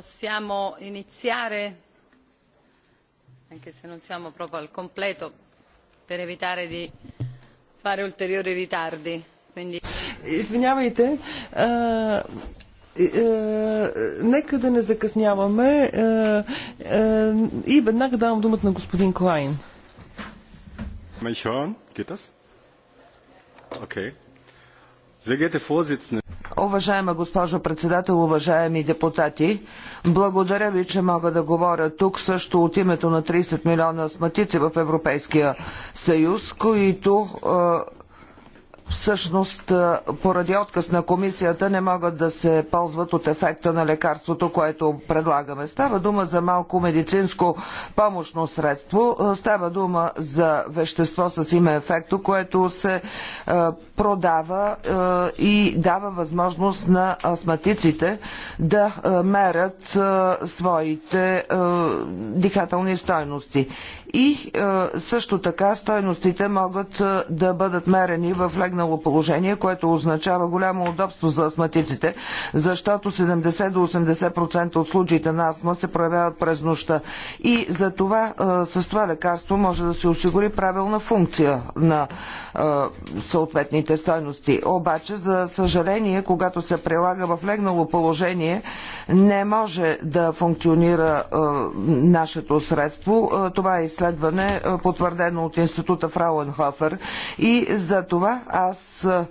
possiamo iniziare anche se non siamo proprio al completo per evitare di fare ulteriori ritardi. Извинявайте, а, е, е, нека да не закъсняваме е, е, и веднага давам думата на господин Клайн. Mich hören? Geht Okay. Sehr geehrte Vorsitzende, Уважаема госпожо председател, уважаеми депутати, благодаря ви, че мога да говоря тук също от името на 30 милиона астматици в Европейския съюз, които е, всъщност поради отказ на комисията не могат да се ползват от ефекта на лекарството, което предлагаме. Става дума за малко медицинско помощно средство, става дума за вещество с име ефекто, което се продава и дава възможност на астматиците да мерят своите дихателни стойности и е, също така стойностите могат е, да бъдат мерени в легнало положение, което означава голямо удобство за астматиците, защото 70 до 80% от случаите на астма се проявяват през нощта. И за това е, с това лекарство може да се осигури правилна функция на съответните стойности. Обаче, за съжаление, когато се прилага в легнало положение, не може да функционира нашето средство. Това е изследване изследване, е, потвърдено от института Фрауенхофер. И за това аз е,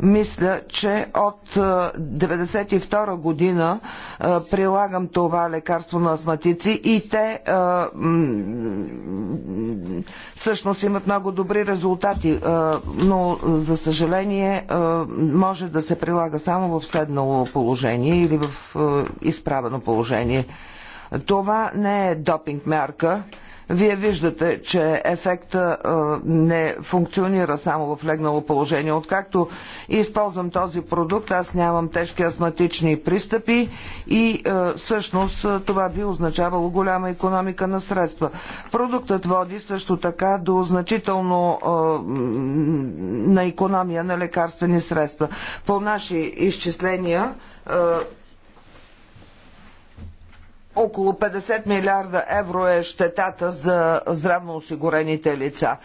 мисля, че от 1992 е, година прилагам това лекарство на астматици и те всъщност имат много добри резултати, но за съжаление може да се прилага само в следнало положение или в изправено положение. Това не е допинг мярка. Вие виждате, че ефекта не функционира само в легнало положение. Откакто използвам този продукт, аз нямам тежки астматични пристъпи и всъщност това би означавало голяма економика на средства. Продуктът води също така до значително на економия на лекарствени средства. По наши изчисления около 50 милиарда евро е щетата за здравноосигурените лица.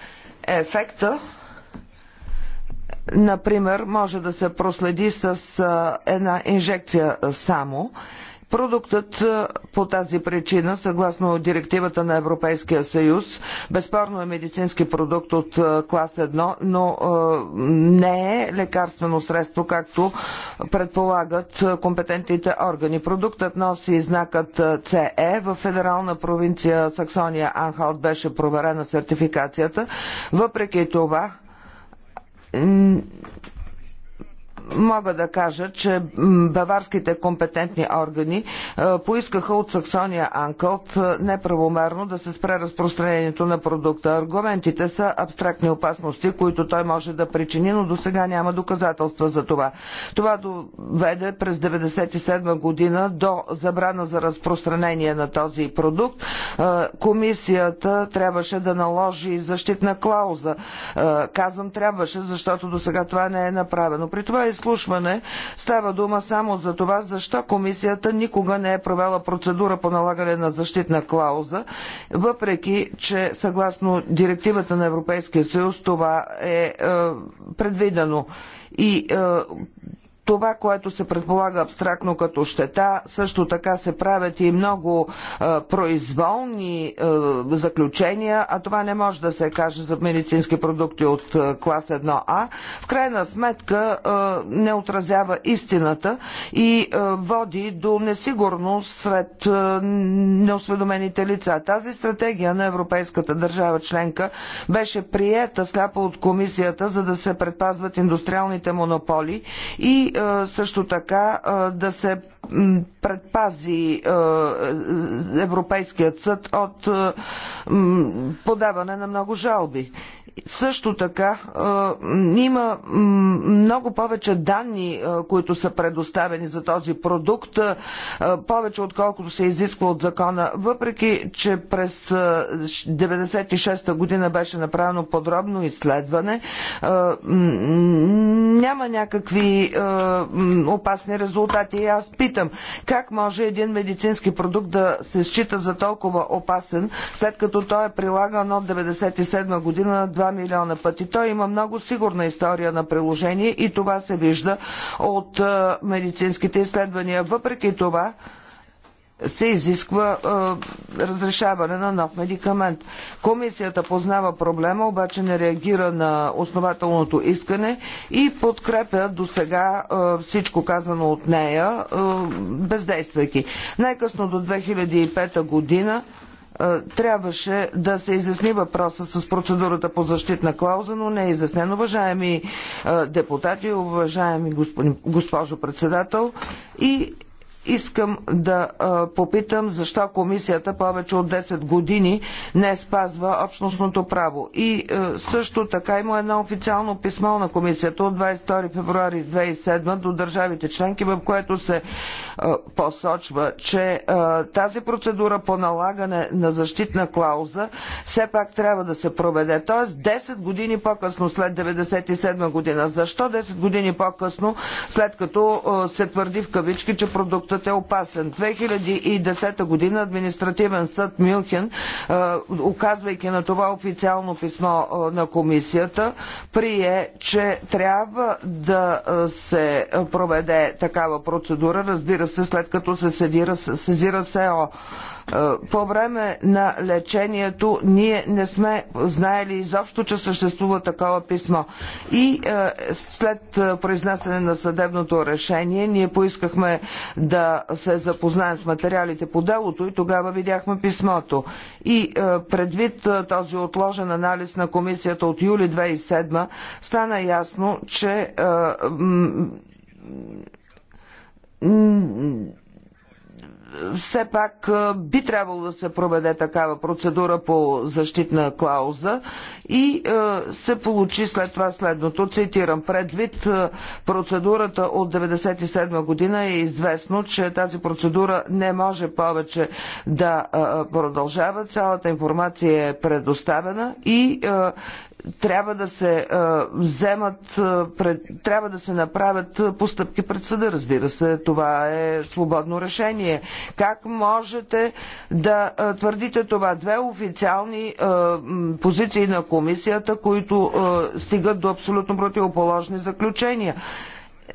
Ефекта, например, може да се проследи с една инжекция само Продуктът по тази причина, съгласно директивата на Европейския съюз, безспорно е медицински продукт от клас 1, но не е лекарствено средство, както предполагат компетентните органи. Продуктът носи знакът CE. Е. В федерална провинция Саксония Анхалт беше проверена сертификацията. Въпреки това, мога да кажа, че баварските компетентни органи е, поискаха от Саксония Анкълт е, неправомерно да се спре разпространението на продукта. Аргументите са абстрактни опасности, които той може да причини, но до сега няма доказателства за това. Това доведе през 1997 година до забрана за разпространение на този продукт. Е, комисията трябваше да наложи защитна клауза. Казвам трябваше, защото до сега това не е направено. При това изслушване. Става дума само за това, защо комисията никога не е провела процедура по налагане на защитна клауза, въпреки, че съгласно директивата на Европейския съюз това е, е предвидено. И е, това, което се предполага абстрактно като щета, също така се правят и много е, произволни е, заключения, а това не може да се каже за медицински продукти от е, клас 1А. В крайна сметка е, не отразява истината и е, води до несигурност сред е, неосведомените лица. Тази стратегия на Европейската държава членка беше приета сляпо от комисията, за да се предпазват индустриалните монополи и също така да се предпази е, е, Европейският съд от е, подаване на много жалби. Също така има много повече данни, които са предоставени за този продукт, повече отколкото се изисква от закона, въпреки че през 1996 година беше направено подробно изследване, няма някакви опасни резултати. И аз питам, питам, как може един медицински продукт да се счита за толкова опасен, след като той е прилаган от 1997 година на 2 милиона пъти. Той има много сигурна история на приложение и това се вижда от е, медицинските изследвания. Въпреки това, се изисква е, разрешаване на нов медикамент. Комисията познава проблема, обаче не реагира на основателното искане и подкрепя до сега е, всичко казано от нея, е, бездействайки. Най-късно до 2005 година е, трябваше да се изясни въпроса с процедурата по защитна клауза, но не е изяснен. Уважаеми е, депутати, уважаеми госпожо председател, и Искам да а, попитам защо комисията повече от 10 години не спазва общностното право. И а, също така има едно официално писмо на комисията от 22 февруари 2007 до държавите членки, в което се а, посочва, че а, тази процедура по налагане на защитна клауза все пак трябва да се проведе. Тоест 10 години по-късно след 97 година. Защо 10 години по-късно, след като а, се твърди в кавички, че продукт Продуктът е опасен. 2010 година административен съд Мюнхен, оказвайки на това официално писмо на комисията, прие, че трябва да се проведе такава процедура, разбира се, след като се сезира, сезира СЕО. Е, по време на лечението ние не сме знаели изобщо, че съществува такова писмо. И е, след е, произнасяне на съдебното решение ние поискахме да се запознаем с материалите по делото и тогава видяхме писмото. И предвид този отложен анализ на комисията от юли 2007 стана ясно, че все пак би трябвало да се проведе такава процедура по защитна клауза и се получи след това следното. Цитирам, предвид процедурата от 1997 година е известно, че тази процедура не може повече да продължава. Цялата информация е предоставена и трябва да се вземат, трябва да се направят постъпки пред съда. Разбира се, това е свободно решение. Как можете да твърдите това? Две официални позиции на комисията, които стигат до абсолютно противоположни заключения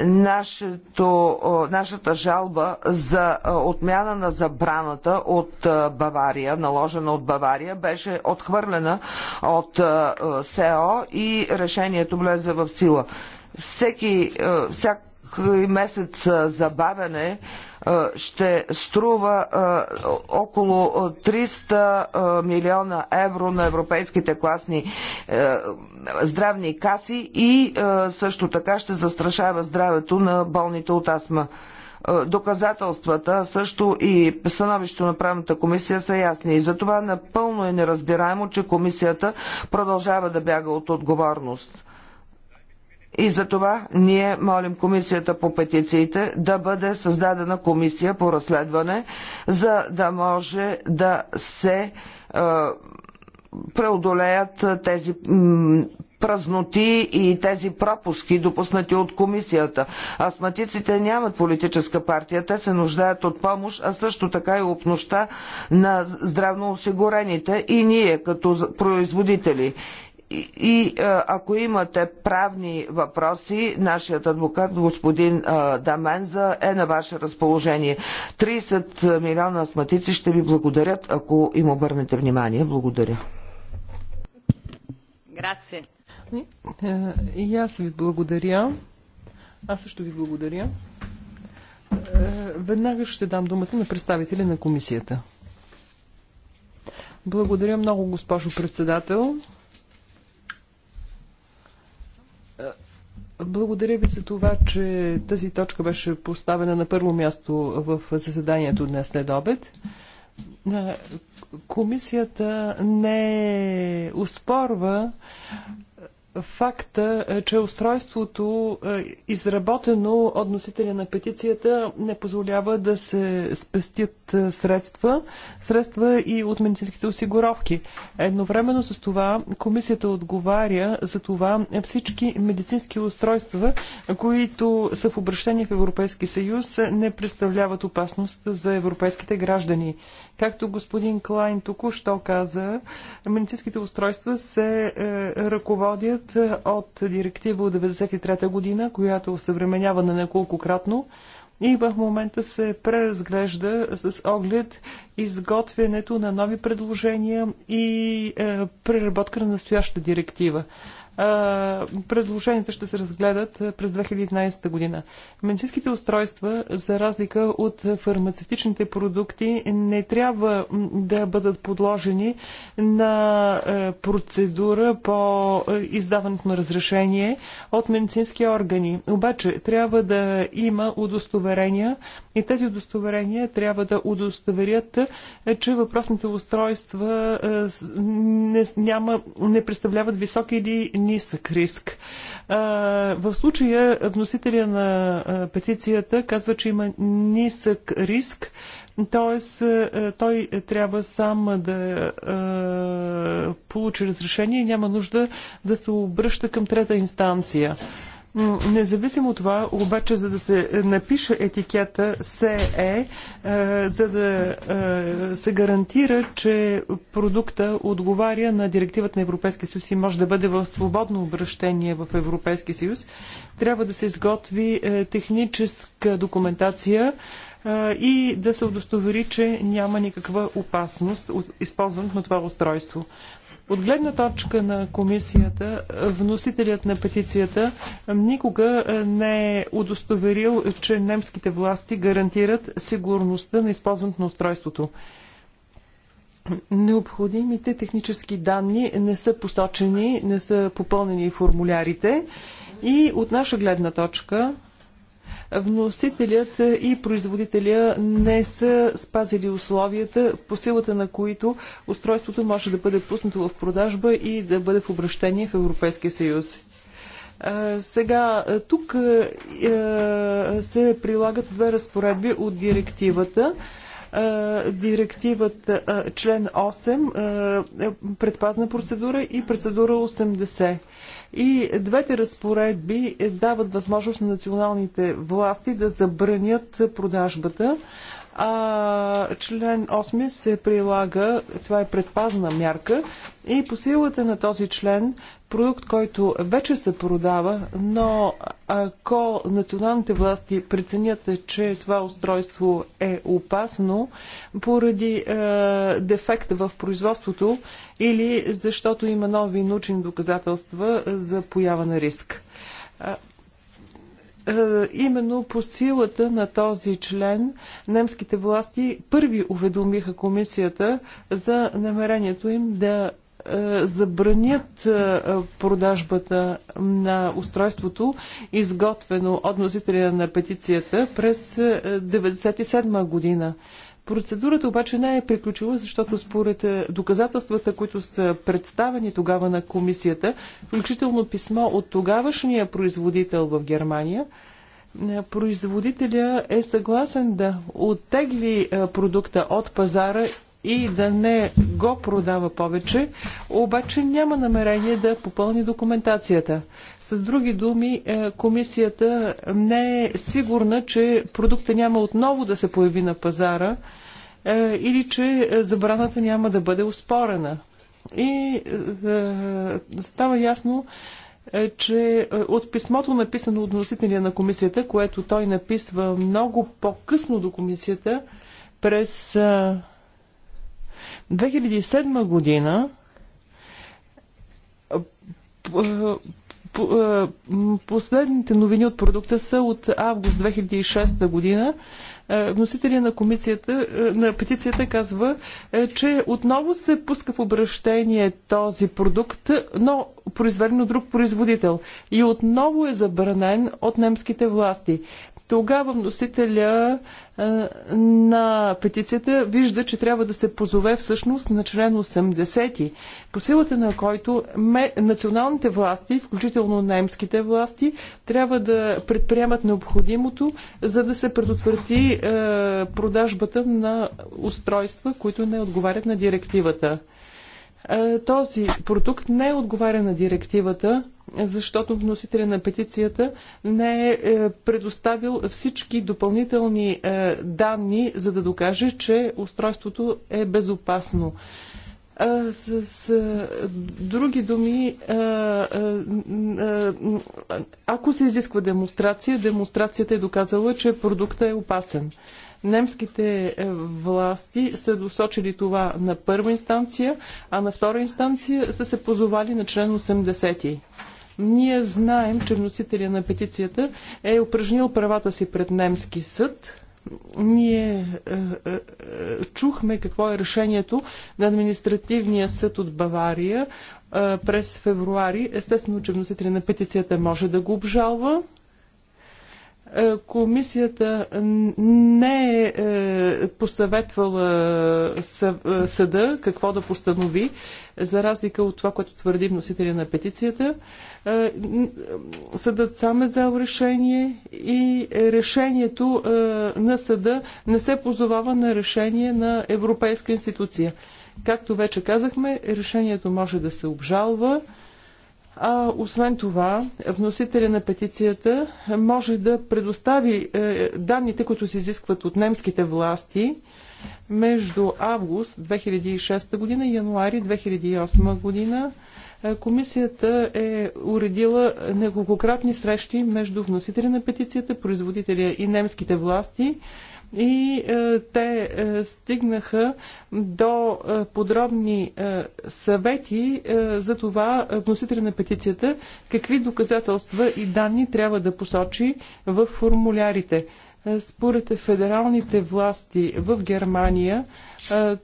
нашето, нашата жалба за отмяна на забраната от е, Бавария, наложена от Бавария, беше отхвърлена от е, е, СЕО и решението влезе в сила. Всеки, всяк, месец забавяне ще струва около 300 милиона евро на европейските класни е, здравни каси и е, също така ще застрашава здравето на болните от астма. Е, доказателствата, също и становището на правната комисия са ясни. И затова напълно е неразбираемо, че комисията продължава да бяга от отговорност. И за това ние молим комисията по петициите да бъде създадена комисия по разследване, за да може да се е, преодолеят тези празноти и тези пропуски, допуснати от комисията. Астматиците нямат политическа партия, те се нуждаят от помощ, а също така и от нощта на здравноосигурените и ние като производители и, е, ако имате правни въпроси, нашият адвокат господин е, Даменза е на ваше разположение. 30 милиона астматици ще ви благодарят, ако им обърнете внимание. Благодаря. Грация. И е, аз ви благодаря. Аз също ви благодаря. Веднага ще дам думата на представители на комисията. Благодаря много, госпожо председател. Благодаря ви за това, че тази точка беше поставена на първо място в заседанието днес след обед. Комисията не успорва факта, е, че устройството, е, изработено от носителя на петицията, не позволява да се спестят е, средства, средства и от медицинските осигуровки. Едновременно с това комисията отговаря за това всички медицински устройства, които са в обращение в Европейски съюз, не представляват опасност за европейските граждани. Както господин Клайн току-що каза, медицинските устройства се е, ръководят е, от директива от 1993 година, която съвременява на неколкократно и в момента се преразглежда с оглед изготвянето на нови предложения и е, преработка на настояща директива. Предложенията ще се разгледат през 2011 година. Медицинските устройства, за разлика от фармацевтичните продукти, не трябва да бъдат подложени на процедура по издаването на разрешение от медицински органи. Обаче трябва да има удостоверения и тези удостоверения трябва да удостоверят, че въпросните устройства не, няма, не представляват високи или нисък риск. В случая вносителя на петицията казва, че има нисък риск, т.е. той трябва сам да получи разрешение и няма нужда да се обръща към трета инстанция. Независимо от това, обаче, за да се напише етикета СЕ, е, за да е, се гарантира, че продукта отговаря на директивата на Европейския съюз и може да бъде в свободно обращение в Европейския съюз, трябва да се изготви е, техническа документация, и да се удостовери, че няма никаква опасност от използването на това устройство. От гледна точка на комисията, вносителят на петицията никога не е удостоверил, че немските власти гарантират сигурността на използването на устройството. Необходимите технически данни не са посочени, не са попълнени формулярите и от наша гледна точка вносителят и производителя не са спазили условията, по силата на които устройството може да бъде пуснато в продажба и да бъде в обращение в Европейския съюз. Сега, тук се прилагат две разпоредби от директивата директивата член 8 е предпазна процедура и процедура 80. И двете разпоредби дават възможност на националните власти да забранят продажбата. А, член 8 се прилага, това е предпазна мярка и по силата на този член продукт, който вече се продава, но ако националните власти преценят, че това устройство е опасно поради е, дефект в производството или защото има нови научни доказателства за поява на риск. Е, е, именно по силата на този член немските власти първи уведомиха комисията за намерението им да е, забранят е, продажбата на устройството, изготвено от носителя на петицията през 1997 е, година. Процедурата обаче не е приключила, защото според доказателствата, които са представени тогава на комисията, включително писмо от тогавашния производител в Германия, производителя е съгласен да оттегли продукта от пазара и да не го продава повече, обаче няма намерение да попълни документацията. С други думи, е, комисията не е сигурна, че продукта няма отново да се появи на пазара е, или че е, забраната няма да бъде успорена. И става ясно, че от писмото, написано от носителя на комисията, което той написва много по-късно до комисията, през 2007 година последните новини от продукта са от август 2006 година. Вносителя на, комисията, на петицията казва, че отново се пуска в обращение този продукт, но произведен от друг производител. И отново е забранен от немските власти. Тогава вносителя на петицията вижда, че трябва да се позове всъщност на член 80, по силата на който националните власти, включително немските власти, трябва да предприемат необходимото, за да се предотврати продажбата на устройства, които не отговарят на директивата. Е, този продукт не отговаря на директивата, защото вносителя на петицията не е, е предоставил всички допълнителни е, данни, за да докаже, че устройството е безопасно. с, с други думи, ако се изисква демонстрация, демонстрацията е доказала, че продукта е опасен. Немските е, власти са досочили това на първа инстанция, а на втора инстанция са се позовали на член 80. Ние знаем, че вносителя на петицията е упражнил правата си пред немски съд. Ние е, е, е, чухме какво е решението на административния съд от Бавария е, през февруари. Естествено, че вносителя на петицията може да го обжалва. Е, комисията не е, е посъветвала е, съда какво да постанови, за разлика от това, което твърди вносителя на петицията. Съдът сам е взел решение и решението на съда не се позовава на решение на Европейска институция. Както вече казахме, решението може да се обжалва. А освен това, вносителя на петицията може да предостави е, данните, които се изискват от немските власти между август 2006 година и януари 2008 година. Е, комисията е уредила неколкократни срещи между вносителя на петицията, производителя и немските власти, и е, те е, стигнаха до е, подробни съвети за това вносителя на петицията какви доказателства и данни трябва да посочи в формулярите. Според федералните власти в Германия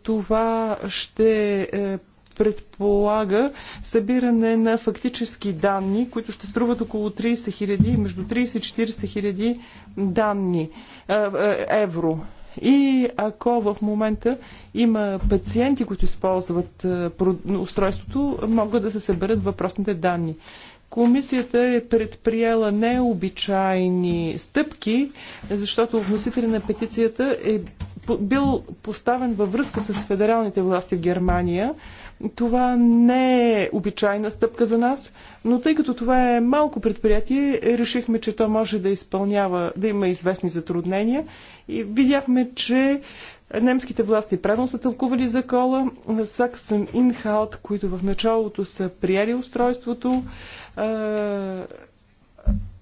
това ще предполага събиране на фактически данни, които ще струват около 30 хиляди, между 30 и 40 хиляди данни е, е, евро. И ако в момента има пациенти, които използват е, устройството, могат да се съберат въпросните данни. Комисията е предприела необичайни стъпки, защото вносителя на петицията е бил поставен във връзка с федералните власти в Германия. Това не е обичайна стъпка за нас, но тъй като това е малко предприятие, решихме, че то може да изпълнява, да има известни затруднения и видяхме, че немските власти правилно са тълкували за кола. Саксън Инхаут, които в началото са приели устройството, а,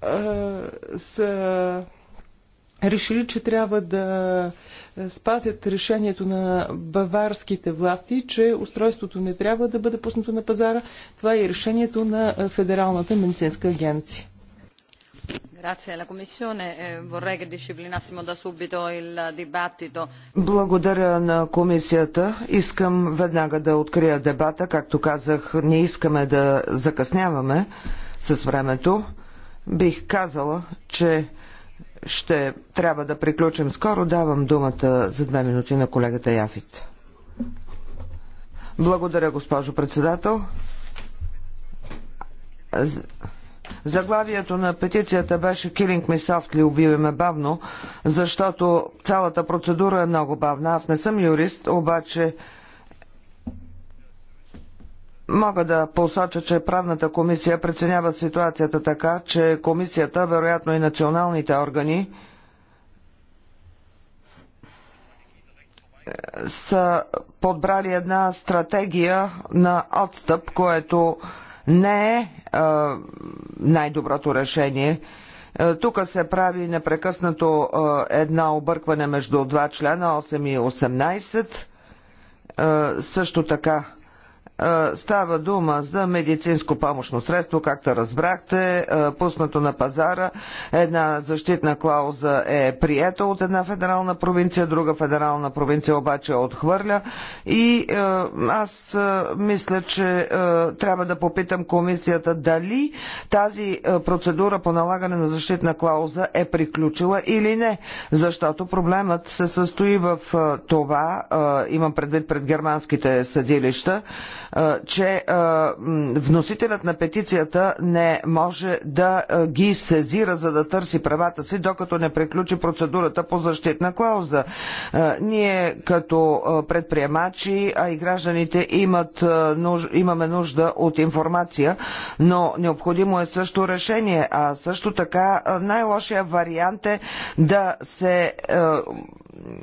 а, са решили, че трябва да спазят решението на баварските власти, че устройството не трябва да бъде пуснато на пазара. Това е решението на Федералната медицинска агенция. Е, Благодаря на комисията. Искам веднага да открия дебата. Както казах, не искаме да закъсняваме с времето. Бих казала, че ще трябва да приключим скоро. Давам думата за две минути на колегата Яфит. Благодаря, госпожо председател. Заглавието на петицията беше Killing me softly, убивай ме бавно, защото цялата процедура е много бавна. Аз не съм юрист, обаче Мога да посоча, че правната комисия преценява ситуацията така, че комисията, вероятно и националните органи, са подбрали една стратегия на отстъп, което не е, е най-доброто решение. Е, тук се прави непрекъснато е, една объркване между два члена 8 и 18. Е, също така Става дума за медицинско помощно средство, както разбрахте, пуснато на пазара. Една защитна клауза е приета от една федерална провинция, друга федерална провинция обаче отхвърля. И аз мисля, че трябва да попитам комисията дали тази процедура по налагане на защитна клауза е приключила или не. Защото проблемът се състои в това, имам предвид пред германските съдилища, че вносителят на петицията не може да ги сезира, за да търси правата си, докато не приключи процедурата по защитна клауза. Ние като предприемачи, а и гражданите имат, имаме нужда от информация, но необходимо е също решение, а също така най-лошия вариант е да се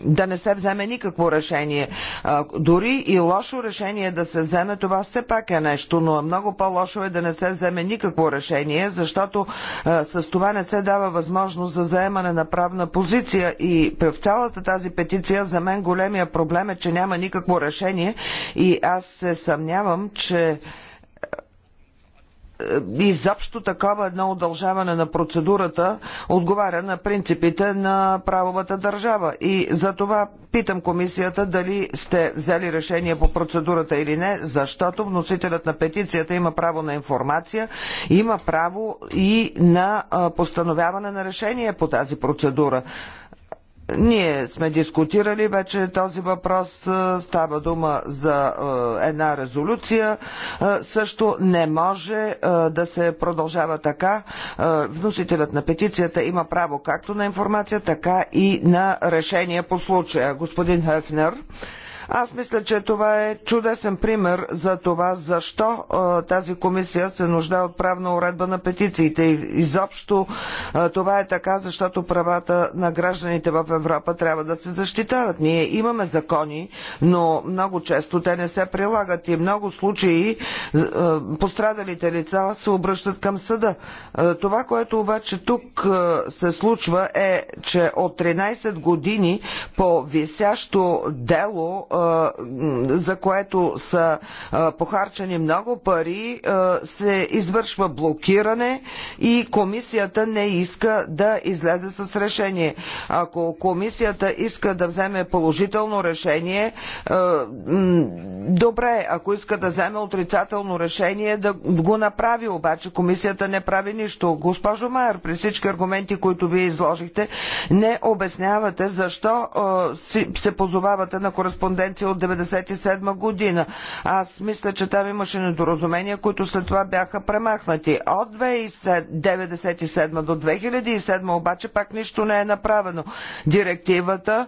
да не се вземе никакво решение. А, дори и лошо решение да се вземе, това все пак е нещо, но е много по-лошо е да не се вземе никакво решение, защото а, с това не се дава възможност за заемане на правна позиция и в цялата тази петиция за мен големия проблем е, че няма никакво решение и аз се съмнявам, че е, изобщо такова едно удължаване на процедурата отговаря на принципите на правовата държава. И за това питам комисията дали сте взели решение по процедурата или не, защото вносителят на петицията има право на информация, има право и на постановяване на решение по тази процедура. Ние сме дискутирали вече този въпрос. Е, става дума за е, една резолюция. Е, също не може да се продължава така. Вносителят на петицията има право както на информация, така и на решение по случая. Господин Хефнер, аз мисля, че това е чудесен пример за това, защо тази комисия се нуждае от правна уредба на петициите. Изобщо това е така, защото правата на гражданите в Европа трябва да се защитават. Ние имаме закони, но много често те не се прилагат и много случаи пострадалите лица се обръщат към съда. Това, което обаче тук се случва е, че от 13 години по висящо дело за което са похарчени много пари, се извършва блокиране и комисията не иска да излезе с решение. Ако комисията иска да вземе положително решение, добре, ако иска да вземе отрицателно решение, да го направи, обаче комисията не прави нищо. Госпожо Майер, при всички аргументи, които вие изложихте, не обяснявате защо се позовавате на кореспондент конвенция от 1997 година. Аз мисля, че там имаше недоразумения, които след това бяха премахнати. От 1997 до 2007 обаче пак нищо не е направено. Директивата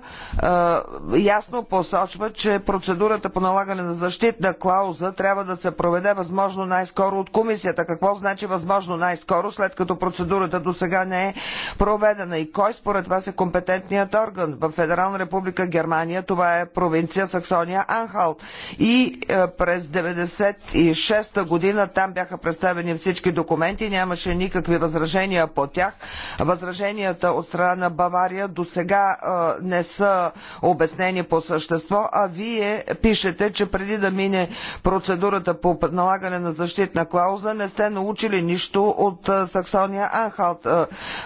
е, ясно посочва, че процедурата по налагане на защитна клауза трябва да се проведе възможно най-скоро от комисията. Какво значи възможно най-скоро, след като процедурата до сега не е проведена? И кой според вас е компетентният орган? В Федерална република Германия това е провинция Саксония Анхалт. И е, през 96-та година там бяха представени всички документи, нямаше никакви възражения по тях. Възраженията от страна на Бавария до сега е, не са обяснени по същество, а вие пишете, че преди да мине процедурата по налагане на защитна клауза, не сте научили нищо от е, Саксония Анхалт.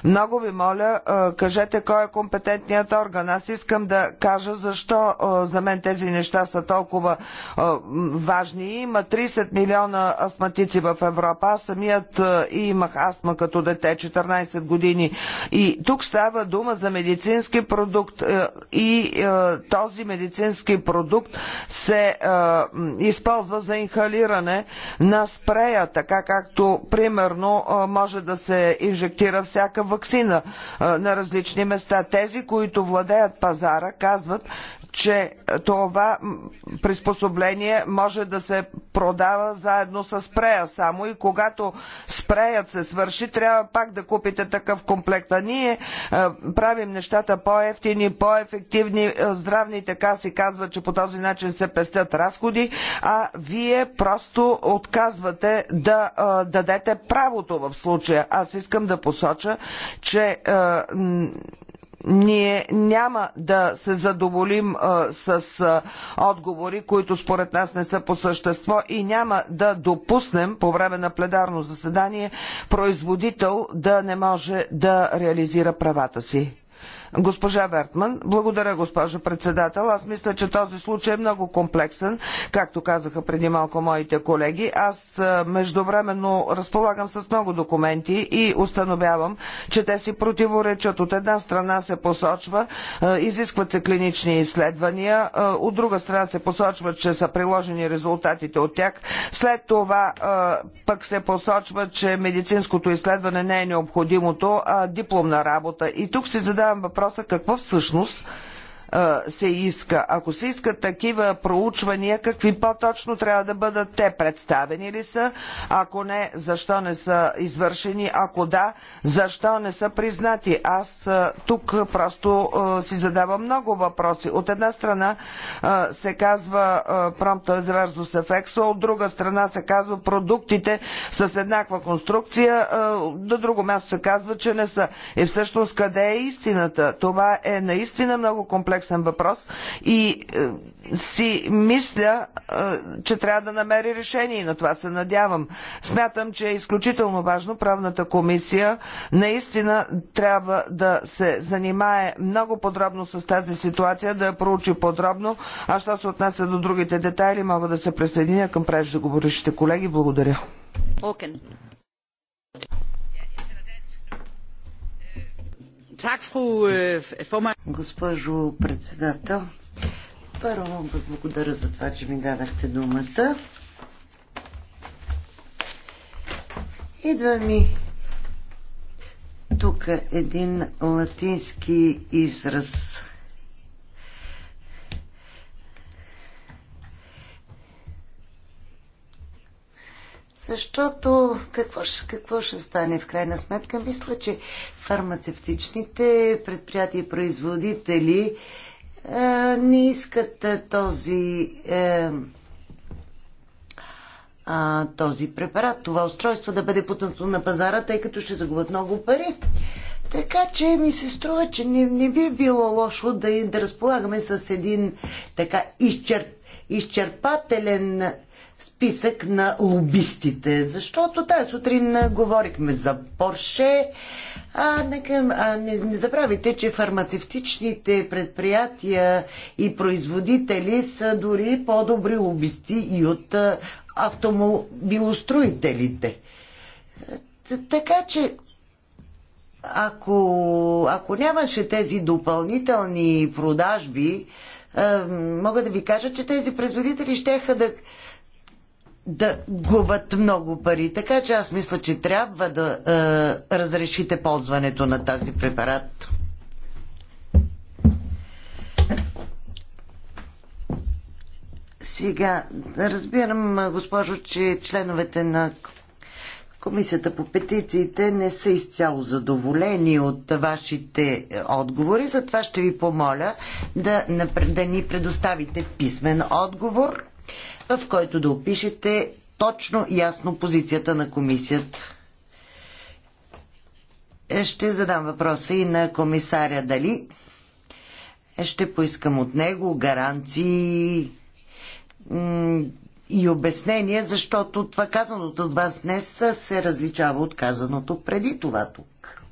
Много ви моля, кажете кой е компетентният орган. Аз искам да кажа защо за мен те тези неща са толкова а, важни. Има 30 милиона астматици в Европа. Аз самият а, и имах астма като дете, 14 години. И тук става дума за медицински продукт. А, и а, този медицински продукт се а, използва за инхалиране на спрея, така както примерно а, може да се инжектира всяка вакцина а, на различни места. Тези, които владеят пазара, казват, че това приспособление може да се продава заедно с спрея само и когато спреят се свърши, трябва пак да купите такъв комплект. А ние е, правим нещата по-ефтини, по-ефективни. Е, здравните каси казват, че по този начин се пестят разходи, а вие просто отказвате да е, дадете правото в случая. Аз искам да посоча, че ние няма да се задоволим с отговори, които според нас не са по същество и няма да допуснем по време на пледарно заседание производител да не може да реализира правата си. Госпожа Вертман, благодаря, госпожа председател. Аз мисля, че този случай е много комплексен, както казаха преди малко моите колеги. Аз е, междувременно разполагам с много документи и установявам, че те си противоречат. От една страна се посочва, е, изискват се клинични изследвания, е, от друга страна се посочва, че са приложени резултатите от тях. След това пък се посочва, че медицинското изследване не е необходимото, а дипломна работа. И тук си задавам въпрос въпроса какво всъщност се иска? Ако се искат такива проучвания, какви по-точно трябва да бъдат те? Представени ли са? Ако не, защо не са извършени? Ако да, защо не са признати? Аз тук просто си задавам много въпроси. От една страна се казва Промта за версус ефексо, от друга страна се казва продуктите с еднаква конструкция, до друго място се казва, че не са. И всъщност къде е истината? Това е наистина много комплексно комплексен въпрос и е, си мисля, е, че трябва да намери решение и на това се надявам. Смятам, че е изключително важно правната комисия наистина трябва да се занимае много подробно с тази ситуация, да я проучи подробно, а що се отнася до другите детайли, мога да се присъединя към преждеговорящите колеги. Благодаря. Øh, Госпожо председател, първо благодаря за това, че ми дадахте думата. Идва ми тук един латински израз Защото какво ще, какво ще стане в крайна сметка? Мисля, че фармацевтичните предприятия и производители е, не искат е, този, е, а, този препарат, това устройство да бъде пуснато на пазара, тъй като ще загубят много пари. Така че ми се струва, че не, не би било лошо да, да разполагаме с един така изчерп, изчерпателен списък на лобистите, защото тази сутрин говорихме за Порше. А, нека, а не, не забравяйте, че фармацевтичните предприятия и производители са дори по-добри лобисти и от автомобилостроителите. Така че ако, ако нямаше тези допълнителни продажби, мога да ви кажа, че тези производители ще да, да губят много пари. Така че аз мисля, че трябва да е, разрешите ползването на тази препарат. Сега, разбирам, госпожо, че членовете на Комисията по петициите не са изцяло задоволени от вашите отговори, затова ще ви помоля да, да ни предоставите писмен отговор в който да опишете точно и ясно позицията на комисията. Ще задам въпроса и на комисаря Дали. Ще поискам от него гаранции и обяснения, защото това казаното от вас днес се различава от казаното преди това тук.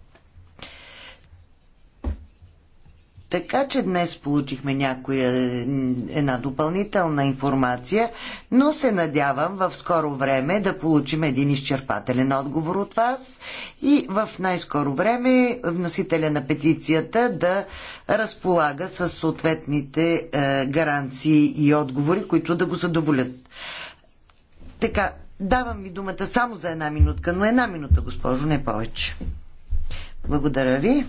Така че днес получихме някоя е, една допълнителна информация, но се надявам в скоро време да получим един изчерпателен отговор от вас и в най-скоро време вносителя на петицията да разполага с съответните е, гаранции и отговори, които да го задоволят. Така, давам ви думата само за една минутка, но една минута, госпожо, не повече. Благодаря ви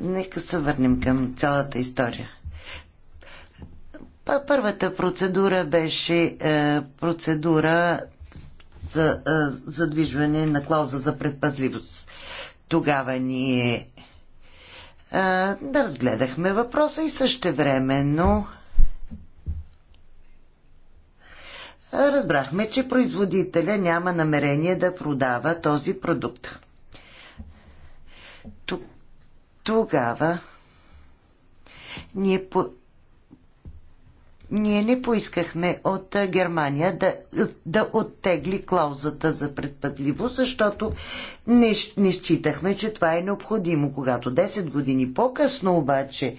нека се върнем към цялата история. Първата процедура беше е, процедура за е, задвижване на клауза за предпазливост. Тогава ние е, да разгледахме въпроса и също същевременно разбрахме, че производителя няма намерение да продава този продукт тогава ние, по... ние не поискахме от Германия да, да оттегли клаузата за предпадливо, защото не, не считахме, че това е необходимо. Когато 10 години по-късно обаче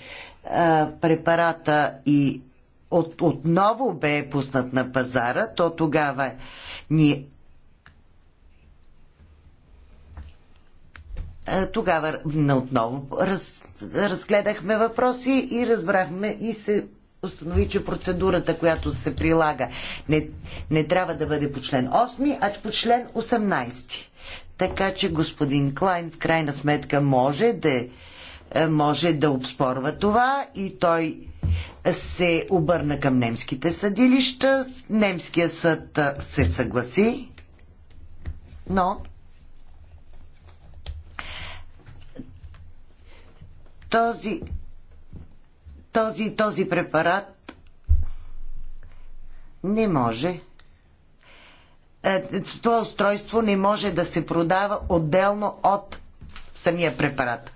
а, препарата и от, отново бе пуснат на пазара, то тогава ние Е, тогава отново раз, разгледахме въпроси и разбрахме и се установи, че процедурата, която се прилага, не, не трябва да бъде по член 8, а по член 18. Така че господин Клайн в крайна сметка може да, е, може да обспорва това и той се обърна към немските съдилища. Немския съд е, се съгласи, но този, този, този препарат не може е, това устройство не може да се продава отделно от самия препарат.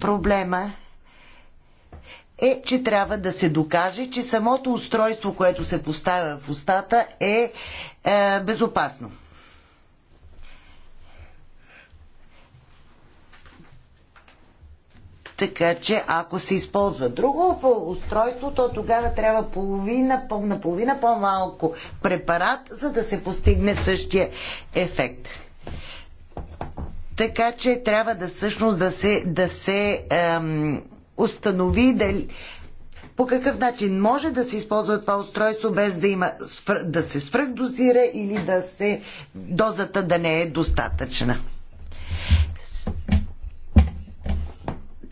Проблема е, че трябва да се докаже, че самото устройство, което се поставя в устата е, е безопасно. Така че ако се използва друго устройство, то тогава трябва половина, на половина по-малко препарат, за да се постигне същия ефект. Така че трябва да всъщност да се, да се ем, установи дали, по какъв начин може да се използва това устройство без да, има, да се свръхдозира или да се дозата да не е достатъчна.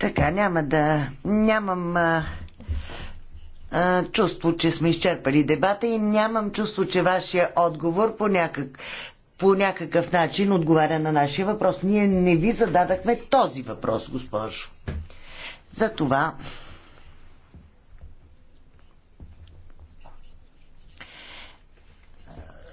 Така, няма да... Нямам а, а, чувство, че сме изчерпали дебата и нямам чувство, че вашия отговор по, някак, по някакъв начин отговаря на нашия въпрос. Ние не ви зададахме този въпрос, госпожо. Затова... това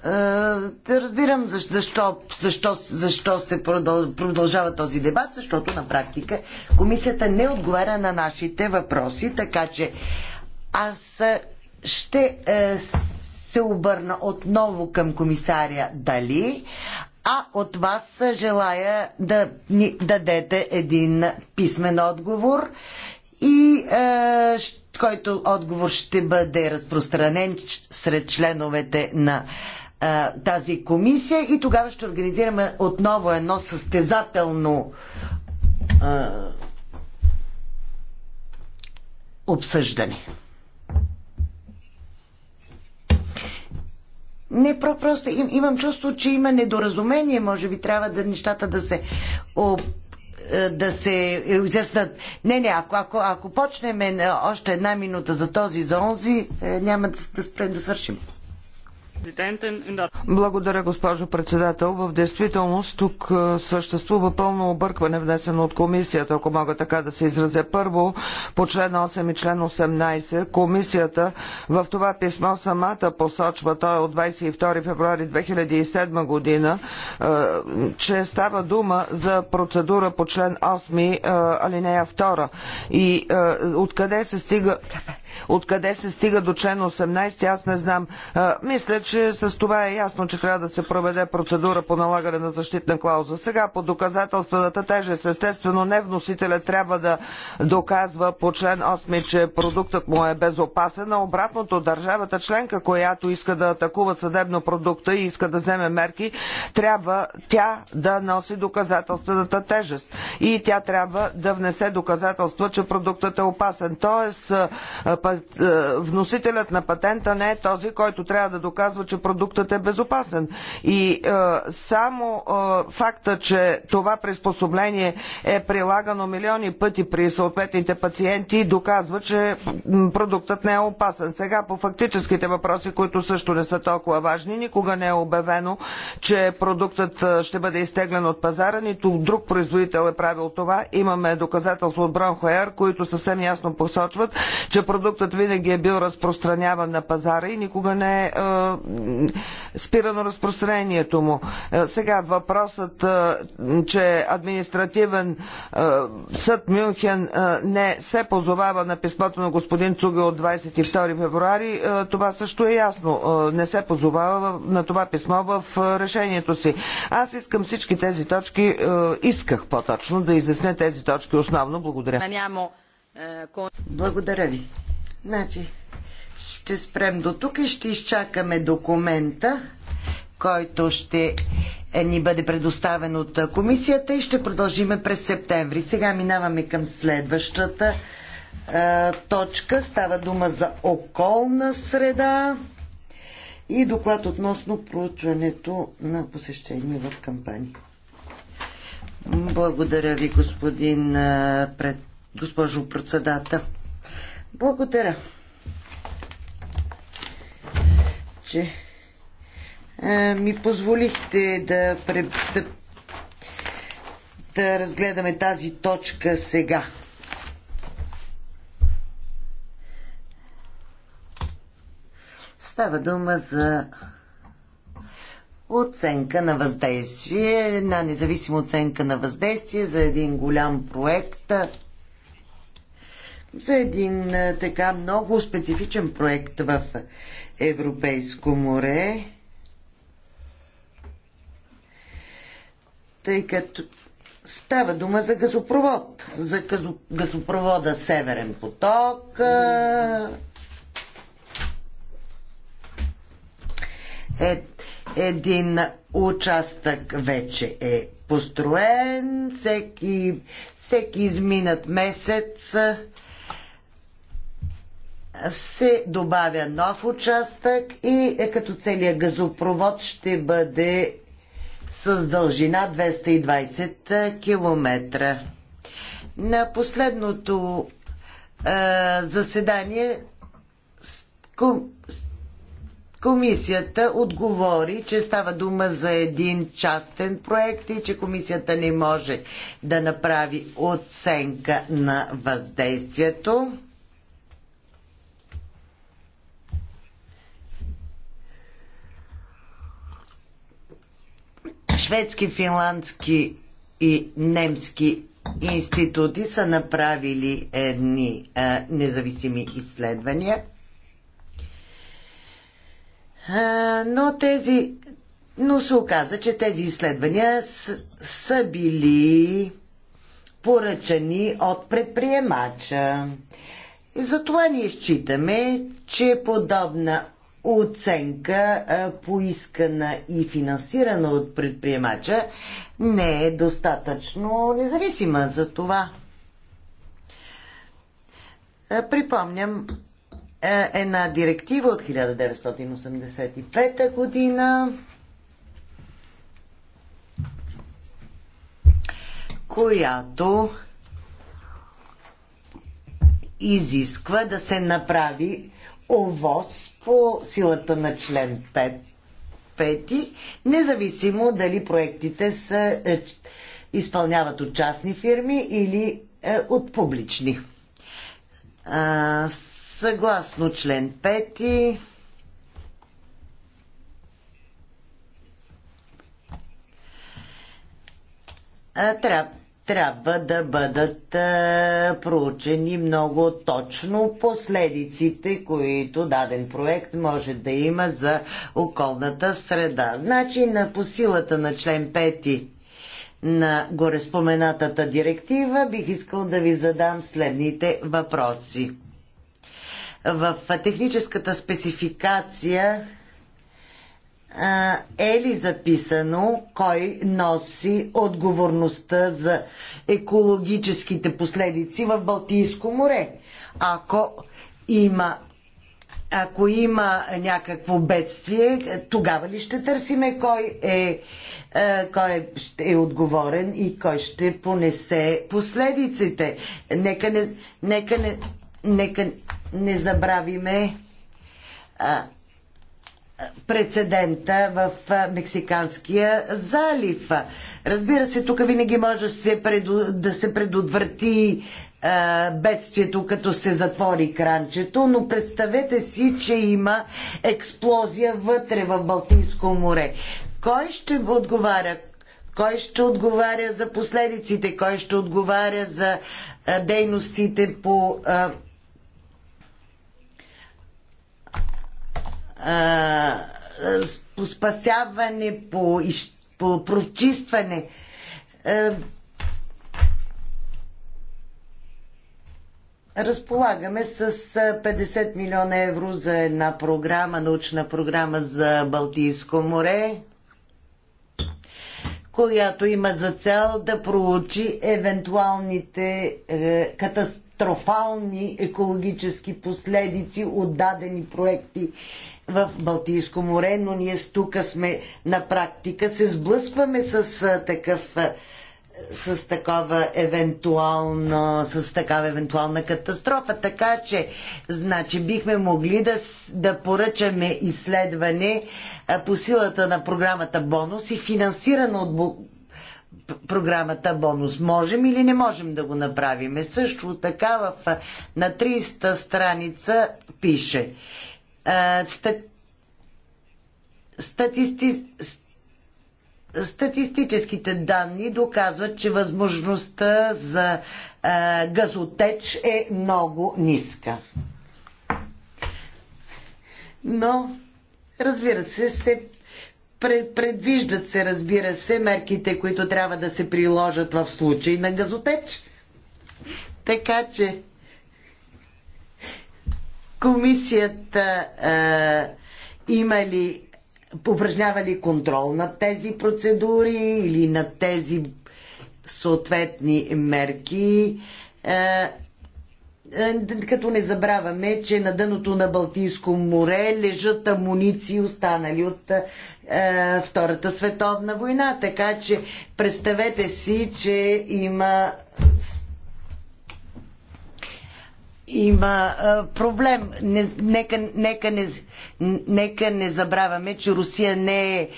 Е, разбирам защо, защо, защо, защо се продължава този дебат, защото на практика комисията не отговаря на нашите въпроси, така че аз ще е, се обърна отново към комисаря Дали, а от вас желая да ни дадете един писмен отговор и е, който отговор ще бъде разпространен сред членовете на тази комисия и тогава ще организираме отново едно състезателно обсъждане. Не, про, просто им, имам чувство, че има недоразумение. Може би трябва да нещата да се об, да се изяснат. Не, не, ако, ако, ако почнем още една минута за този, за онзи, е, няма да, да спрем да свършим. Благодаря, госпожо председател. В действителност тук съществува пълно объркване, внесено от комисията, ако мога така да се изразя. Първо, по член 8 и член 18, комисията в това писмо самата посочва, той е от 22 февруари 2007 година, че става дума за процедура по член 8, алинея 2. И откъде се стига... Кафе Откъде се стига до член 18, аз не знам. А, мисля, че с това е ясно, че трябва да се проведе процедура по налагане на защитна клауза. Сега по доказателствената тежест, естествено, не вносителя трябва да доказва по член 8, че продуктът му е безопасен, а обратното държавата членка, която иска да атакува съдебно продукта и иска да вземе мерки, трябва тя да носи доказателствената тежест. И тя трябва да внесе доказателства, че продуктът е опасен. Тоест, е, вносителят на патента не е този, който трябва да доказва, че продуктът е безопасен. И е, само е, факта, че това приспособление е прилагано милиони пъти при съответните пациенти, доказва, че продуктът не е опасен. Сега по фактическите въпроси, които също не са толкова важни, никога не е обявено, че продуктът ще бъде изтеглен от пазара, нито друг производител е правил това. Имаме доказателство от Бронхоер, които съвсем ясно посочват, че продуктът продуктът винаги е бил разпространяван на пазара и никога не е, е спирано разпространението му. Е, сега въпросът, е, че административен съд Мюнхен не се позовава на писмото на господин Цуге от 22 февруари, това също е ясно. Не се позовава на това писмо в решението си. Аз искам всички тези точки, исках по-точно да изясня тези точки основно. Благодаря. Благодаря ви. Значи, ще спрем до тук и ще изчакаме документа, който ще е, ни бъде предоставен от комисията и ще продължиме през септември. Сега минаваме към следващата а, точка. Става дума за околна среда и доклад относно проучването на посещение в кампания. Благодаря ви, господин пред, госпожо председател. Благодаря, че ми позволихте да, пре, да, да разгледаме тази точка сега. Става дума за оценка на въздействие, една независима оценка на въздействие за един голям проект, за един е, така много специфичен проект в Европейско море. Тъй като става дума за газопровод, за газопровода Северен поток. Е, един участък вече е построен, всеки, всеки изминат месец се добавя нов участък и е като целият газопровод ще бъде с дължина 220 км. На последното е, заседание ком, комисията отговори, че става дума за един частен проект и че комисията не може да направи оценка на въздействието. шведски, финландски и немски институти са направили едни а, е, независими изследвания. А, е, но тези. Но се оказа, че тези изследвания с, са били поръчани от предприемача. И затова ние считаме, че подобна оценка, поискана и финансирана от предприемача, не е достатъчно независима за това. Припомням една директива от 1985 година, която изисква да се направи ОВОз по силата на член 5, 5 независимо дали проектите са, е, изпълняват от частни фирми или е, от публични. А, съгласно член 5 трябва трябва да бъдат а, е, проучени много точно последиците, които даден проект може да има за околната среда. Значи на по силата на член 5 на гореспоменатата директива бих искал да ви задам следните въпроси. В техническата спецификация е ли записано кой носи отговорността за екологическите последици в Балтийско море? Ако има ако има някакво бедствие, тогава ли ще търсиме кой е, кой е отговорен и кой ще понесе последиците? Нека не, нека не, нека не забравиме прецедента в Мексиканския залив. Разбира се, тук винаги може се преду... да се предотврати бедствието, като се затвори кранчето, но представете си, че има експлозия вътре в Балтийско море. Кой ще отговаря? Кой ще отговаря за последиците? Кой ще отговаря за дейностите по а, по спасяване, по, по прочистване. Разполагаме с 50 милиона евро за една програма, научна програма за Балтийско море, която има за цел да проучи евентуалните е, катастрофи катастрофални екологически последици от дадени проекти в Балтийско море, но ние с тук сме на практика, се сблъскваме с такъв с такова евентуална, с такава евентуална катастрофа. Така че, значи, бихме могли да, да поръчаме изследване по силата на програмата Бонус и финансирано от програмата бонус. Можем или не можем да го направим? Също така в, на 300 страница пише статисти, статистическите данни доказват, че възможността за а, газотеч е много ниска. Но, разбира се, се предвиждат се, разбира се, мерките, които трябва да се приложат в случай на газотеч. Така че комисията е, има ли упражнява ли контрол над тези процедури или на тези съответни мерки? Е, е, като не забравяме, че на дъното на Балтийско море лежат амуниции, останали от е, Втората световна война. Така че представете си, че има има е, проблем. Не, нека, нека, не, нека не забравяме, че Русия не е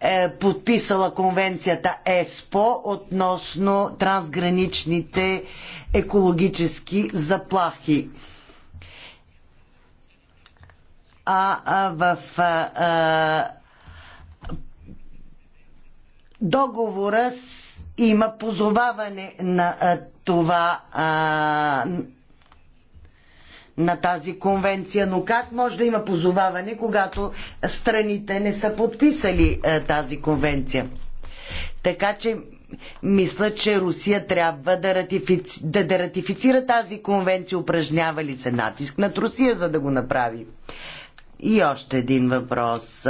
е подписала конвенцията ЕСПО относно трансграничните екологически заплахи. А, а в а, а, договора с, има позоваване на а, това а, на тази конвенция, но как може да има позоваване, когато страните не са подписали е, тази конвенция? Така че мисля, че Русия трябва да, ратифици... да, да ратифицира тази конвенция, упражнява ли се натиск над Русия, за да го направи. И още един въпрос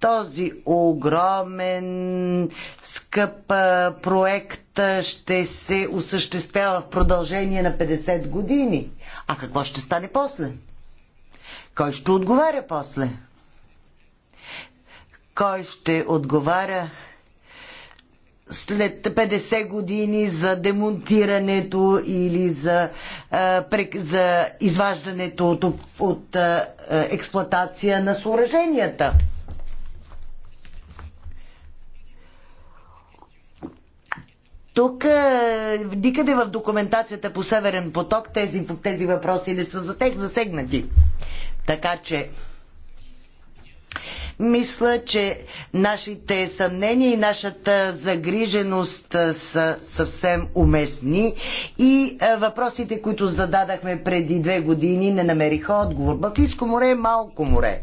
този огромен скъп проект ще се осъществява в продължение на 50 години. А какво ще стане после? Кой ще отговаря после? Кой ще отговаря след 50 години за демонтирането или за, а, за изваждането от, от а, експлоатация на съоръженията? Тук е, никъде в документацията по Северен поток тези, тези въпроси не са за тех засегнати. Така че мисля, че нашите съмнения и нашата загриженост е, са съвсем уместни и е, въпросите, които зададахме преди две години, не намериха отговор. Балтийско море е малко море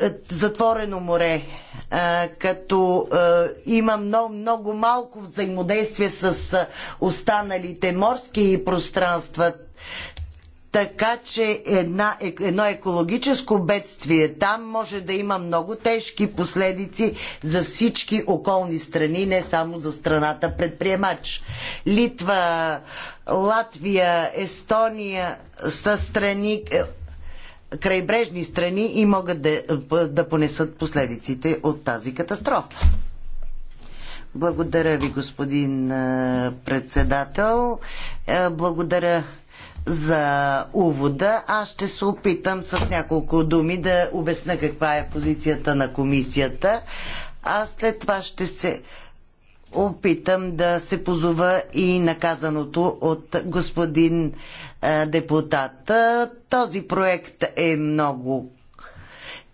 е, затворено море, е, като е, има много, много малко взаимодействие с останалите морски пространства. Така че една, едно екологическо бедствие там може да има много тежки последици за всички околни страни, не само за страната предприемач. Литва, Латвия, Естония са страни, крайбрежни страни и могат да, да понесат последиците от тази катастрофа. Благодаря ви, господин председател. Е, благодаря за увода. Аз ще се опитам с няколко думи да обясна каква е позицията на комисията. А след това ще се опитам да се позова и наказаното от господин е, депутат. Е, този проект е много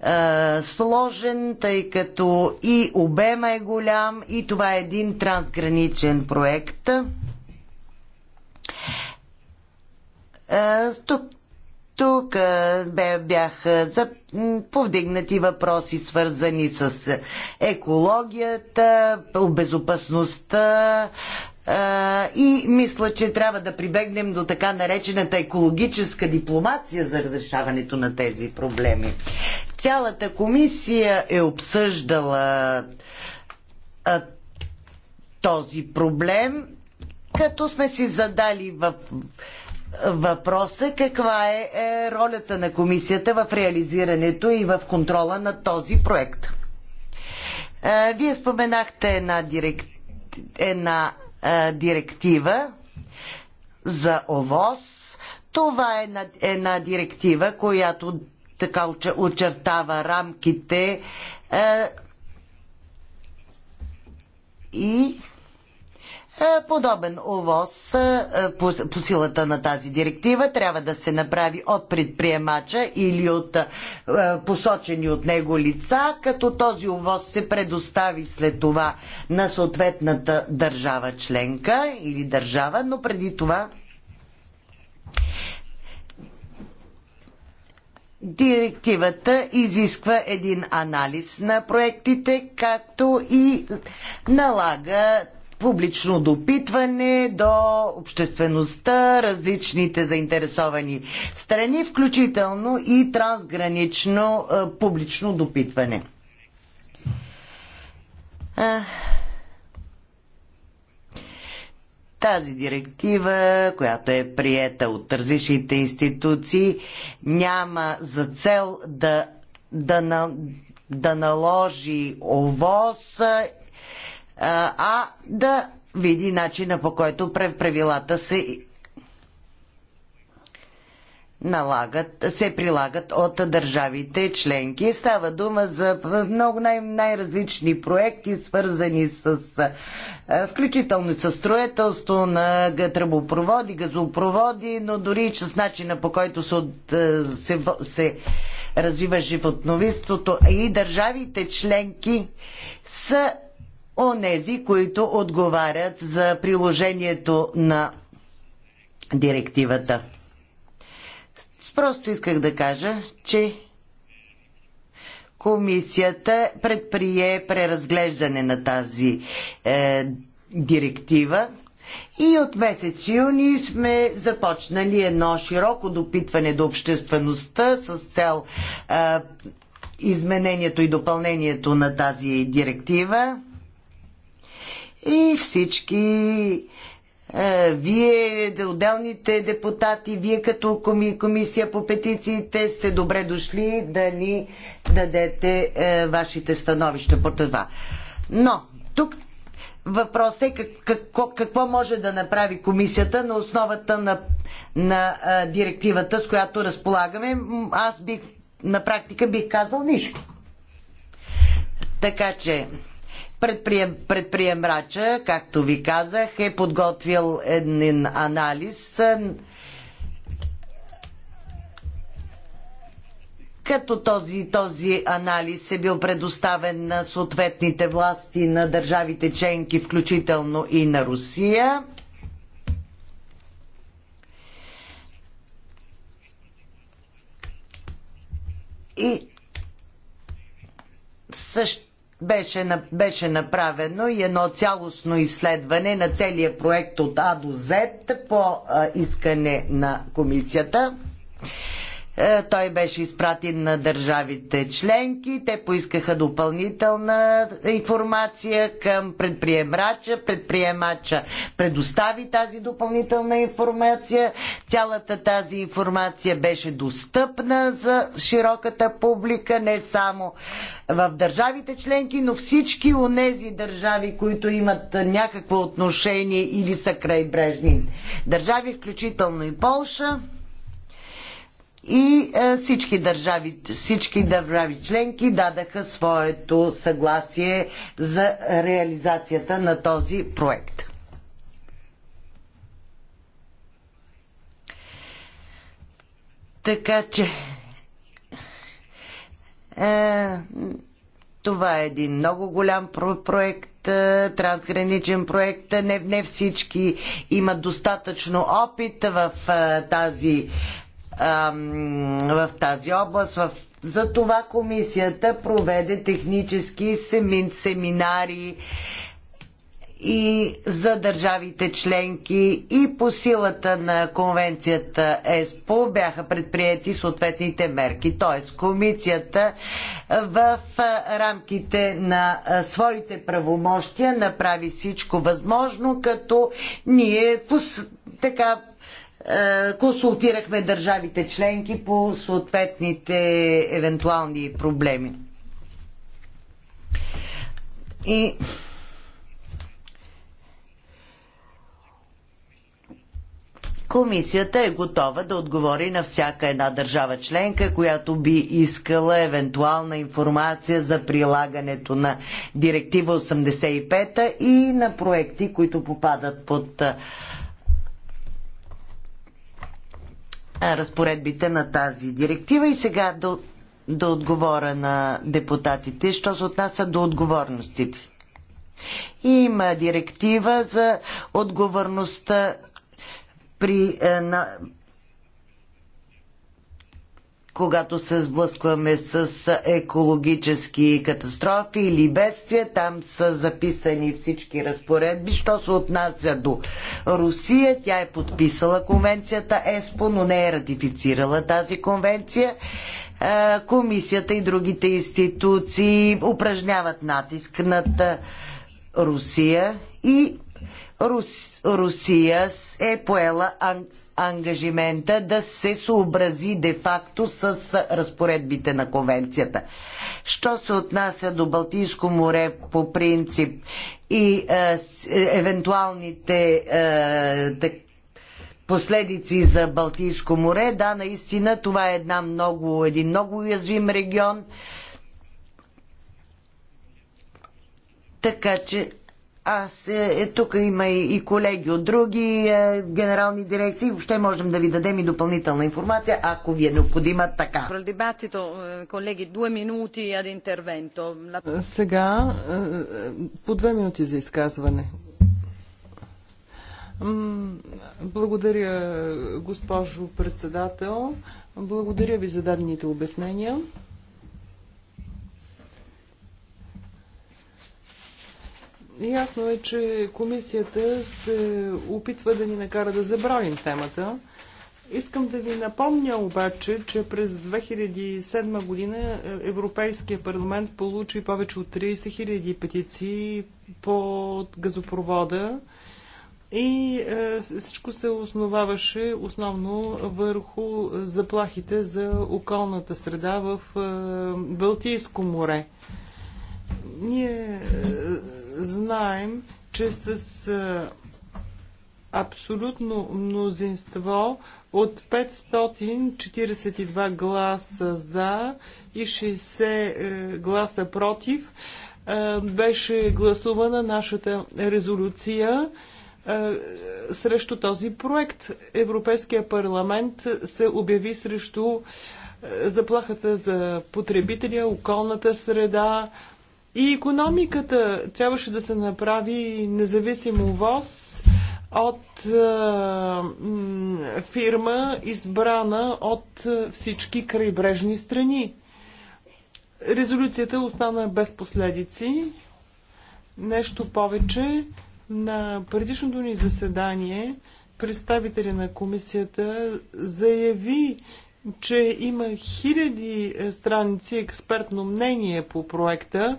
е, сложен, тъй като и обема е голям, и това е един трансграничен проект. тук тук бяха повдигнати въпроси, свързани с екологията, безопасността, и мисля, че трябва да прибегнем до така наречената екологическа дипломация за разрешаването на тези проблеми. Цялата комисия е обсъждала този проблем, като сме си задали в Въпрос е каква е, е ролята на комисията в реализирането и в контрола на този проект. Е, вие споменахте една, директ, една е, директива за ОВОз. Това е една, една директива, която така очертава рамките е, и е, подобен овоз е, е, по, по силата на тази директива трябва да се направи от предприемача или от посочени от него лица, като този овоз се предостави след това на съответната държава членка или държава, но преди това Директивата изисква един анализ на проектите, както и налага публично допитване до обществеността, различните заинтересовани страни, включително и трансгранично публично допитване. Тази директива, която е приета от различните институции, няма за цел да, да, на, да наложи ОВОС а да види начина по който правилата се налагат, се прилагат от държавите членки. Става дума за много най- най-различни проекти, свързани с включително с строителство на тръбопроводи, газопроводи, но дори и с начина по който се, от, се, се развива животновиството. и държавите членки са онези, които отговарят за приложението на директивата. Просто исках да кажа, че комисията предприе преразглеждане на тази е, директива и от месец юни сме започнали едно широко допитване до обществеността с цел е, изменението и допълнението на тази директива и всички е, вие, отделните депутати, вие като комисия по петициите сте добре дошли да ни дадете е, вашите становища по това. Но, тук въпрос е как, какво, какво може да направи комисията на основата на, на а, е, директивата, с която разполагаме. Аз бих, на практика бих казал нищо. Така че, Предприем, предприемрача, както ви казах, е подготвил един анализ, като този, този анализ е бил предоставен на съответните власти на държавите членки, включително и на Русия. И също беше, беше направено и едно цялостно изследване на целия проект от А до Z по искане на комисията. Е, той беше изпратен на държавите членки. Те поискаха допълнителна информация към предприемача. Предприемача предостави тази допълнителна информация. Цялата тази информация беше достъпна за широката публика, не само в държавите членки, но всички тези държави, които имат някакво отношение или са крайбрежни държави, включително и Полша и е, всички държави, всички държави членки дадаха своето съгласие за реализацията на този проект. Така че е, това е един много голям проект, е, трансграничен проект. Не, не всички имат достатъчно опит в е, тази в тази област. В... За това комисията проведе технически семин, семинари и за държавите членки и по силата на конвенцията ЕСПО бяха предприяти съответните мерки. Т.е. комисията в рамките на своите правомощия направи всичко възможно, като ние така е, консултирахме държавите членки по съответните евентуални проблеми. И Комисията е готова да отговори на всяка една държава членка, която би искала евентуална информация за прилагането на Директива 85 и на проекти, които попадат под е, разпоредбите на тази директива. И сега да, да отговоря на депутатите, що се отнася до отговорностите. Има директива за отговорността при, е, на, когато се сблъскваме с екологически катастрофи или бедствия. Там са записани всички разпоредби. Що се отнася до Русия, тя е подписала конвенцията ЕСПО, но не е ратифицирала тази конвенция. Комисията и другите институции упражняват натиск над Русия и Рус... Русия е поела ангажимента да се съобрази де-факто с разпоредбите на конвенцията. Що се отнася до Балтийско море по принцип и е, е евентуалните е, последици за Балтийско море, да, наистина това е една много, един много уязвим регион. Така че аз е, е, тук има и, и колеги от други е, генерални дирекции. Въобще можем да ви дадем и допълнителна информация, ако ви е необходима така. Е, е, сега по две минути за изказване. Благодаря, госпожо председател. Благодаря ви за дадените обяснения. Ясно е, че комисията се опитва да ни накара да забравим темата. Искам да ви напомня обаче, че през 2007 година е, Европейския парламент получи повече от 30 000 петиции по газопровода и е, всичко се основаваше основно върху заплахите за околната среда в е, Балтийско море. Ние знаем, че с абсолютно мнозинство от 542 гласа за и 60 е, гласа против беше гласувана нашата резолюция срещу този проект. Европейския парламент се обяви срещу заплахата за потребителя, околната среда, и економиката трябваше да се направи независимо ВОЗ от е, фирма, избрана от е, всички крайбрежни страни. Резолюцията остана без последици. Нещо повече, на предишното ни заседание представителя на комисията заяви, че има хиляди е, страници експертно мнение по проекта,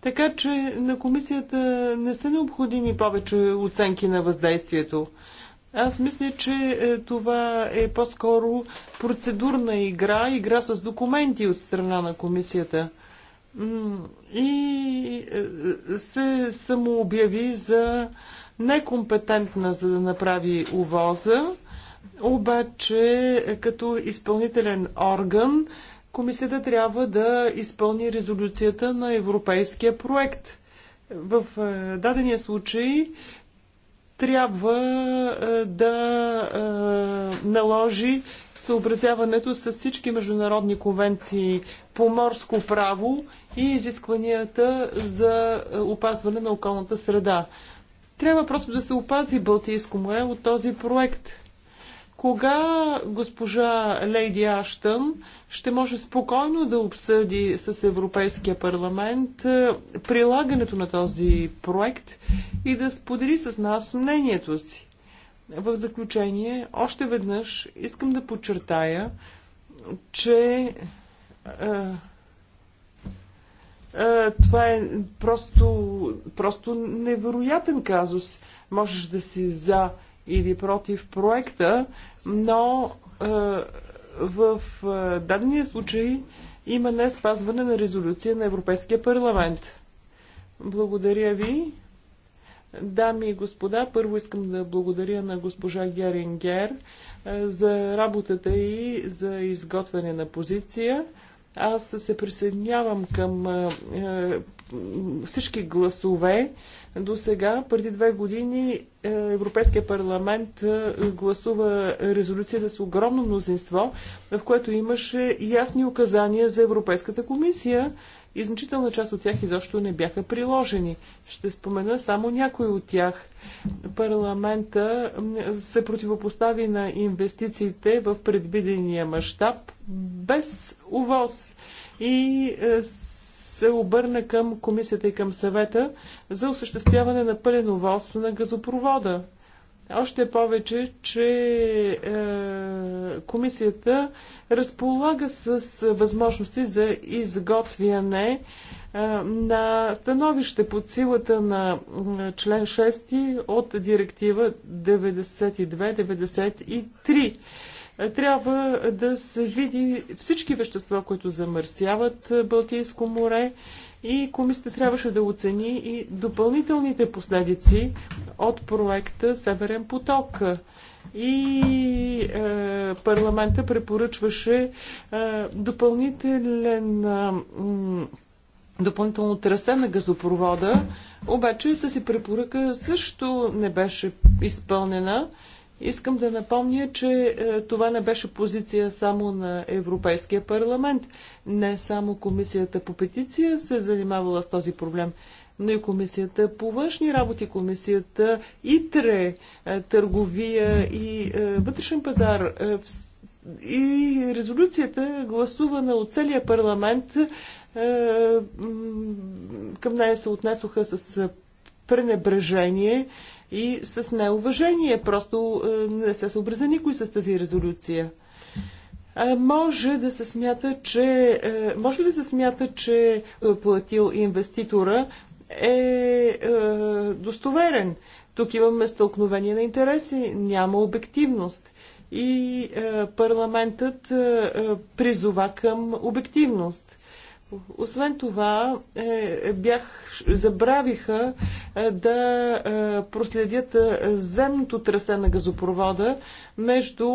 така че на комисията не са необходими повече оценки на въздействието. Аз мисля, че е, това е по-скоро процедурна игра, игра с документи от страна на комисията. И е, се самообяви за некомпетентна, за да направи увоза, обаче като изпълнителен орган комисията трябва да изпълни резолюцията на европейския проект. В е, дадения случай трябва е, да е, наложи съобразяването с всички международни конвенции по морско право и изискванията за опазване на околната среда. Трябва просто да се опази Балтийско море от този проект – кога госпожа Лейди Аштън ще може спокойно да обсъди с Европейския парламент е, прилагането на този проект и да сподели с нас мнението си? В заключение, още веднъж искам да подчертая, че а, е, а, е, това е просто, просто невероятен казус. Можеш да си за или против проекта, но е, в е, дадения случай има не спазване на резолюция на Европейския парламент. Благодаря ви. Дами и господа, първо искам да благодаря на госпожа Герингер е, за работата и за изготвяне на позиция. Аз се присъединявам към е, всички гласове. До сега, преди две години, е, Европейския парламент е, гласува резолюцията с огромно мнозинство, в което имаше ясни указания за Европейската комисия и значителна част от тях изобщо не бяха приложени. Ще спомена само някои от тях. Парламента се противопостави на инвестициите в предвидения мащаб без увоз и е, се обърна към комисията и към съвета за осъществяване на пълен овоз на газопровода. Още повече, че е, комисията разполага с възможности за изготвяне е, на становище под силата на член 6 от директива 92-93 трябва да се види всички вещества, които замърсяват Балтийско море и комисията трябваше да оцени и допълнителните последици от проекта Северен поток. И е, парламента препоръчваше е, допълнителен. Е, допълнително трасе на газопровода, обаче тази препоръка също не беше изпълнена Искам да напомня, че е, това не беше позиция само на Европейския парламент. Не само Комисията по петиция се е занимавала с този проблем, но и Комисията по външни работи, Комисията ИТРЕ, е, търговия и вътрешен пазар. И резолюцията, гласувана от целия парламент, към нея се отнесоха с пренебрежение и с неуважение. Просто е, не се съобрази никой с тази резолюция. Може да се смята, че, е, може ли се смята, че е, платил инвеститора е достоверен? Тук имаме стълкновение на интереси, няма обективност и парламентът призова към обективност. Освен това, е, бях, забравиха е, да е, проследят земното трасе на газопровода между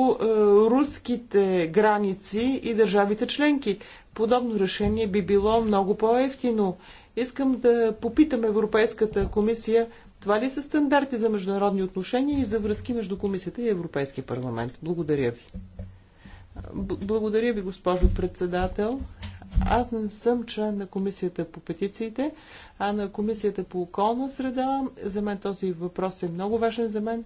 руските граници и държавите членки. Подобно решение би било много по-ефтино. Искам да попитам Европейската комисия, това ли са стандарти за международни отношения и за връзки между комисията и Европейския парламент? Благодаря ви. Благодаря ви, госпожо председател. Аз не съм член на комисията по петициите, а на комисията по околна среда. За мен този въпрос е много важен за мен.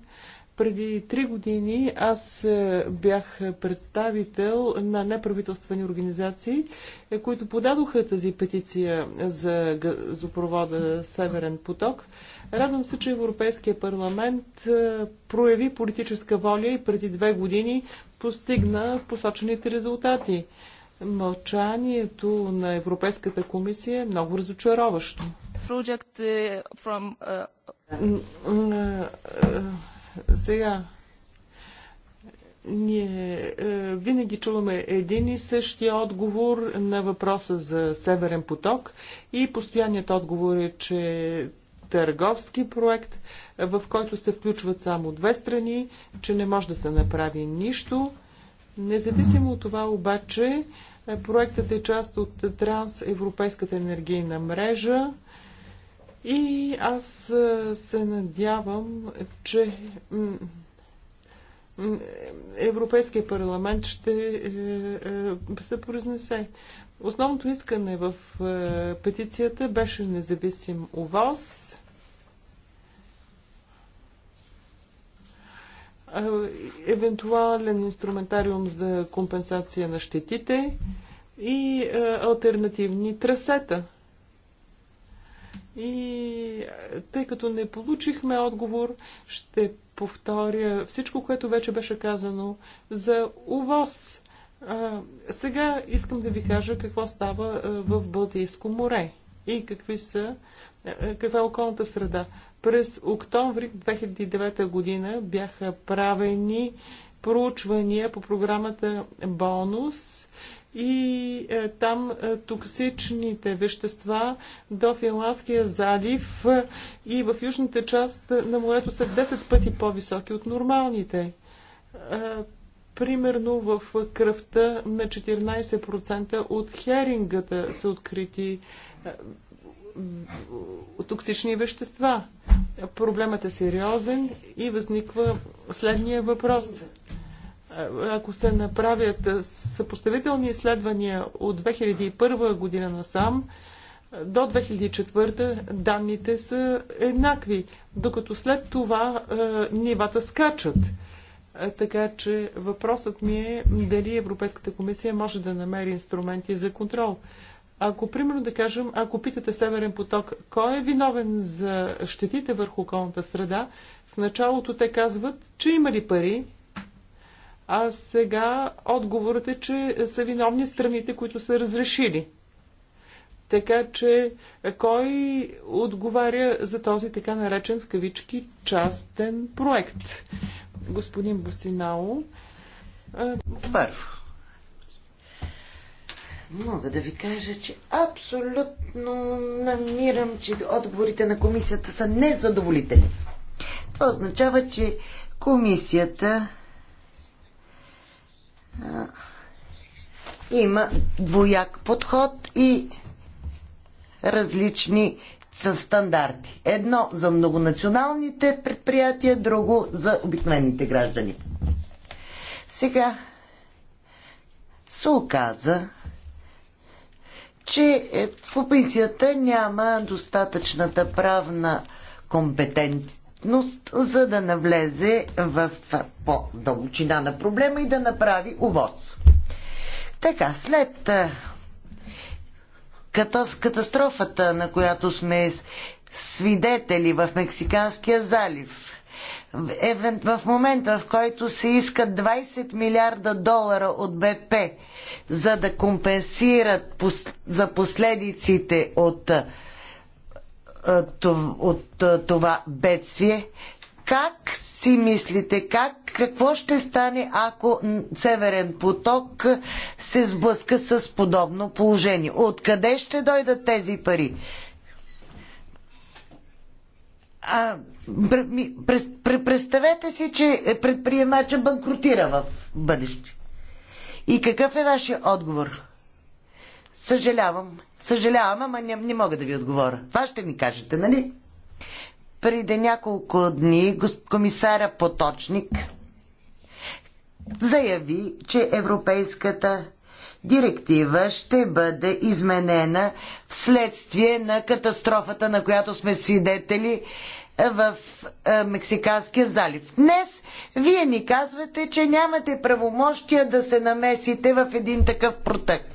Преди три години аз е, бях представител на неправителствени организации, е, които подадоха тази петиция за газопровода Северен поток. Радвам се, че Европейския парламент е, прояви политическа воля и преди две години постигна посочените резултати. Мълчанието на Европейската комисия е много разочароващо. Project е, from, uh... Сега, ние винаги чуваме един и същия отговор на въпроса за Северен поток и постоянният отговор е, че търговски проект, в който се включват само две страни, че не може да се направи нищо. Независимо от това обаче, Проектът е част от Трансевропейската енергийна мрежа. И аз се надявам, че Европейския парламент ще е, е, се произнесе. Основното искане в е, петицията беше независим вас. евентуален инструментариум за компенсация на щетите и альтернативни трасета. И тъй като не получихме отговор, ще повторя всичко, което вече беше казано за увоз. А, сега искам да ви кажа какво става а, в Балтийско море и какви са, а, каква е околната среда. През октомври 2009 година бяха правени проучвания по програмата Бонус и е, там е, токсичните вещества до Финландския залив е, и в южната част на морето са 10 пъти по-високи от нормалните. Е, примерно в кръвта на 14% от херингата са открити е, токсични вещества. Проблемът е сериозен и възниква следния въпрос. Ако се направят съпоставителни изследвания от 2001 година насам, до 2004 данните са еднакви, докато след това е, нивата скачат. Е, така че въпросът ми е дали Европейската комисия може да намери инструменти за контрол. Ако, примерно, да кажем, ако питате Северен поток, кой е виновен за щетите върху околната среда, в началото те казват, че има ли пари, а сега отговорът е, че са виновни страните, които са разрешили. Така че кой отговаря за този така наречен в кавички частен проект? Господин Босинао. Първо, Мога да ви кажа, че абсолютно намирам, че отговорите на комисията са незадоволителни. Това означава, че комисията а, има двояк подход и различни са стандарти. Едно за многонационалните предприятия, друго за обикновените граждани. Сега се оказа, че комисията е, няма достатъчната правна компетентност, за да навлезе в по-дълбочина на проблема и да направи увоз. Така, след е, катастрофата, на която сме свидетели в Мексиканския залив, в момента, в който се искат 20 милиарда долара от БП, за да компенсират за последиците от, от, от това бедствие, как си мислите, как, какво ще стане, ако Северен поток се сблъска с подобно положение? Откъде ще дойдат тези пари? А, представете си, че е предприемача банкротира в бъдеще. И какъв е вашия отговор? Съжалявам. Съжалявам, ама не, не мога да ви отговоря. Това ще ми кажете, нали? Преди няколко дни комисаря Поточник заяви, че Европейската директива ще бъде изменена вследствие на катастрофата, на която сме свидетели е, в е, Мексиканския залив. Днес вие ни казвате, че нямате правомощия да се намесите в един такъв протект,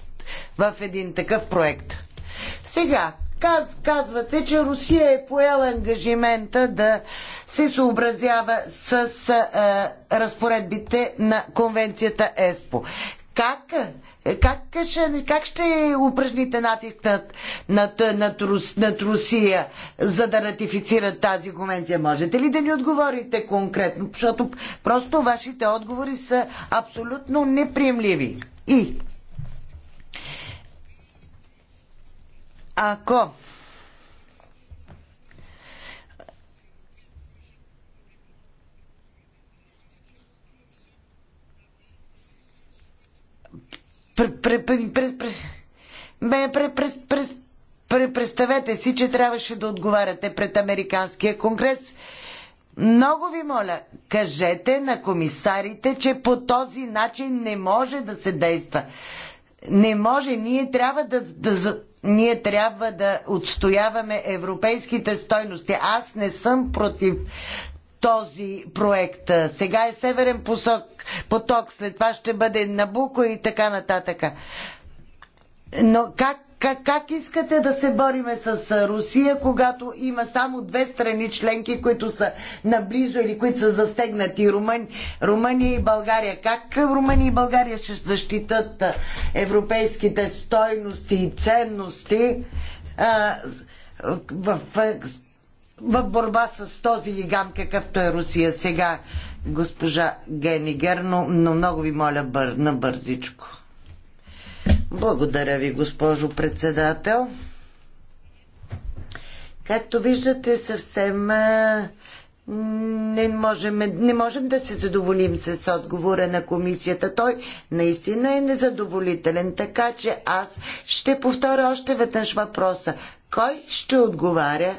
в един такъв проект. Сега, каз, казвате, че Русия е поела ангажимента да се съобразява с а, е, разпоредбите на конвенцията ЕСПО. Как как ще, как ще упражните натиск над, над, над, Рус, над Русия, за да ратифицират тази конвенция? Можете ли да ни отговорите конкретно? Защото просто вашите отговори са абсолютно неприемливи. И ако Представете си, че трябваше да отговаряте пред Американския конгрес. Много ви моля, кажете на комисарите, че по този начин не може да се действа. Не може, ние трябва да, да, ние трябва да отстояваме европейските стойности. Аз не съм против този проект. Сега е Северен посок, поток, след това ще бъде Набуко и така нататък. Но как, как, как искате да се бориме с Русия, когато има само две страни членки, които са наблизо или които са застегнати Румъния и България? Как Румъния и България ще защитат европейските стойности и ценности? А, в, в, в борба с този гигант, какъвто е Русия сега, госпожа Генигер, но, но много ви моля бър, бързичко. Благодаря ви, госпожо председател. Както виждате, съвсем не можем, не можем да се задоволим с отговора на комисията. Той наистина е незадоволителен, така че аз ще повторя още веднъж въпроса. Кой ще отговаря,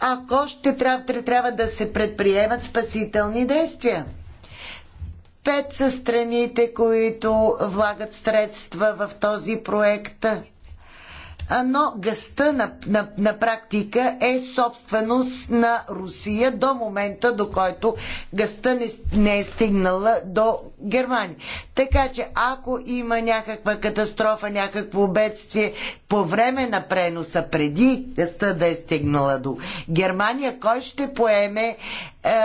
ако ще трябва, трябва да се предприемат спасителни действия. Пет са страните, които влагат средства в този проект но гъста на, на, на практика е собственост на Русия до момента, до който гъста не, не е стигнала до Германия. Така че ако има някаква катастрофа, някакво бедствие по време на преноса, преди гъста да е стигнала до Германия, кой ще поеме е,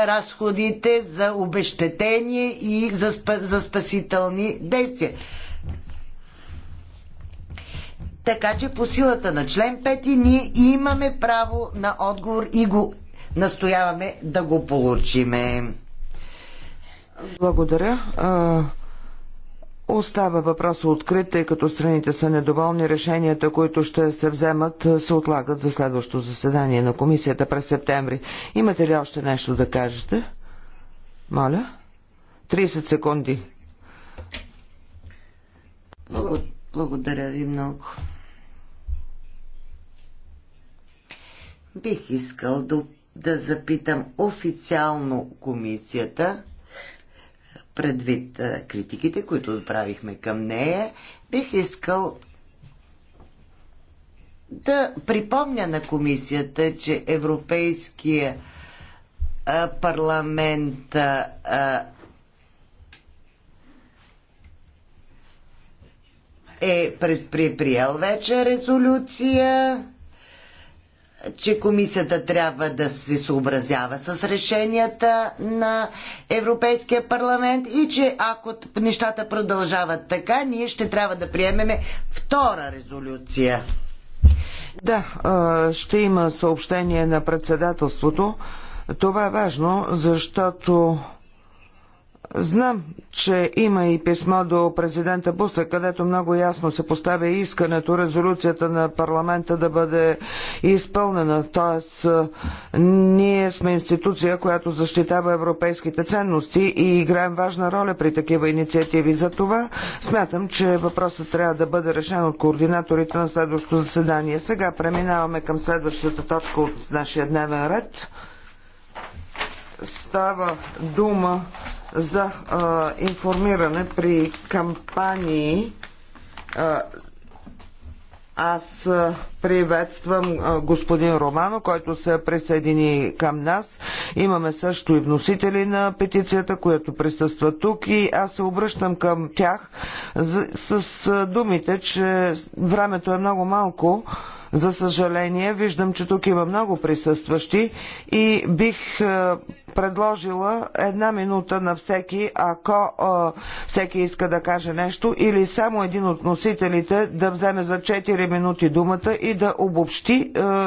разходите за обещетение и за, за спасителни действия? Така че по силата на член 5 ние имаме право на отговор и го настояваме да го получиме. Благодаря. А, остава въпроса открит, тъй като страните са недоволни. Решенията, които ще се вземат, се отлагат за следващото заседание на комисията през септември. Имате ли още нещо да кажете? Моля. 30 секунди. Благодаря ви много. Бих искал да, да запитам официално комисията, предвид критиките, които отправихме към нея, бих искал да припомня на комисията, че Европейския парламент е предприел вече резолюция че комисията трябва да се съобразява с решенията на Европейския парламент и че ако нещата продължават така, ние ще трябва да приемеме втора резолюция. Да, ще има съобщение на председателството. Това е важно, защото Знам, че има и писмо до президента Буса, където много ясно се поставя искането резолюцията на парламента да бъде изпълнена. Тоест, е, ние сме институция, която защитава европейските ценности и играем важна роля при такива инициативи. За това смятам, че въпросът трябва да бъде решен от координаторите на следващото заседание. Сега преминаваме към следващата точка от нашия дневен ред. Става дума за а, информиране при кампании. А, аз приветствам господин Романо, който се присъедини към нас. Имаме също и вносители на петицията, която присъства тук и аз се обръщам към тях с, с думите, че времето е много малко за съжаление, виждам, че тук има много присъстващи и бих е, предложила една минута на всеки, ако е, всеки иска да каже нещо, или само един от носителите да вземе за 4 минути думата и да обобщи. Е,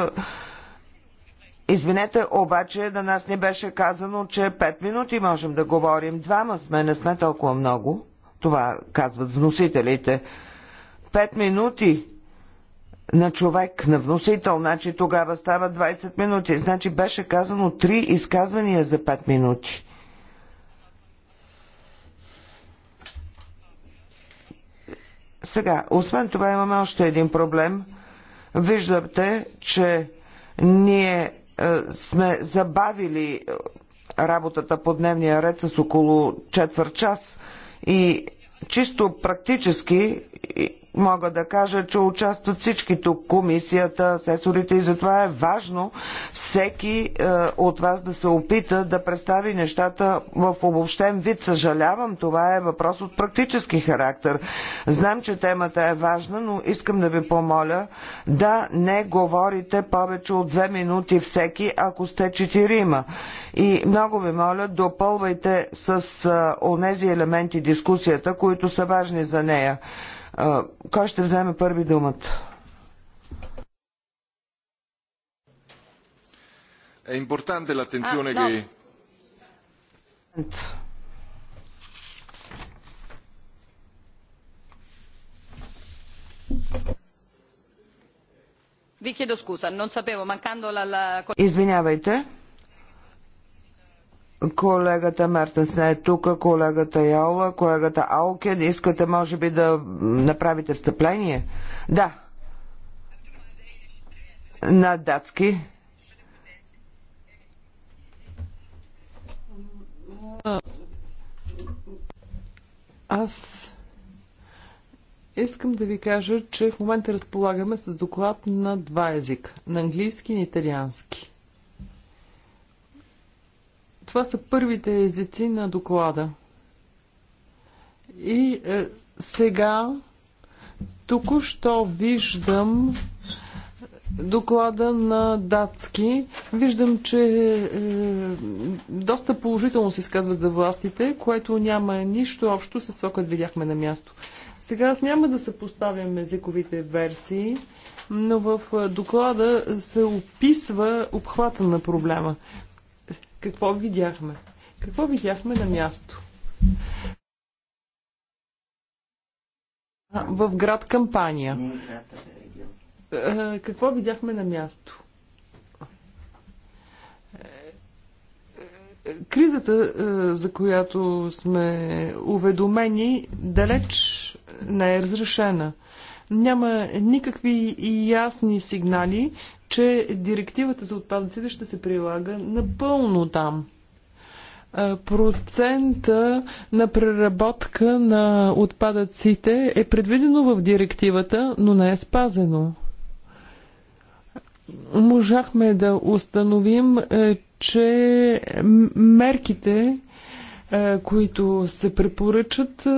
Извинете, обаче на нас не беше казано, че 5 минути можем да говорим. Двама сме, не сме толкова много. Това казват вносителите. Пет минути на човек, на вносител, значи тогава става 20 минути. Значи беше казано 3 изказвания за 5 минути. Сега, освен това имаме още един проблем. Виждате, че ние е, сме забавили е, работата по дневния ред с около четвърт час и чисто практически мога да кажа, че участват всички тук, комисията, асесорите и затова е важно всеки е, от вас да се опита да представи нещата в обобщен вид. Съжалявам, това е въпрос от практически характер. Знам, че темата е важна, но искам да ви помоля да не говорите повече от две минути всеки, ако сте четирима. И много ви моля, допълвайте с е, онези елементи дискусията, които са важни за нея. Кой ще вземе първи думата? È importante l'attenzione ah, no. che... Ви chiedo scusa, non sapevo, mancando la... Извинявайте. Колегата Мартенс не е тук, колегата Яола, колегата Аукен. Искате, може би, да направите встъпление? Да. На датски. Аз искам да ви кажа, че в момента разполагаме с доклад на два езика. На английски и на италиански. Това са първите езици на доклада. И е, сега току-що виждам доклада на датски. Виждам, че е, доста положително се изказват за властите, което няма нищо общо с това, което видяхме на място. Сега аз няма да съпоставям езиковите версии, но в е, доклада се описва обхвата на проблема. Какво видяхме? Какво видяхме на място? В град Кампания. Е е, какво видяхме на място? Е, кризата, за която сме уведомени, далеч не е разрешена. Няма никакви ясни сигнали, че директивата за отпадъците ще се прилага напълно там процента на преработка на отпадъците е предвидено в директивата, но не е спазено. Можахме да установим, е, че мерките е, които се препоръчат, е,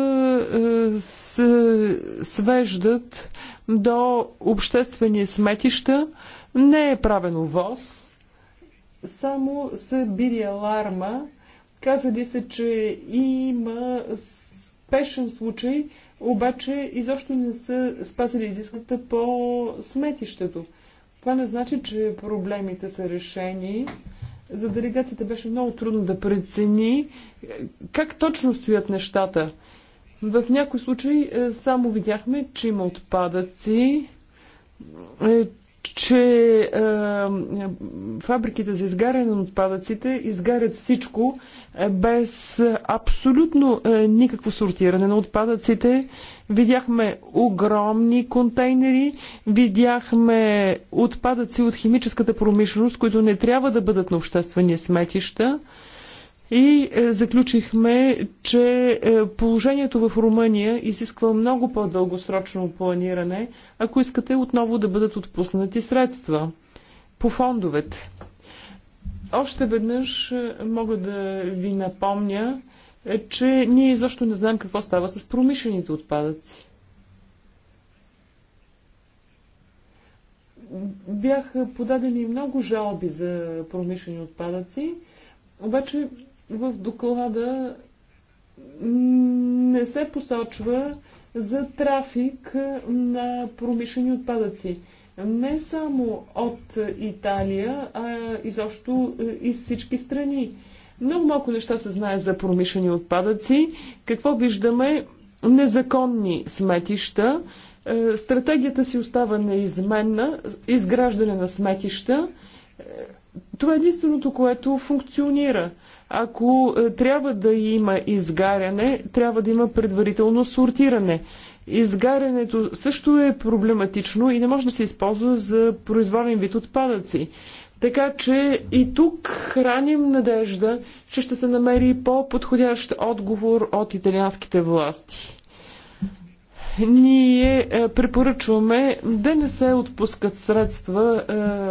е, се свеждат до обществени сметища. Не е правено ВОЗ, само се бири аларма. Казали се, че има спешен случай, обаче изобщо не са спазили изискванията по сметището. Това не значи, че проблемите са решени. За делегацията беше много трудно да прецени как точно стоят нещата? В някои случаи е, само видяхме, че има отпадъци, е, че е, фабриките за изгаряне на отпадъците изгарят всичко е, без абсолютно е, никакво сортиране на отпадъците. Видяхме огромни контейнери, видяхме отпадъци от химическата промишленост, които не трябва да бъдат на обществени сметища и е, заключихме, че е, положението в Румъния изисква много по-дългосрочно планиране, ако искате отново да бъдат отпуснати средства по фондовете. Още веднъж е, мога да ви напомня, че ние изобщо не знаем какво става с промишлените отпадъци. Бяха подадени много жалби за промишлени отпадъци, обаче в доклада не се посочва за трафик на промишлени отпадъци. Не само от Италия, а изобщо е, из всички страни. Много малко неща се знае за промишлени отпадъци. Какво виждаме? Незаконни сметища. Е, стратегията си остава неизменна. Изграждане на сметища. Е, това е единственото, което функционира – ако е, трябва да има изгаряне, трябва да има предварително сортиране. Изгарянето също е проблематично и не може да се използва за произволен вид отпадъци. Така че и тук храним надежда, че ще се намери по-подходящ отговор от италианските власти. Ние е, препоръчваме да не се отпускат средства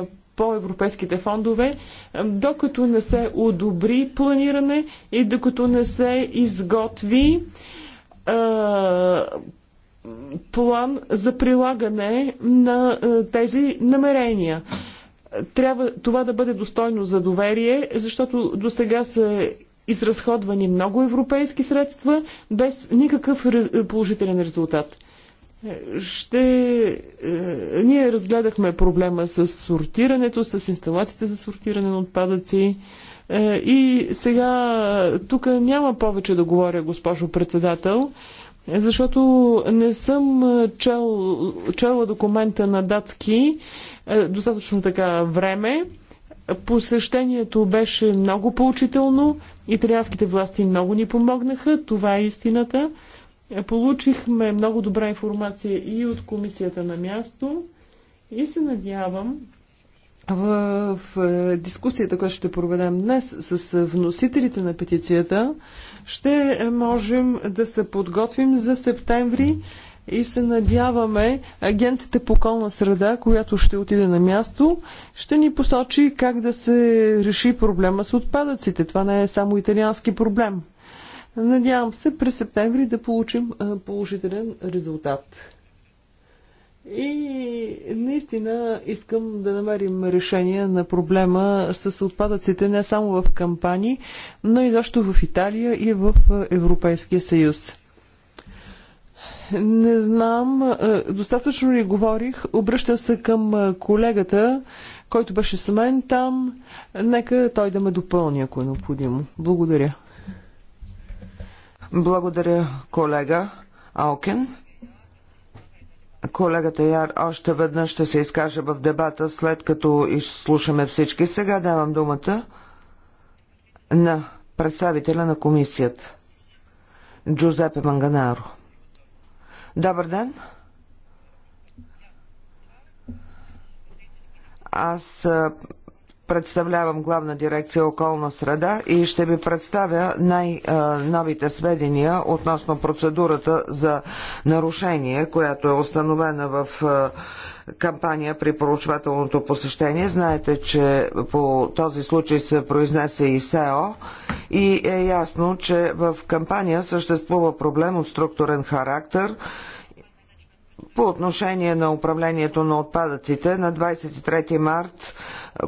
е, по европейските фондове, докато не се одобри планиране и докато не се изготви е, план за прилагане на е, тези намерения. Трябва това да бъде достойно за доверие, защото до сега са изразходвани много европейски средства без никакъв положителен резултат. Ще... Е, ние разгледахме проблема с сортирането, с инсталациите за сортиране на отпадъци. Е, и сега тук няма повече да говоря, госпожо председател, защото не съм чел, чела документа на датски е, достатъчно така време. Посещението беше много поучително. Италианските власти много ни помогнаха. Това е истината. Получихме много добра информация и от комисията на място и се надявам в дискусията, която ще проведем днес с вносителите на петицията, ще можем да се подготвим за септември и се надяваме агенцията по околна среда, която ще отиде на място, ще ни посочи как да се реши проблема с отпадъците. Това не е само италиански проблем. Надявам се през септември да получим положителен резултат. И наистина искам да намерим решение на проблема с отпадъците не само в кампании, но и защо в Италия и в Европейския съюз. Не знам, достатъчно ли говорих, обръщам се към колегата, който беше с мен там. Нека той да ме допълни, ако е необходимо. Благодаря. Благодаря, колега Аукен. Колегата Яр още веднъж ще се изкаже в дебата, след като изслушаме всички. Сега давам думата на представителя на комисията Джузепе Манганаро. Добър ден! Аз представлявам главна дирекция околна среда и ще ви представя най-новите сведения относно процедурата за нарушение, която е установена в е, кампания при проучвателното посещение. Знаете, че по този случай се произнесе и СЕО и е ясно, че в кампания съществува проблем от структурен характер, по отношение на управлението на отпадъците на 23 март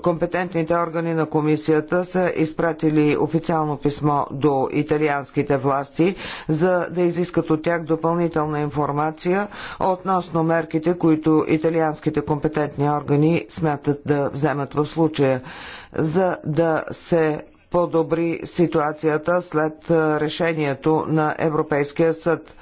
Компетентните органи на комисията са изпратили официално писмо до италианските власти, за да изискат от тях допълнителна информация относно мерките, които италианските компетентни органи смятат да вземат в случая, за да се подобри ситуацията след решението на Европейския съд.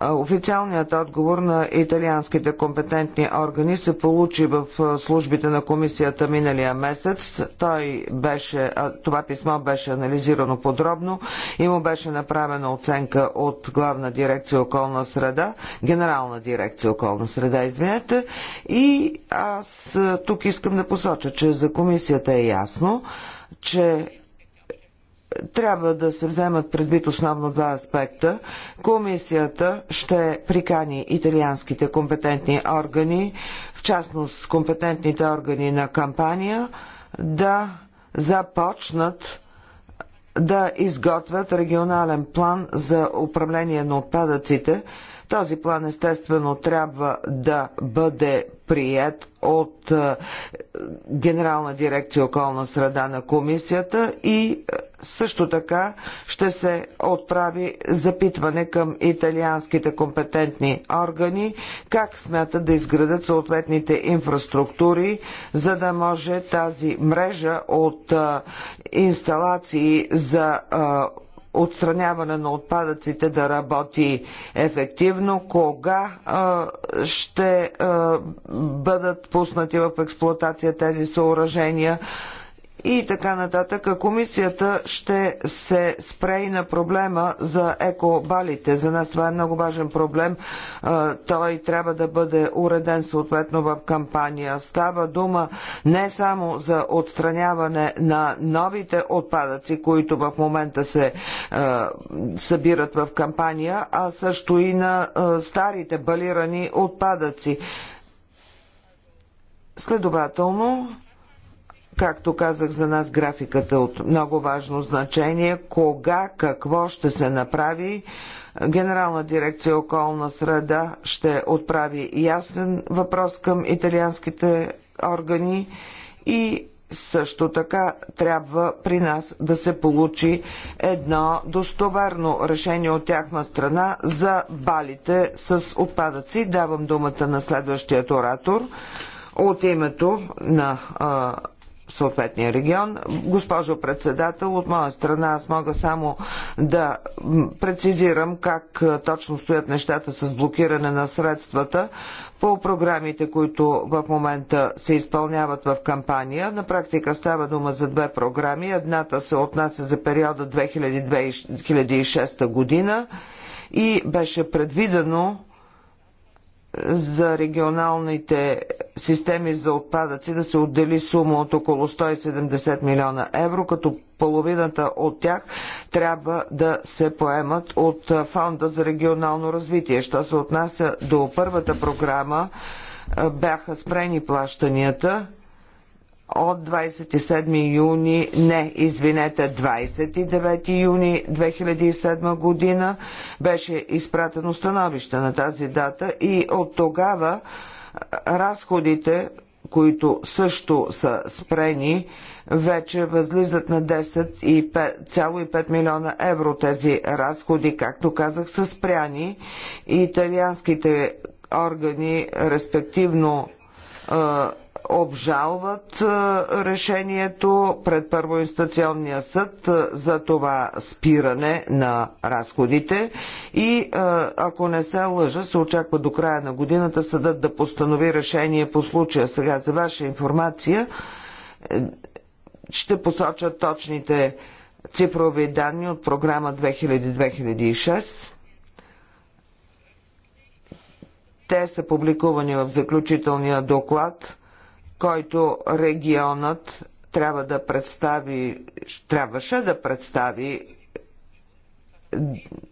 Официалният отговор на италианските компетентни органи се получи в службите на комисията миналия месец. Той беше, това писмо беше анализирано подробно и му беше направена оценка от главна дирекция околна среда, генерална дирекция околна среда, извинете. И аз тук искам да посоча, че за комисията е ясно, че трябва да се вземат предвид основно два аспекта. Комисията ще прикани италианските компетентни органи, в частност компетентните органи на кампания, да започнат да изготвят регионален план за управление на отпадъците. Този план естествено трябва да бъде прият от е, Генерална дирекция околна среда на комисията и е, също така ще се отправи запитване към италианските компетентни органи, как смятат да изградат съответните инфраструктури, за да може тази мрежа от а, инсталации за а, отстраняване на отпадъците да работи ефективно, кога а, ще а, бъдат пуснати в експлоатация тези съоръжения, и така нататък. Комисията ще се спре и на проблема за екобалите. За нас това е много важен проблем. Той трябва да бъде уреден съответно в кампания. Става дума не само за отстраняване на новите отпадъци, които в момента се събират в кампания, а също и на старите балирани отпадъци. Следователно, Както казах, за нас графиката е от много важно значение. Кога, какво ще се направи, Генерална дирекция околна среда ще отправи ясен въпрос към италианските органи и също така трябва при нас да се получи едно достоверно решение от тяхна страна за балите с отпадъци. Давам думата на следващият оратор от името на съответния регион. Госпожо председател, от моя страна аз мога само да прецизирам как е, точно стоят нещата с блокиране на средствата по програмите, които в момента се изпълняват в кампания. На практика става дума за две програми. Едната се отнася за периода 2006 година и беше предвидено за регионалните системи за отпадъци да се отдели сума от около 170 милиона евро, като половината от тях трябва да се поемат от Фонда за регионално развитие. Що се отнася до първата програма, бяха спрени плащанията от 27 юни, не, извинете, 29 юни 2007 година беше изпратено становище на тази дата и от тогава разходите, които също са спрени, вече възлизат на 10,5 милиона евро тези разходи, както казах, са спряни и италианските органи, респективно обжалват решението пред първоинстанционния съд за това спиране на разходите и ако не се лъжа, се очаква до края на годината съдът да постанови решение по случая. Сега за ваша информация е, ще посоча точните цифрови данни от програма 2000-2006. Те са публикувани в заключителния доклад който регионът трябва да представи, трябваше да представи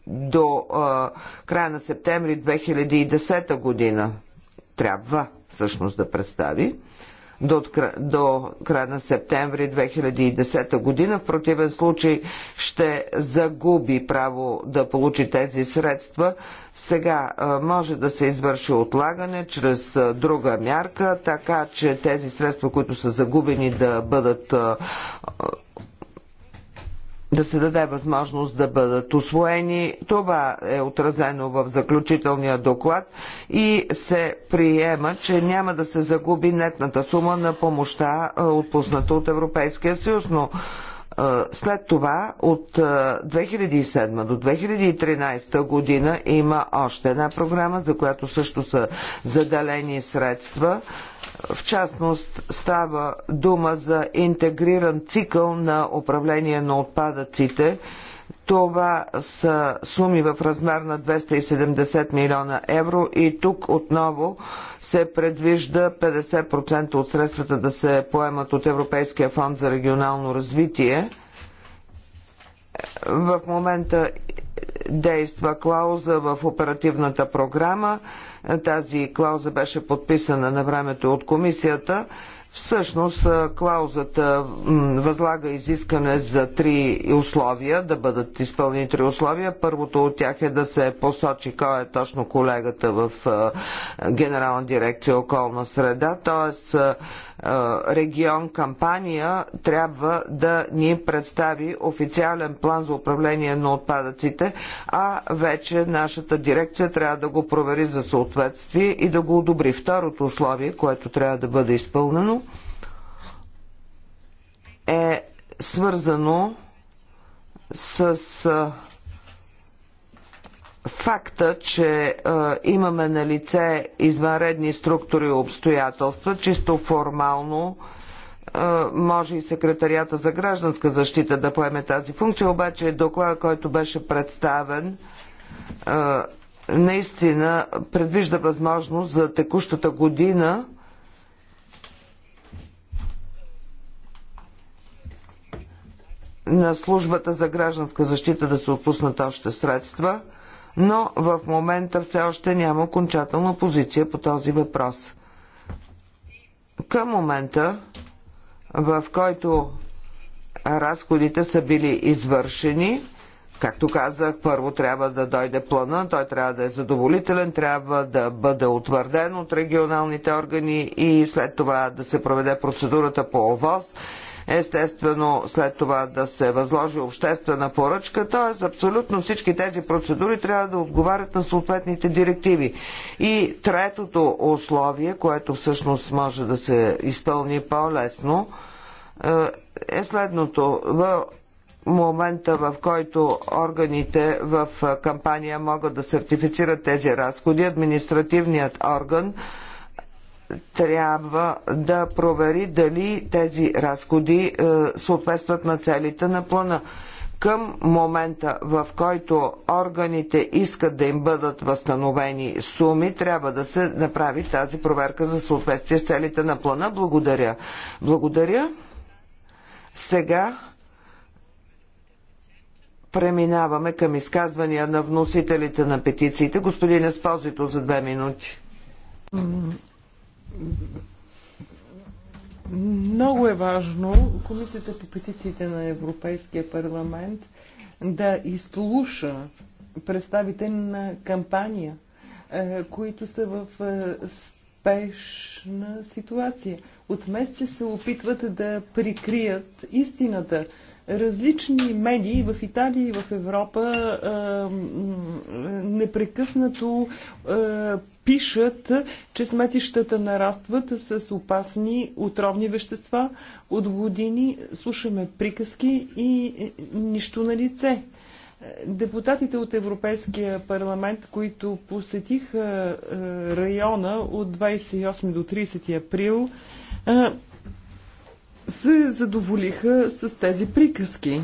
до а, края на септември 2010 година. Трябва всъщност да представи. А, до, до края на септември 2010 година. В противен случай ще загуби право да получи тези средства. Сега може да се извърши отлагане чрез друга мярка, така че тези средства, които са загубени, да бъдат да се даде възможност да бъдат освоени. Това е отразено в заключителния доклад и се приема, че няма да се загуби нетната сума на помощта, е, отпусната от Европейския съюз, но след това от 2007 до 2013 година има още една програма, за която също са заделени средства. В частност става дума за интегриран цикъл на управление на отпадъците. Това са суми в размер на 270 милиона евро и тук отново се предвижда 50% от средствата да се поемат от Европейския фонд за регионално развитие. В момента действа клауза в оперативната програма. Тази клауза беше подписана на времето от комисията. Всъщност клаузата възлага изискане за три условия, да бъдат изпълнени три условия. Първото от тях е да се посочи кой е точно колегата в Генерална дирекция околна среда, т.е регион Кампания трябва да ни представи официален план за управление на отпадъците, а вече нашата дирекция трябва да го провери за съответствие и да го одобри. Второто условие, което трябва да бъде изпълнено, е свързано с факта, че е, имаме на лице извънредни структури и обстоятелства, чисто формално е, може и секретарията за гражданска защита да поеме тази функция, обаче доклад, който беше представен, е, наистина предвижда възможност за текущата година на службата за гражданска защита да се отпуснат още средства – но в момента все още няма окончателна позиция по този въпрос. Към момента, в който разходите са били извършени, както казах, първо трябва да дойде плана, той трябва да е задоволителен, трябва да бъде утвърден от регионалните органи и след това да се проведе процедурата по ОВОз естествено след това да се възложи обществена поръчка, т.е. абсолютно всички тези процедури трябва да отговарят на съответните директиви. И третото условие, което всъщност може да се изпълни по-лесно, е, е следното. В момента, в който органите в кампания могат да сертифицират тези разходи, административният орган трябва да провери дали тези разходи е, съответстват на целите на плана. Към момента, в който органите искат да им бъдат възстановени суми, трябва да се направи тази проверка за съответствие с целите на плана. Благодаря. Благодаря. Сега преминаваме към изказвания на вносителите на петициите. Господин Еспозито за две минути. Много е важно Комисията по петициите на Европейския парламент да изслуша представители на кампания, е, които са в е, спешна ситуация. От месеци се опитват да прикрият истината различни медии в Италия и в Европа а, непрекъснато а, пишат, че сметищата нарастват с опасни отровни вещества. От години слушаме приказки и е, нищо на лице. Депутатите от Европейския парламент, които посетиха района от 28 до 30 април, се задоволиха с тези приказки.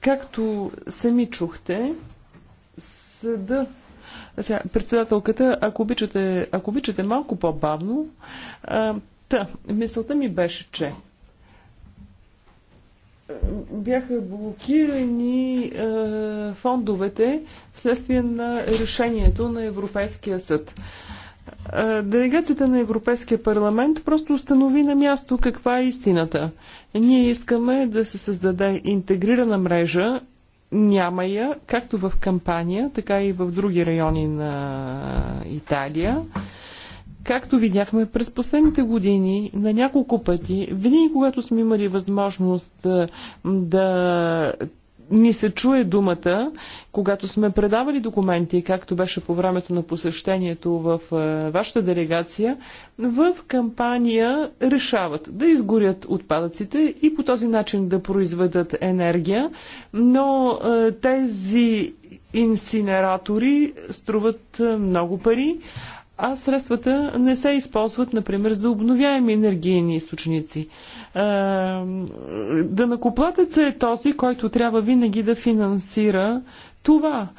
Както сами чухте, съда сега, председателката, ако обичате, ако обичате малко по-бавно, та, мисълта ми беше, че бяха блокирани а, фондовете вследствие на решението на Европейския съд. Е, делегацията на Европейския парламент просто установи на място каква е истината. Ние искаме да се създаде интегрирана мрежа. Няма я, както в кампания, така и в други райони на Италия. Както видяхме през последните години, на няколко пъти, винаги когато сме имали възможност е, да ни се чуе думата, когато сме предавали документи, както беше по времето на посещението в е, вашата делегация, в кампания решават да изгорят отпадъците и по този начин да произведат енергия, но е, тези инсинератори струват е, много пари, а средствата не се използват, например, за обновяеми енергийни източници. Е, Дънакоплатецът накоплатеца е този, който трябва винаги да финансира това. Е,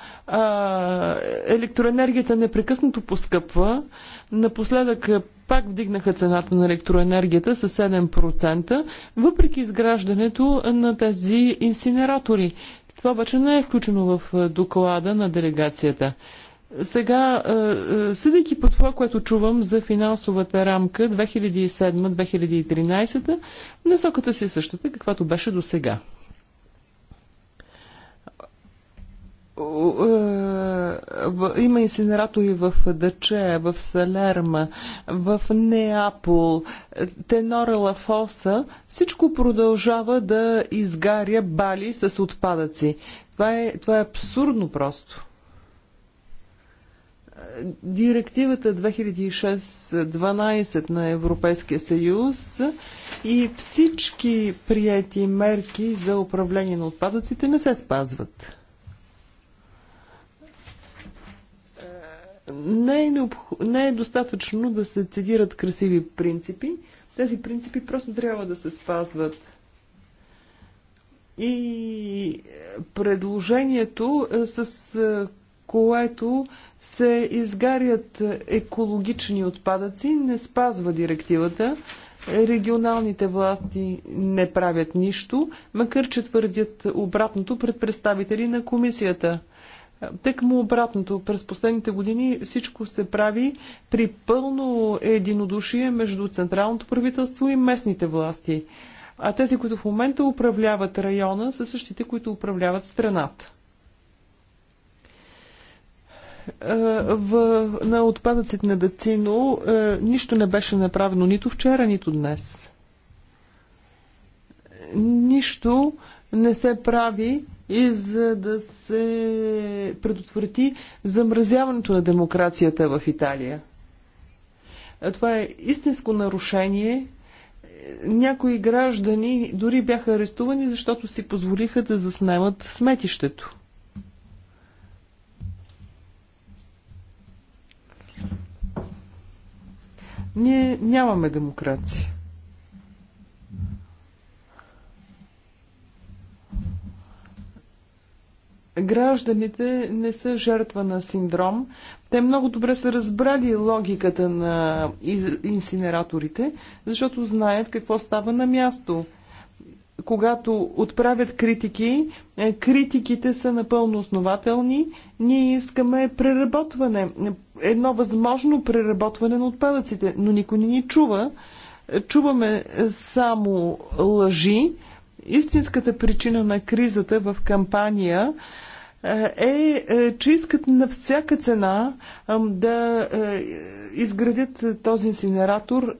електроенергията непрекъснато поскъпва. Напоследък пак вдигнаха цената на електроенергията с 7%, въпреки изграждането на тези инсинератори. Това обаче не е включено в доклада на делегацията. Сега, е, е, съдейки по това, което чувам за финансовата рамка 2007-2013, насоката си е същата, каквато беше до сега. Е, има инсинератори в Даче, в Салерма, в Неапол, Тенора Лафоса. Всичко продължава да изгаря бали с отпадъци. Това е, това е абсурдно просто директивата 2006-12 на Европейския съюз и всички прияти мерки за управление на отпадъците не се спазват. Не е, необх... не е достатъчно да се цедират красиви принципи. Тези принципи просто трябва да се спазват. И предложението, е, с е, което се изгарят екологични отпадъци, не спазва директивата. Регионалните власти не правят нищо, макар че твърдят обратното пред представители на комисията. Тък му обратното, през последните години всичко се прави при пълно единодушие между централното правителство и местните власти. А тези, които в момента управляват района, са същите, които управляват страната. Е, в, на отпадъците на Дацино е, нищо не беше направено нито вчера, нито днес. Нищо не се прави и за да се предотврати замразяването на демокрацията в Италия. Е, това е истинско нарушение. Някои граждани дори бяха арестувани, защото си позволиха да заснемат сметището. Ние нямаме демокрация. Гражданите не са жертва на синдром. Те много добре са разбрали логиката на инсинераторите, защото знаят какво става на място – когато отправят критики, е, критиките са напълно основателни. Ние искаме преработване, едно възможно преработване на отпадъците, но никой не ни чува. Чуваме само лъжи. Истинската причина на кризата в кампания е, е, е че искат на всяка цена да изградят този инсинератор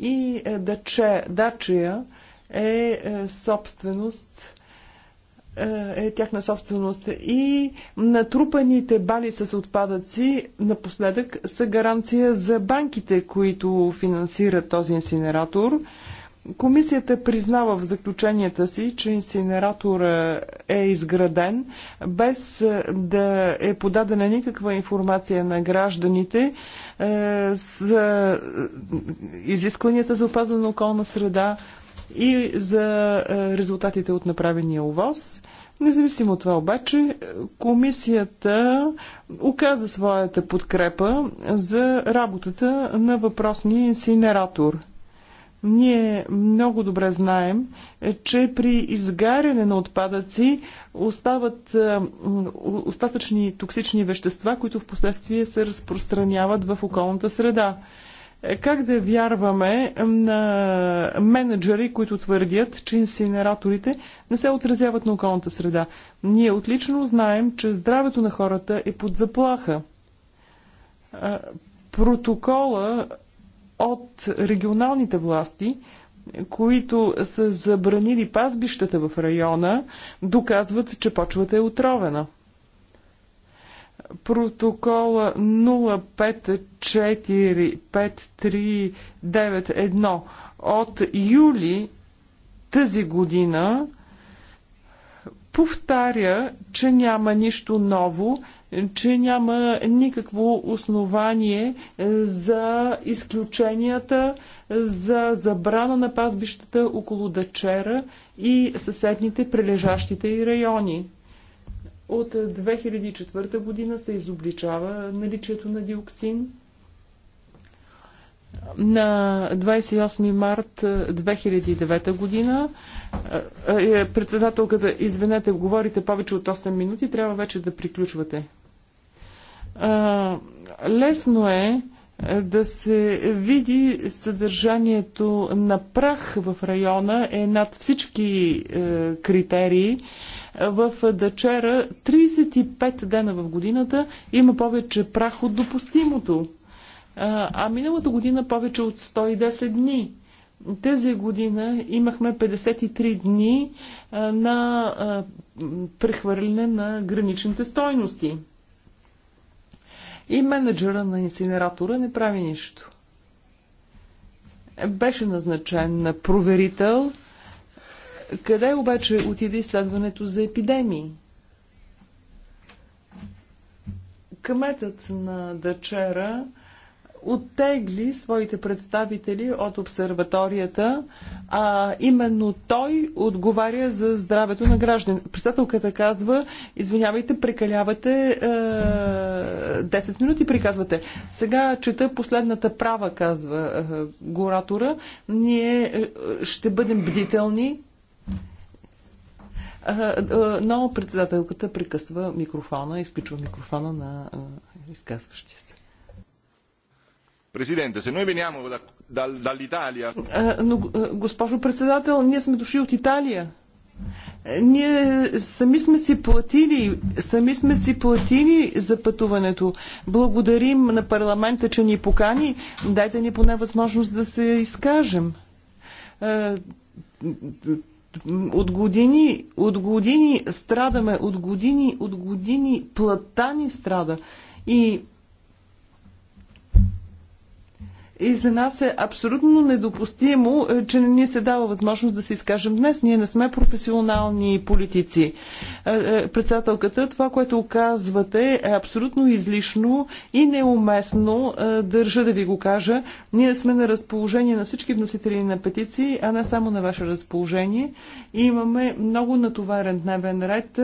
и даче, дачия, е, е собственост е, е тяхна собственост. И натрупаните бали с отпадъци напоследък са гаранция за банките, които финансират този инсинератор. Комисията признава в заключенията си, че инсинератора е изграден без е, да е подадена никаква информация на гражданите за изискванията за опазване на околна среда, и за е, резултатите от направения увоз. Независимо от това обаче, комисията оказа своята подкрепа за работата на въпросния инсинератор. Ние много добре знаем, че при изгаряне на отпадъци остават е, остатъчни токсични вещества, които в последствие се разпространяват в околната среда. Е, как да вярваме на менеджери, които твърдят, че инсинераторите не се отразяват на околната среда? Ние отлично знаем, че здравето на хората е под заплаха. Е, протокола от регионалните власти които са забранили пазбищата в района, доказват, че почвата е отровена протокола 05453991 от юли тази година повтаря, че няма нищо ново, че няма никакво основание е, за изключенията, за забрана на пазбищата около Дачера и съседните прилежащите и райони. От 2004 година се изобличава наличието на диоксин. На 28 март 2009 година е, председателката, извинете, говорите повече от 8 минути, трябва вече да приключвате. Лесно е да се види съдържанието на прах в района е над всички е, критерии в Дачера 35 дена в годината има повече прах от допустимото. А миналата година повече от 110 дни. тези година имахме 53 дни на прехвърляне на граничните стойности. И менеджера на инсинератора не прави нищо. Беше назначен проверител къде обаче отиде изследването за епидемии? Кметът на Дачера оттегли своите представители от обсерваторията, а именно той отговаря за здравето на граждан. Председателката казва, извинявайте, прекалявате е, 10 минути, приказвате. Сега чета последната права, казва е, горатора. Ние е, ще бъдем бдителни, но председателката прекъсва микрофона, изключва микрофона на изказващия се. Президенте, се, ми няма Италия. Но, госпожо председател, ние сме дошли от Италия. Е, ние сами сме си платили, сами сме си платили за пътуването. Благодарим на парламента, че ни покани. Дайте ни поне възможност да се изкажем е, от години, от години страдаме, от години, от години плата ни страда. И И за нас е абсолютно недопустимо, е, че не ни се дава възможност да се изкажем днес. Ние не сме професионални политици. Е, е, председателката, това, което оказвате, е абсолютно излишно и неуместно. Държа да ви го кажа. Ние сме на разположение на всички вносители на петиции, а не само на ваше разположение. И имаме много натоварен дневен ред.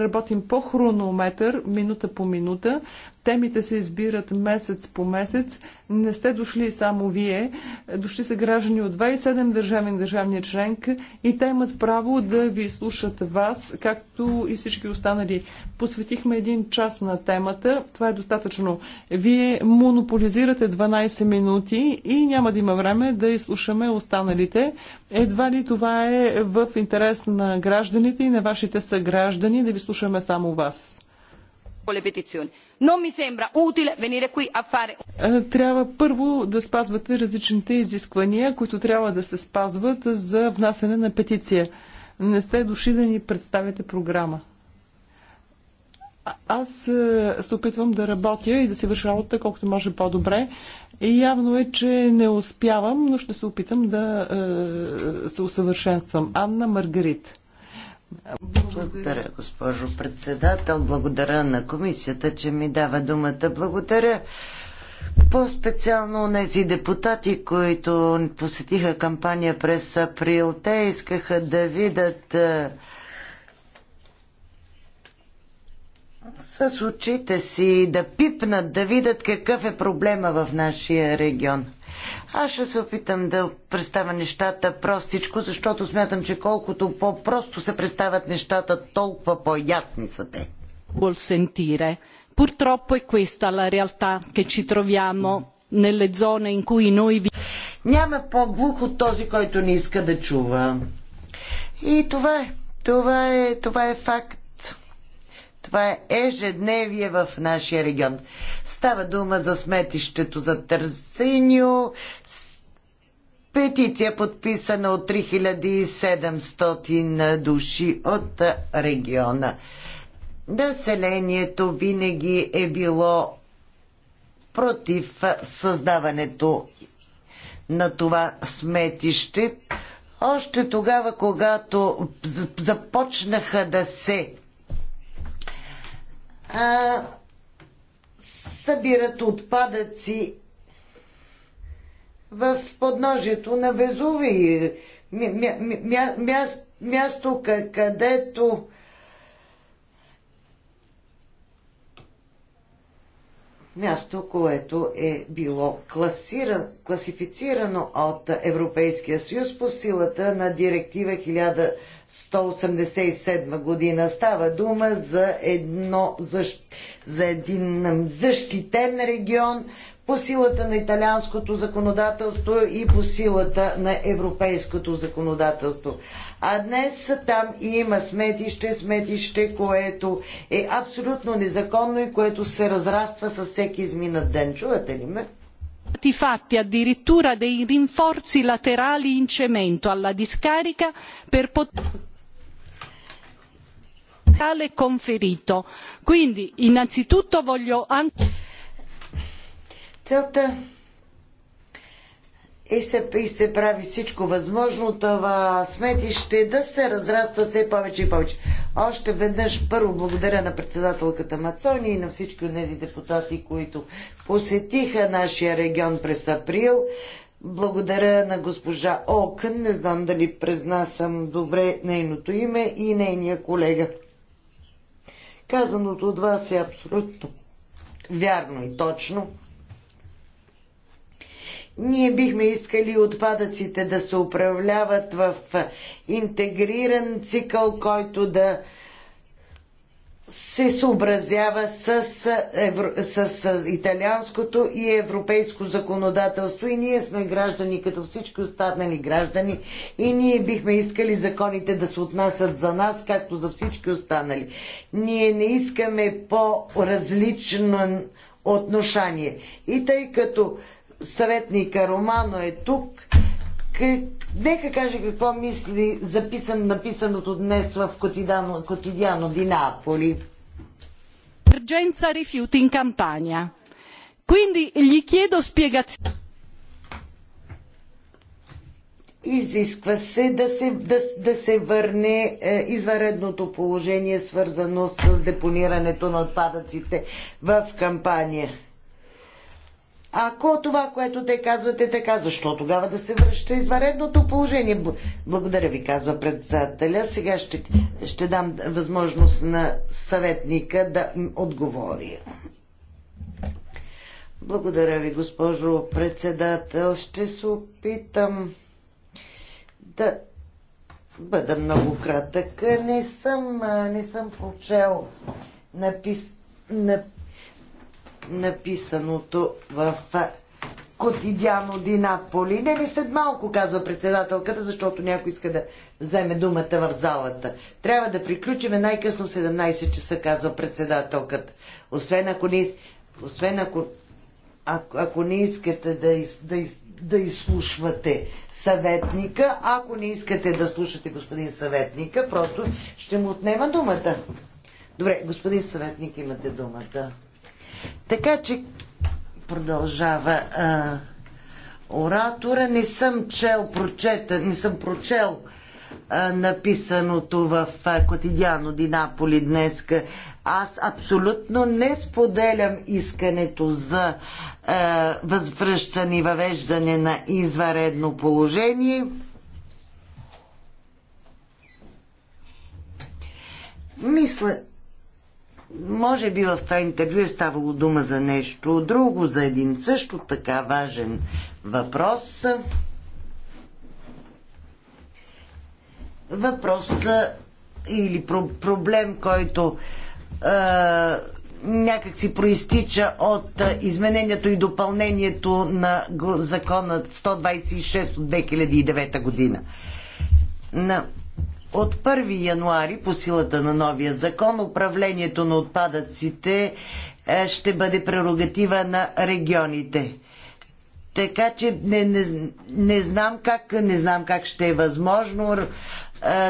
Работим по хронометър, минута по минута. Темите се избират месец по месец. Не сте дошли само вие. Дошли са граждани от 27 държави държавния членка и те имат право да ви слушат вас, както и всички останали. Посветихме един час на темата. Това е достатъчно. Вие монополизирате 12 минути и няма да има време да изслушаме останалите. Едва ли това е в интерес на гражданите и на вашите съграждани да ви слушаме само вас. По Non mi sembra utile venire qui a fare... Е, трябва първо да спазвате различните изисквания, които трябва да се спазват за внасене на петиция. Не сте дошли да ни представите програма. Аз е, се опитвам да работя и да се върша работа колкото може по-добре. И явно е, че не успявам, но ще се опитам да е, се усъвършенствам. Анна Маргарит. Благодаря, госпожо председател. Благодаря на комисията, че ми дава думата. Благодаря по-специално тези депутати, които посетиха кампания през април. Те искаха да видят с очите си, да пипнат, да видят какъв е проблема в нашия регион. Аз ще се опитам да представя нещата простичко, защото смятам, че колкото по-просто се представят нещата, толкова по-ясни са те. Vuol sentire. Purtroppo è questa la realtà che ci troviamo nelle zone in cui noi vi... Няма по-глух от този, който не иска да чува. И това е, това е, това е факт това е ежедневие в нашия регион. Става дума за сметището за Търсиньо, петиция подписана от 3700 души от региона. Населението винаги е било против създаването на това сметище. Още тогава, когато започнаха да се а, събират отпадъци в подножието на Везуви. Мя, мя, мя, място, където място, което е било класира, класифицирано от Европейския съюз по силата на директива 1187 година. Става дума за, едно, за, за един защитен регион, по силата на италианското законодателство и по силата на европейското законодателство. А днес там има сметище, сметище, което е абсолютно незаконно и което се разраства със всеки изминат ден. Чувате ли ме? stati fatti addirittura dei rinforzi laterali in cemento alla discarica per poter conferito. Quindi innanzitutto voglio anche Целта и се, и се прави всичко възможно това сметище да се разраства все повече и повече. Още веднъж първо благодаря на председателката Мацони и на всички от тези депутати, които посетиха нашия регион през април. Благодаря на госпожа Окън, не знам дали презнасям добре нейното име и нейния колега. Казаното от вас е абсолютно вярно и точно. Ние бихме искали отпадъците да се управляват в интегриран цикъл, който да се съобразява с, евро... с, с италианското и европейско законодателство и ние сме граждани като всички останали граждани и ние бихме искали законите да се отнасят за нас, както за всички останали. Ние не искаме по-различно отношение. И тъй като съветника Романо е тук. Как... Нека каже какво мисли записан, написаното днес в Котидано, Котидиано Ди Наполи. Emergenza rifiuti in Campania. Quindi gli chiedo spiegazioni. Изисква се да се, да, да се върне е, извънредното положение, свързано с депонирането на отпадъците в кампания. Ако това, което те казват е така, защо тогава да се връща изваредното положение? Благодаря ви, казва председателя. Сега ще, ще дам възможност на съветника да отговори. Благодаря ви, госпожо председател. Ще се опитам да бъда много кратък. Не съм, не съм прочел напис... на написаното в Котидиано Динаполи. Не ли след малко, казва председателката, защото някой иска да вземе думата в залата. Трябва да приключиме най-късно в 17 часа, казва председателката. Освен ако не, освен ако, ако, ако не искате да, из, да, из, да изслушвате съветника, ако не искате да слушате господин съветника, просто ще му отнема думата. Добре, господин съветник, имате думата. Така че продължава а, оратора. Не съм чел, прочета, не съм прочел а, написаното в Котидиано Динаполи днеска. Аз абсолютно не споделям искането за а, възвръщане и въвеждане на изваредно положение. Мисля, може би в това интервю е ставало дума за нещо друго, за един също така важен въпрос. Въпрос или про- проблем, който е, някакси проистича от изменението и допълнението на закона 126 от 2009 година. На от 1 януари по силата на новия закон управлението на отпадъците е, ще бъде прерогатива на регионите. Така че не, не, не, знам, как, не знам как ще е възможно е,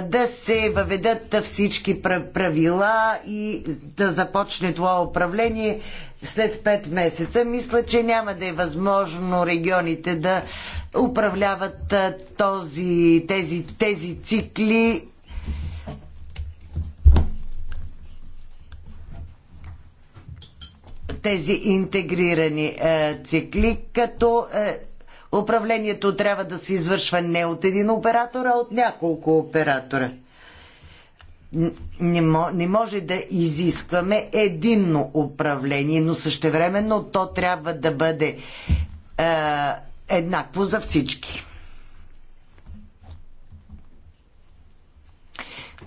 да се въведат всички правила и да започне това управление след 5 месеца. Мисля, че няма да е възможно регионите да управляват е, този, тези, тези цикли тези интегрирани е, цикли, като е, управлението трябва да се извършва не от един оператор, а от няколко оператора. Не, може да изискваме единно управление, но същевременно то трябва да бъде е, еднакво за всички.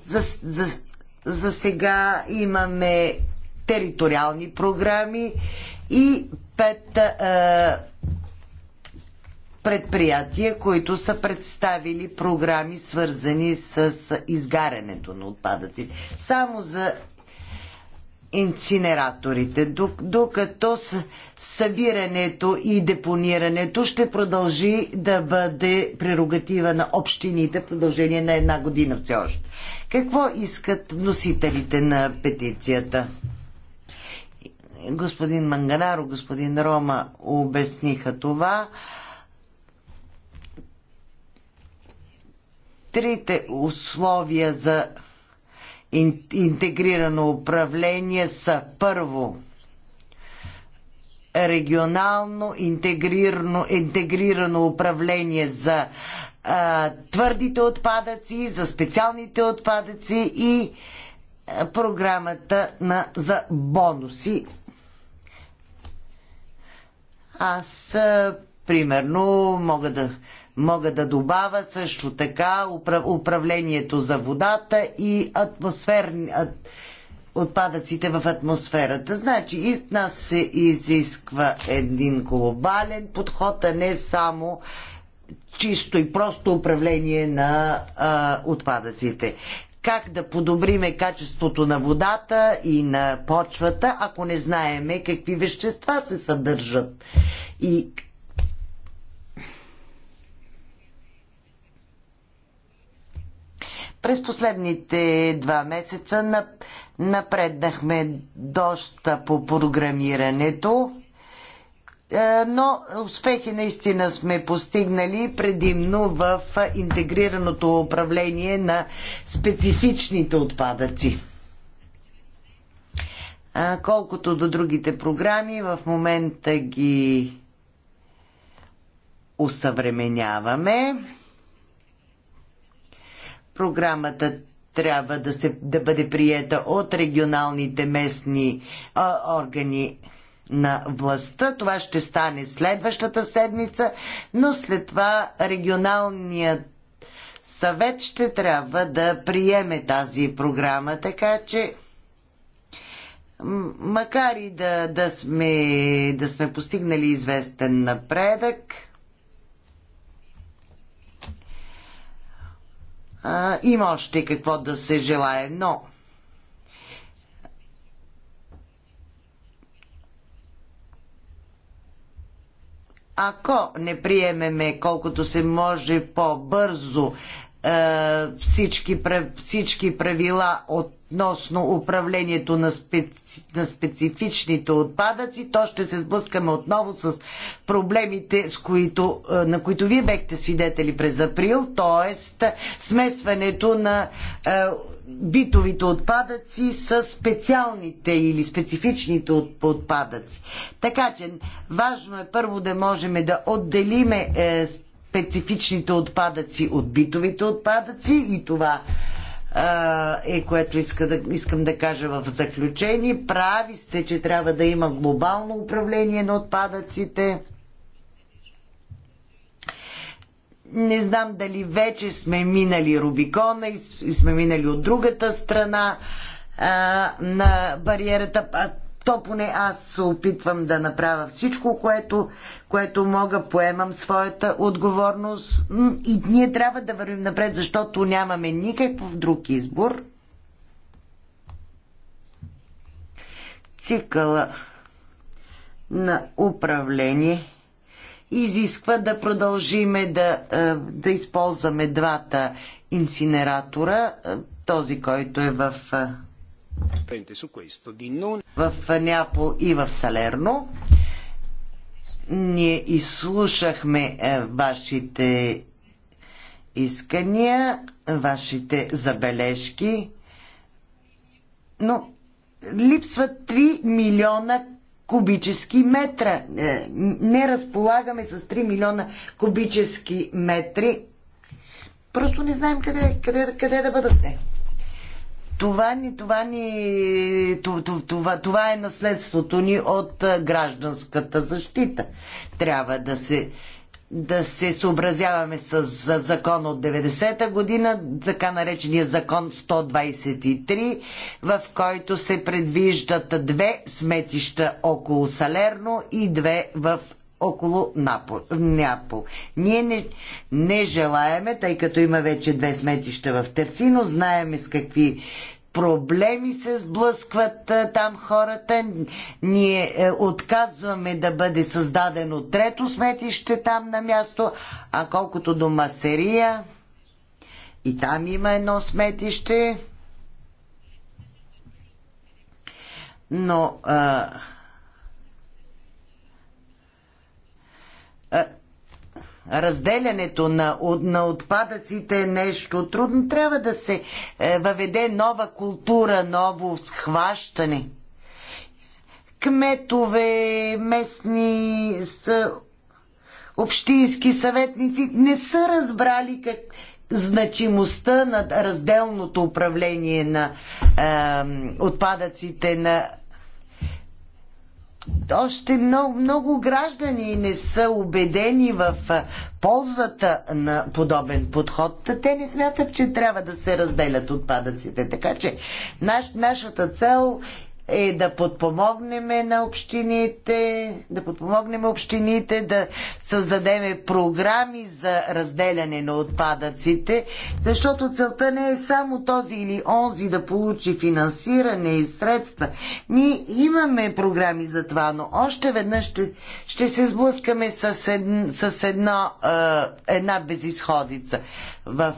За, за, за сега имаме териториални програми и пет а, е, предприятия, които са представили програми, свързани с изгарянето на отпадъци. Само за инцинераторите, докато събирането и депонирането ще продължи да бъде прерогатива на общините в продължение на една година все още. Какво искат носителите на петицията? господин Манганаро, господин Рома обясниха това. Трите условия за интегрирано управление са първо регионално интегрирано, интегрирано управление за а, твърдите отпадъци, за специалните отпадъци и програмата на, за бонуси аз, примерно, мога да, мога да добавя също така управлението за водата и атмосферни отпадъците в атмосферата. Значи, из нас се изисква един глобален подход, а не само чисто и просто управление на а, отпадъците как да подобриме качеството на водата и на почвата, ако не знаеме какви вещества се съдържат. И През последните два месеца напреднахме доста по програмирането. Е, но успехи наистина сме постигнали предимно в интегрираното управление на специфичните отпадъци. Колкото до другите програми, в момента ги усъвременяваме. Програмата трябва да, се, да бъде приета от регионалните местни а, органи на властта. Това ще стане следващата седмица, но след това регионалният съвет ще трябва да приеме тази програма, така че макар и да, да, сме, да сме постигнали известен напредък, а, има още какво да се желае, но ако не приемеме колкото се може по-бързо е, всички, всички правила от относно управлението на, специ... на специфичните отпадъци, то ще се сблъскаме отново с проблемите, с които, е, на които вие бехте свидетели през април, т.е. смесването на е, битовите отпадъци с специалните или специфичните отпадъци. Така че важно е първо да можем да отделиме е, специфичните отпадъци от битовите отпадъци и това и е, което иска да, искам да кажа в заключение. Прави сте, че трябва да има глобално управление на отпадъците. Не знам дали вече сме минали Рубикона и сме минали от другата страна а, на бариерата то поне аз се опитвам да направя всичко, което, което мога, поемам своята отговорност и ние трябва да вървим напред, защото нямаме никакъв друг избор. Цикъла на управление изисква да продължиме да, е, да използваме двата инсинератора, е, този, който е в е, в Неапол и в Салерно ние изслушахме е, вашите искания, вашите забележки, но липсват 3 милиона кубически метра. Е, не разполагаме с 3 милиона кубически метри. Просто не знаем къде, къде, къде да бъдат те. Това, ни, това, ни, това, това е наследството ни от гражданската защита. Трябва да се, да се съобразяваме с закон от 90-та година, така наречения закон 123, в който се предвиждат две сметища около Салерно и две в около Напол. Няпол. Ние не, не желаеме, тъй като има вече две сметища в Терцино, знаеме с какви проблеми се сблъскват а, там хората. Ние е, отказваме да бъде създадено трето сметище там на място, а колкото до масерия, и там има едно сметище. Но а, Е, разделянето на, на отпадъците е нещо трудно. Трябва да се е, въведе нова култура, ново схващане. Кметове, местни са, общински съветници не са разбрали как, значимостта на разделното управление на е, отпадъците на още много, много граждани не са убедени в ползата на подобен подход. Те не смятат, че трябва да се разделят отпадъците. Така че наш, нашата цел е да подпомогнем на общините, да подпомогнем общините, да създадем програми за разделяне на отпадъците, защото целта не е само този или онзи да получи финансиране и средства. Ние имаме програми за това, но още веднъж ще, ще се сблъскаме с, ед, с едно, е, една безисходица. В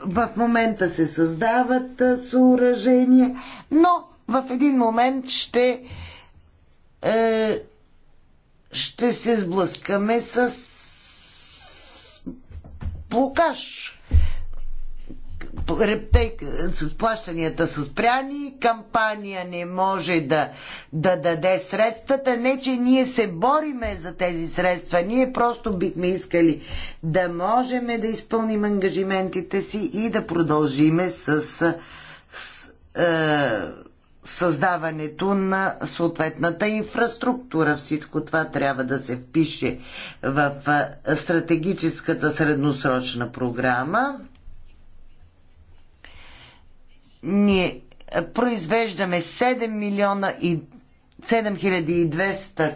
в момента се създават съоръжения, но в един момент ще е, ще се сблъскаме с блокаж. Е, с плащанията са спряни, кампания не може да, да даде средствата. Не, че ние се бориме за тези средства, ние просто бихме искали да можем да изпълним ангажиментите си и да продължиме с, с е, създаването на съответната инфраструктура. Всичко това трябва да се впише в е, стратегическата средносрочна програма ние е, произвеждаме 7 милиона и 7200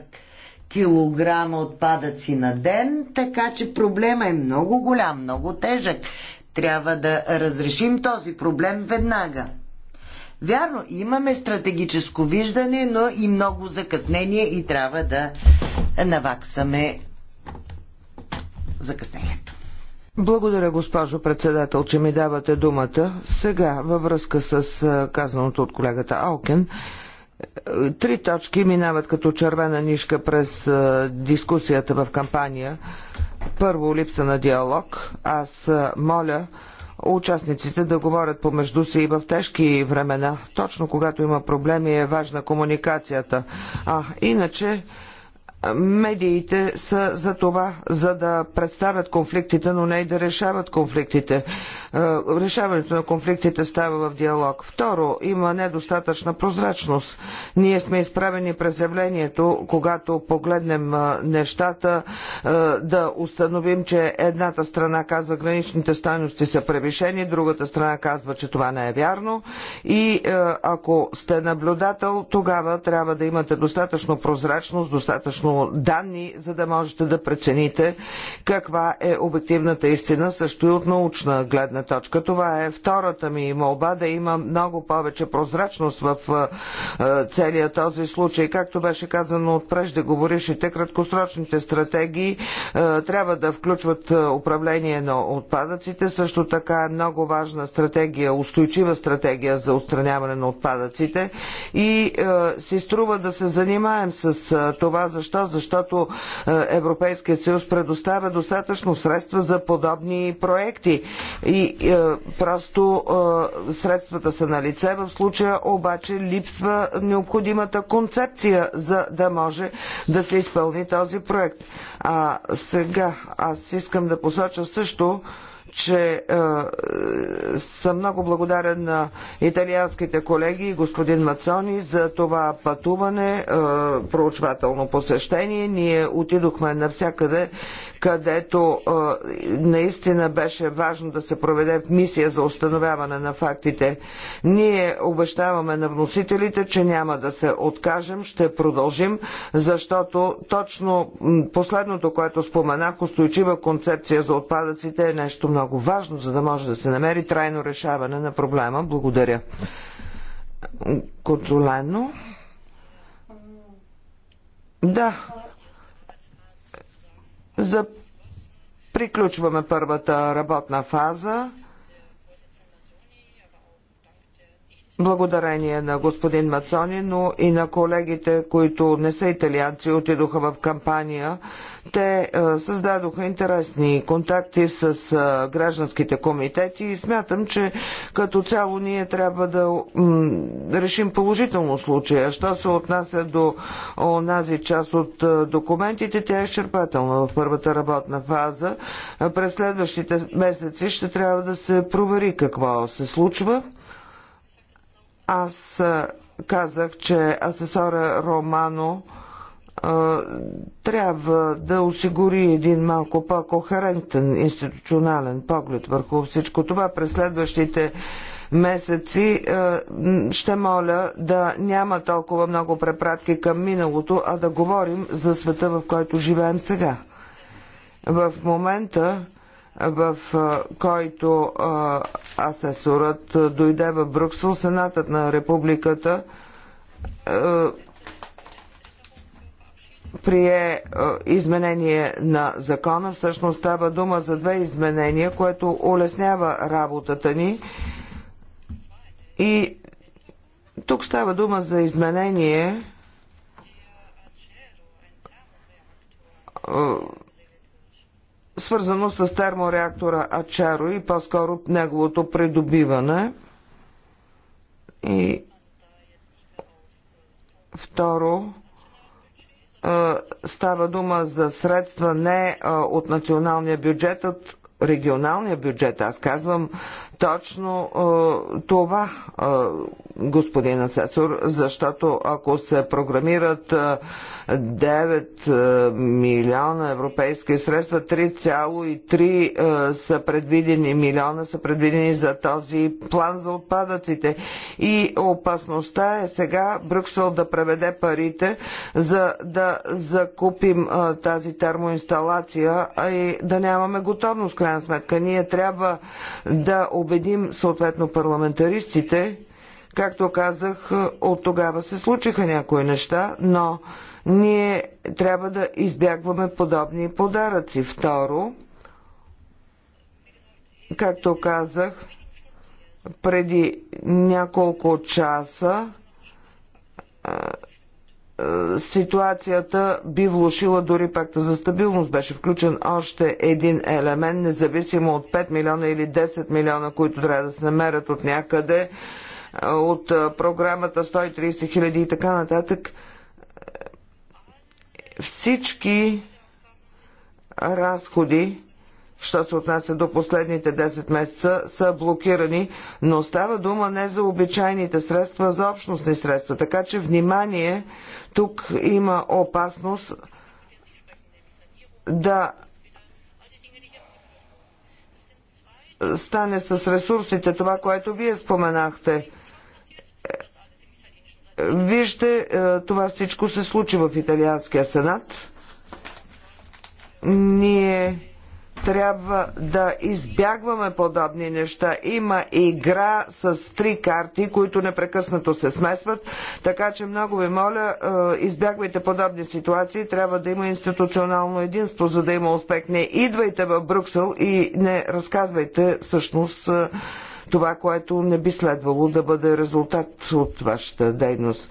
килограма отпадъци на ден, така че проблема е много голям, много тежък. Трябва да разрешим този проблем веднага. Вярно, имаме стратегическо виждане, но и много закъснение и трябва да наваксаме закъснението. Благодаря, госпожо председател, че ми давате думата. Сега, във връзка с казаното от колегата Алкен, е, три точки минават като червена нишка през дискусията в кампания. Първо, липса на диалог. Аз моля участниците да говорят помежду си и в тежки времена. Точно когато има проблеми е важна комуникацията. А иначе Медиите са за това, за да представят конфликтите, но не и да решават конфликтите. Е, решаването на конфликтите става в диалог. Второ, има недостатъчна прозрачност. Ние сме изправени през явлението, когато погледнем е, нещата, е, да установим, че едната страна казва граничните стойности са превишени, другата страна казва, че това не е вярно. И ако сте наблюдател, тогава трябва да имате достатъчно прозрачност, достатъчно достатъчно данни, за да можете да прецените каква е обективната истина, също и от научна гледна точка. Това е втората ми молба да има много повече прозрачност в целия този случай. Както беше казано от преждеговорившите, краткосрочните стратегии трябва да включват управление на отпадъците. Също така е много важна стратегия, устойчива стратегия за отстраняване на отпадъците. И си струва да се занимаем с това, защо защото е, Европейският съюз предоставя достатъчно средства за подобни проекти. И е, просто е, средствата са на лице. В случая обаче липсва необходимата концепция, за да може да се изпълни този проект. А сега аз искам да посоча също, че е, съм много благодарен на италианските колеги и господин Мацони за това пътуване, е, проучвателно посещение. Ние отидохме навсякъде, където наистина беше важно да се проведе мисия за установяване на фактите. Ние обещаваме на вносителите, че няма да се откажем, ще продължим, защото точно последното, което споменах, устойчива концепция за отпадъците е нещо много важно, за да може да се намери трайно решаване на проблема. Благодаря. Консулено. Да. За... Приключваме първата работна фаза. благодарение на господин Мацони, но и на колегите, които не са италианци, отидоха в кампания. Те е, създадоха интересни контакти с е, гражданските комитети и смятам, че като цяло ние трябва да решим положително случая. Що се отнася до онази част от е, документите, тя е изчерпателна в първата работна фаза. През следващите месеци ще трябва да се провери какво се случва. Аз казах, че асесора Романо трябва да осигури един малко по-кохерентен институционален поглед върху всичко това през следващите месеци. Ще моля да няма толкова много препратки към миналото, а да говорим за света, в който живеем сега. В момента в който асесорът дойде в Брюксел, Сенатът на републиката прие изменение на закона. Всъщност става дума за две изменения, което улеснява работата ни. И тук става дума за изменение свързано с термореактора Ачаро и по-скоро неговото придобиване. И второ, е, става дума за средства не е, от националния бюджет, от регионалния бюджет. Аз казвам точно е, това, господин асесор, защото ако се програмират 9 е, милиона европейски средства, 3,3 е, са предвидени милиона са предвидени за този план за отпадъците. И опасността е сега Брюксел да преведе парите, за да закупим е, тази термоинсталация и да нямаме готовност, крайна сметка. Ние трябва да убедим съответно парламентаристите, Както казах, от тогава се случиха някои неща, но ние трябва да избягваме подобни подаръци. Второ, както казах, преди няколко часа ситуацията би влушила дори пакта за стабилност. Беше включен още един елемент, независимо от 5 милиона или 10 милиона, които трябва да се намерят от някъде, от програмата 130 хиляди и така нататък. Всички разходи, що се отнася до последните 10 месеца, са блокирани, но става дума не за обичайните средства, за общностни средства. Така че внимание, тук има опасност да стане с ресурсите това, което вие споменахте – Вижте, е, това всичко се случи в Италианския сенат. Ние трябва да избягваме подобни неща. Има игра с три карти, които непрекъснато се смесват, така че много ви моля, е, избягвайте подобни ситуации. Трябва да има институционално единство, за да има успех. Не идвайте в Брюксел и не разказвайте всъщност е, това, което не би следвало да бъде резултат от вашата дейност.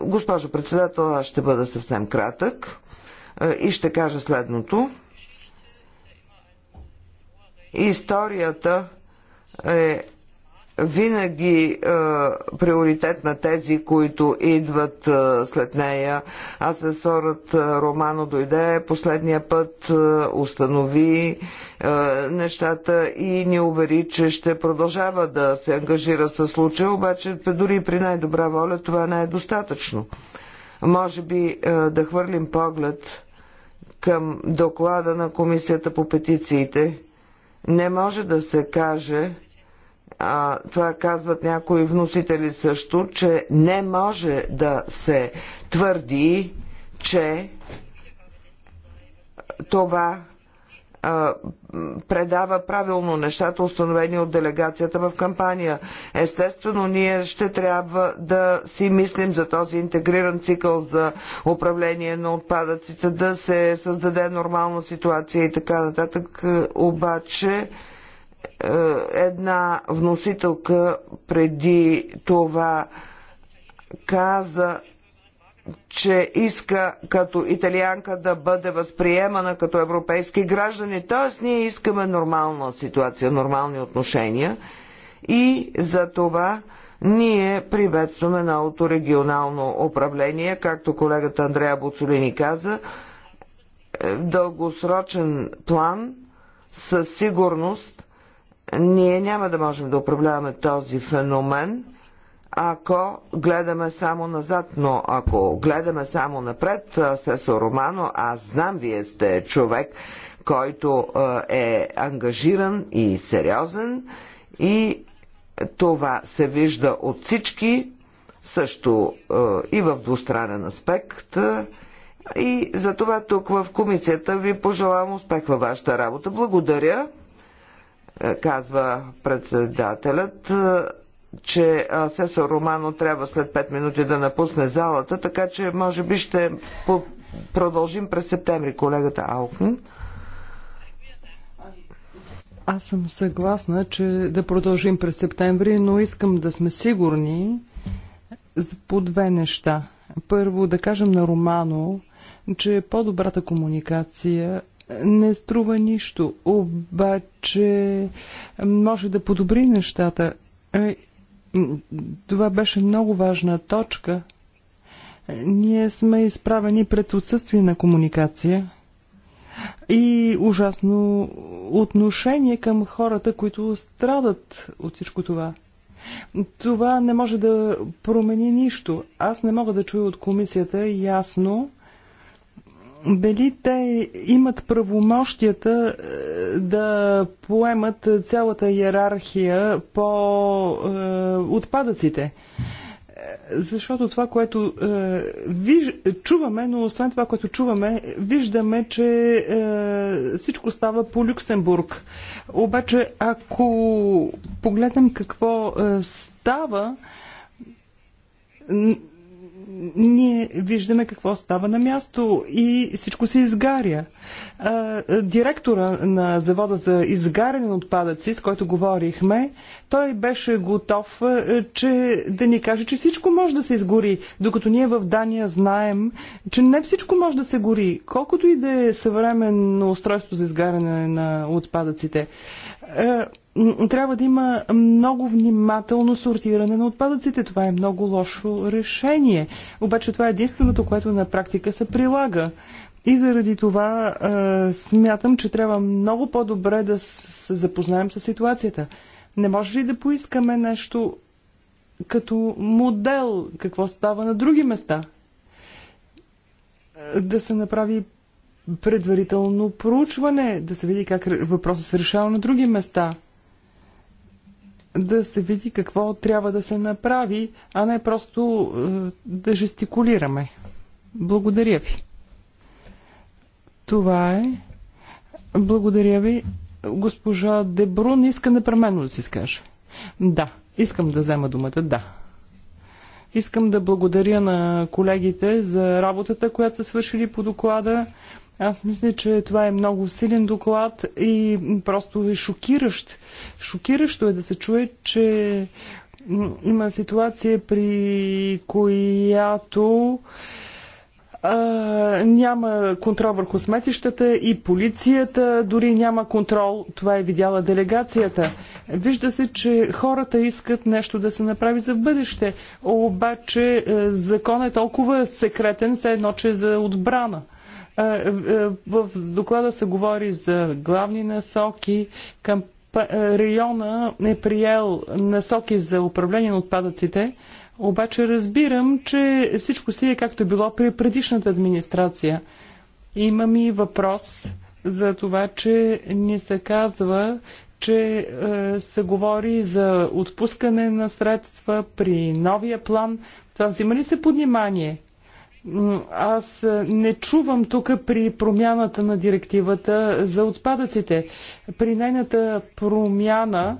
Госпожо председател, аз ще бъда съвсем кратък и ще кажа следното. Историята е винаги е, приоритет на тези, които идват е, след нея. Асесорът е, Романо дойде последния път, е, установи е, нещата и ни увери, че ще продължава да се ангажира с случая, обаче дори при най-добра воля това не е достатъчно. Може би е, да хвърлим поглед към доклада на Комисията по петициите. Не може да се каже, а това казват някои вносители също, че не може да се твърди, че това предава правилно нещата, установени от делегацията в кампания. Естествено, ние ще трябва да си мислим за този интегриран цикъл за управление на отпадъците, да се създаде нормална ситуация и така нататък. Обаче, е, една вносителка преди това каза, че иска като италианка да бъде възприемана като европейски граждани. Т.е. ние искаме нормална ситуация, нормални отношения и за това ние приветстваме новото регионално управление, както колегата Андрея Буцолини каза, е, дългосрочен план със сигурност ние няма да можем да управляваме този феномен, ако гледаме само назад, но ако гледаме само напред, Сесо Романо, аз знам, вие сте човек, който е ангажиран и сериозен и това се вижда от всички, също и в двустранен аспект. И за това тук в комисията ви пожелавам успех във вашата работа. Благодаря. Е, казва председателят, е, че Сесо Романо трябва след 5 минути да напусне залата, така че може би ще продължим през септември, колегата Алкн. Аз съм съгласна, че да продължим през септември, но искам да сме сигурни по две неща. Първо, да кажем на Романо, че по-добрата комуникация не струва нищо, обаче може да подобри нещата. Е, това беше много важна точка. Е, ние сме изправени пред отсъствие на комуникация и ужасно отношение към хората, които страдат от всичко това. Това не може да промени нищо. Аз не мога да чуя от комисията ясно дали те имат правомощията е, да поемат цялата иерархия по е, отпадъците. Е, защото това, което е, виж, чуваме, но освен това, което чуваме, виждаме, че е, всичко става по Люксембург. Обаче, ако погледнем какво е, става, ние виждаме какво става на място и всичко се изгаря. Директора на завода за изгаряне на отпадъци, с който говорихме, той беше готов, че да ни каже, че всичко може да се изгори, докато ние в Дания знаем, че не всичко може да се гори, колкото и да е съвременно устройство за изгаряне на отпадъците. Е, трябва да има много внимателно сортиране на отпадъците. Това е много лошо решение. Обаче това е единственото, което на практика се прилага. И заради това е, смятам, че трябва много по-добре да се запознаем с ситуацията. Не може ли да поискаме нещо като модел, какво става на други места? Е, да се направи предварително проучване, да се види как въпросът се решава на други места, да се види какво трябва да се направи, а не просто е, да жестикулираме. Благодаря ви. Това е. Благодаря ви. Госпожа Дебрун иска непременно да си скаже. Да, искам да взема думата, да. Искам да благодаря на колегите за работата, която са свършили по доклада. Аз мисля, че това е много силен доклад и просто е шокиращ. Шокиращо е да се чуе, че има ситуация, при която а, няма контрол върху сметищата и полицията дори няма контрол. Това е видяла делегацията. Вижда се, че хората искат нещо да се направи за бъдеще, обаче е, закон е толкова секретен, все едно, че е за отбрана. В доклада се говори за главни насоки към района е приел насоки за управление на отпадъците, обаче разбирам, че всичко си е както е било при предишната администрация. Имам и въпрос за това, че ни се казва, че е, се говори за отпускане на средства при новия план. Това взима ли се под внимание? аз е, не чувам тук при промяната на директивата за отпадъците. При нейната промяна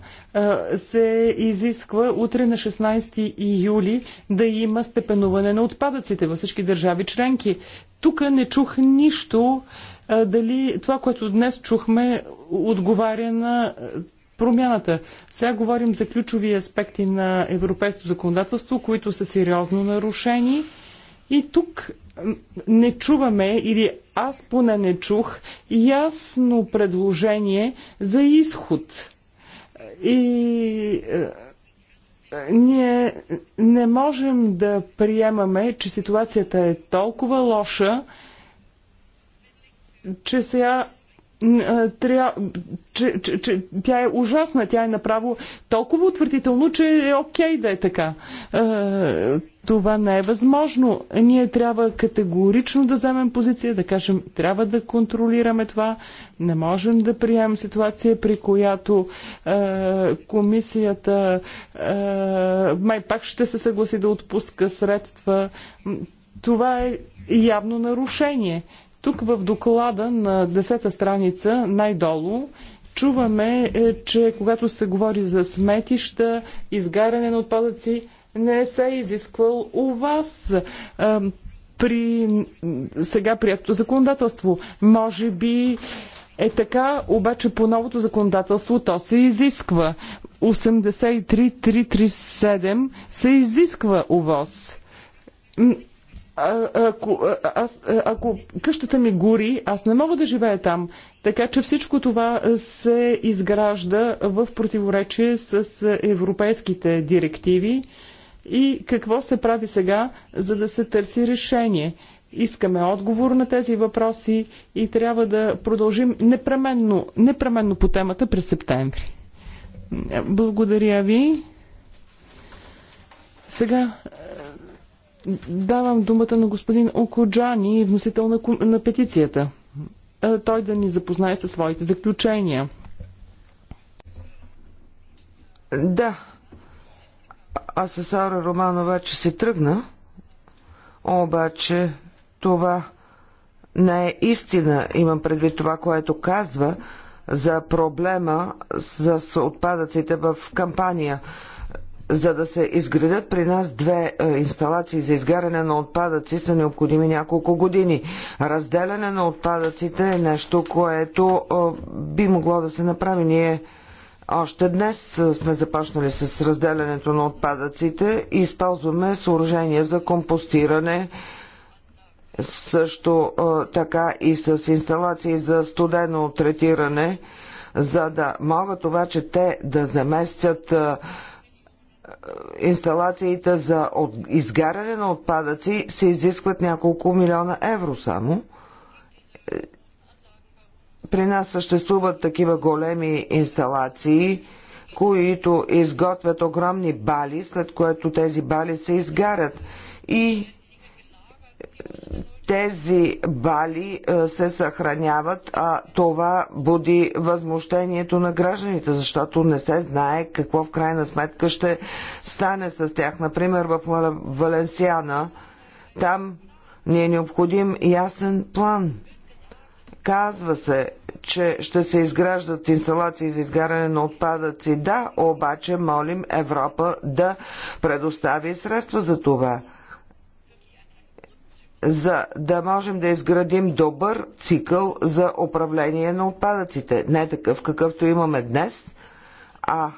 е, се изисква утре на 16 июли да има степенуване на отпадъците във всички държави членки. Тук не чух нищо е, дали това, което днес чухме, отговаря на промяната. Сега говорим за ключови аспекти на европейското законодателство, които са сериозно нарушени. И тук не чуваме или аз поне не чух ясно предложение за изход. И е, ние не можем да приемаме, че ситуацията е толкова лоша, че сега е, тря... че, че, че тя е ужасна, тя е направо толкова отвратително, че е окей okay да е така. Е, това не е възможно. Ние трябва категорично да вземем позиция, да кажем, трябва да контролираме това. Не можем да приемем ситуация, при която е, комисията е, май пак ще се съгласи да отпуска средства. Това е явно нарушение. Тук в доклада на 10-та страница най-долу чуваме, е, че когато се говори за сметища, изгаряне на отпадъци, не се е изисквал у вас при сега приятото законодателство. Може би е така, обаче по новото законодателство то се изисква. 83337 се изисква у А, ако, аз, ако къщата ми гори, аз не мога да живея там. Така че всичко това се изгражда в противоречие с европейските директиви и какво се прави сега, за да се търси решение. Искаме отговор на тези въпроси и трябва да продължим непременно, непременно по темата през септември. Благодаря ви. Сега е, давам думата на господин Окоджани, вносител на, на петицията. Е, той да ни запознае със своите заключения. Да, Аура Романова, че се тръгна, обаче това не е истина. Имам предвид това, което казва за проблема с отпадъците в кампания. За да се изградят при нас две е, инсталации за изгаряне на отпадъци са необходими няколко години. Разделяне на отпадъците е нещо, което е, би могло да се направи. Ние още днес сме започнали с разделянето на отпадъците и използваме съоръжения за компостиране, също така и с инсталации за студено третиране, за да могат обаче те да заместят инсталациите за изгаряне на отпадъци се изискват няколко милиона евро само при нас съществуват такива големи инсталации, които изготвят огромни бали, след което тези бали се изгарят. И тези бали е, се съхраняват, а това буди възмущението на гражданите, защото не се знае какво в крайна сметка ще стане с тях. Например, в Валенсиана, там ни е необходим ясен план. Казва се, че ще се изграждат инсталации за изгаряне на отпадъци. Да, обаче молим Европа да предостави средства за това за да можем да изградим добър цикъл за управление на отпадъците. Не такъв какъвто имаме днес, а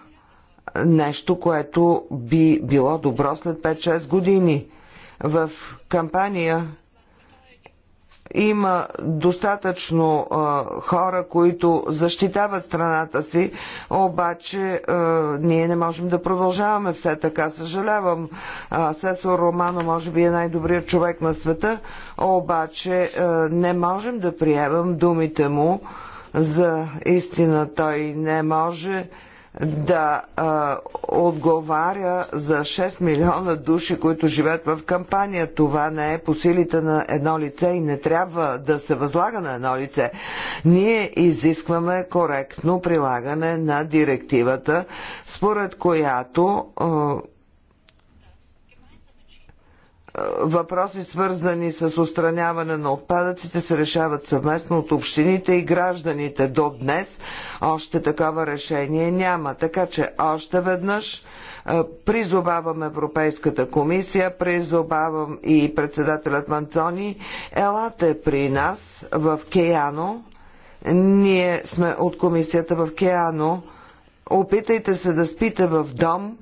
нещо, което би било добро след 5-6 години. В кампания има достатъчно а, хора, които защитават страната си, обаче а, ние не можем да продължаваме все така. Съжалявам, Сесо Романо може би е най-добрият човек на света, обаче а, не можем да приемам думите му за истина. Той не може да а, отговаря за 6 милиона души, които живеят в кампания. Това не е по силите на едно лице и не трябва да се възлага на едно лице. Ние изискваме коректно прилагане на директивата, според която а, въпроси, свързани с устраняване на отпадъците, се решават съвместно от общините и гражданите. До днес още такова решение няма. Така че още веднъж призовавам Европейската комисия, призовавам и председателят Манцони, елате при нас в Кеяно. Ние сме от комисията в Кеяно. Опитайте се да спите в дом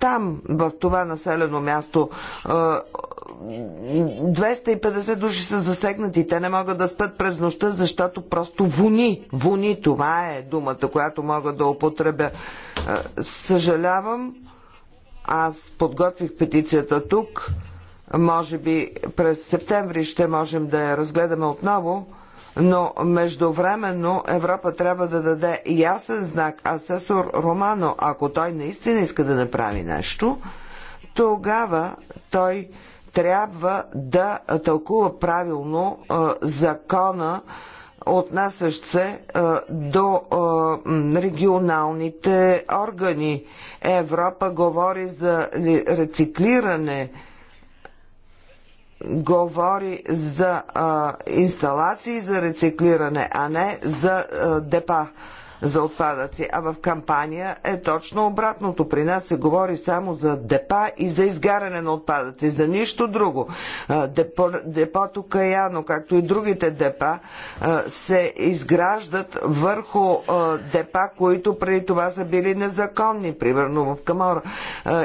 там, в това населено място, 250 души са засегнати. Те не могат да спят през нощта, защото просто вони. Вони, това е думата, която мога да употребя. Съжалявам, аз подготвих петицията тук. Може би през септември ще можем да я разгледаме отново но междувременно Европа трябва да даде ясен знак. Асесор Романо, ако той наистина иска да направи нещо, тогава той трябва да тълкува правилно е, закона, отнасящ се е, до е, регионалните органи. Европа говори за рециклиране говори за а, инсталации за рециклиране, а не за а, депа за отпадъци, а в кампания е точно обратното. При нас се говори само за депа и за изгаряне на отпадъци, за нищо друго. Депо, депото Каяно, както и другите депа, се изграждат върху депа, които преди това са били незаконни, примерно в Камора.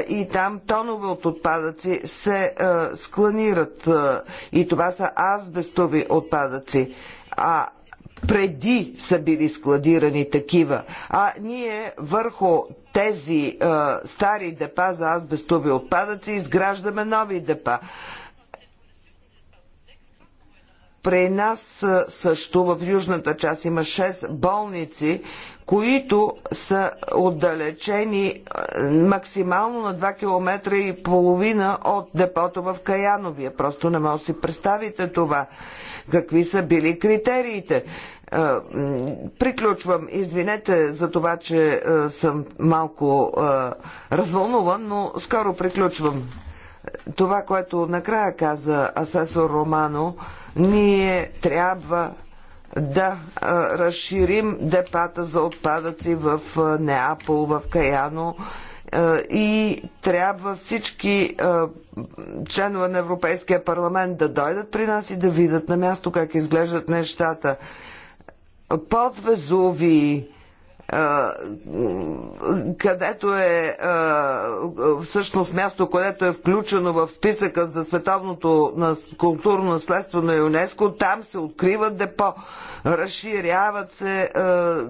И там тонове от отпадъци се скланират. И това са азбестови отпадъци. А преди са били складирани такива, а ние върху тези а, е, стари депа за азбестови отпадъци изграждаме нови депа. При нас е, също в южната част има 6 болници, които са отдалечени е, максимално на 2 км и половина от депото в Каяновия. Просто не може да си представите това какви са били критериите. Е, приключвам. Извинете за това, че е, съм малко е, развълнуван, но скоро приключвам. Това, което накрая каза асесор Романо, ние трябва да разширим депата за отпадъци в Неапол, в Каяно и трябва всички членове на Европейския парламент да дойдат при нас и да видят на място как изглеждат нещата. Подвезови, където е всъщност място, което е включено в списъка за световното културно наследство на ЮНЕСКО, там се откриват депо, разширяват се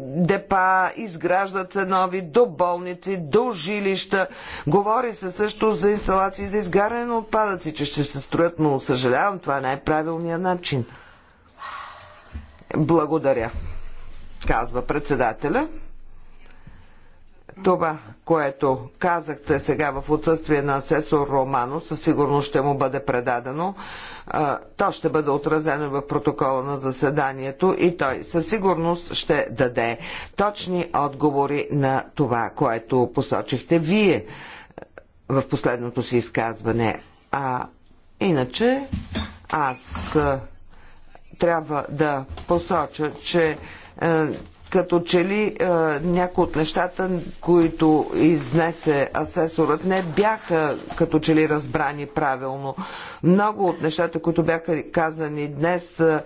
депа, изграждат се нови до болници, до жилища. Говори се също за инсталации за изгаряне на отпадъци, че ще се строят, но съжалявам, това не е правилният начин. Благодаря, казва председателя. Това, което казахте сега в отсъствие на асесор Романо, със сигурност ще му бъде предадено. То ще бъде отразено в протокола на заседанието и той със сигурност ще даде точни отговори на това, което посочихте вие в последното си изказване. А иначе аз трябва да посоча, че като че ли е, някои от нещата, които изнесе асесорът, не бяха като че ли разбрани правилно. Много от нещата, които бяха казани днес, е,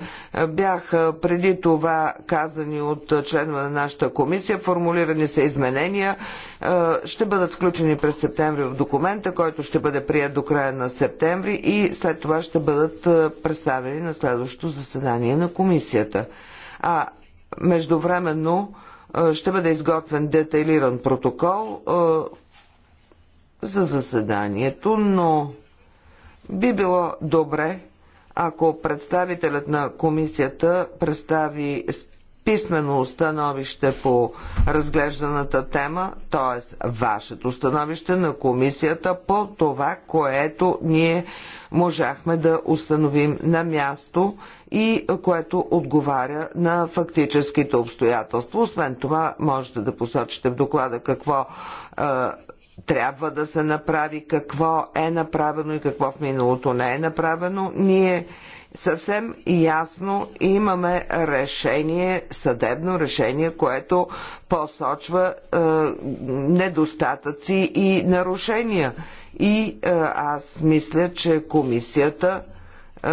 бяха преди това казани от членове на нашата комисия, формулирани са изменения, е, ще бъдат включени през септември в документа, който ще бъде прият до края на септември и след това ще бъдат е, представени на следващото заседание на комисията. А Междувременно ще бъде изготвен детайлиран протокол за заседанието, но би било добре, ако представителят на комисията представи писмено установище по разглежданата тема, т.е. вашето становище на комисията по това, което ние можахме да установим на място и което отговаря на фактическите обстоятелства. Освен това, можете да посочите в доклада какво трябва да се направи, какво е направено и какво в миналото не е направено. Ние съвсем ясно имаме решение, съдебно решение, което посочва е, недостатъци и нарушения. И е, аз мисля, че комисията е,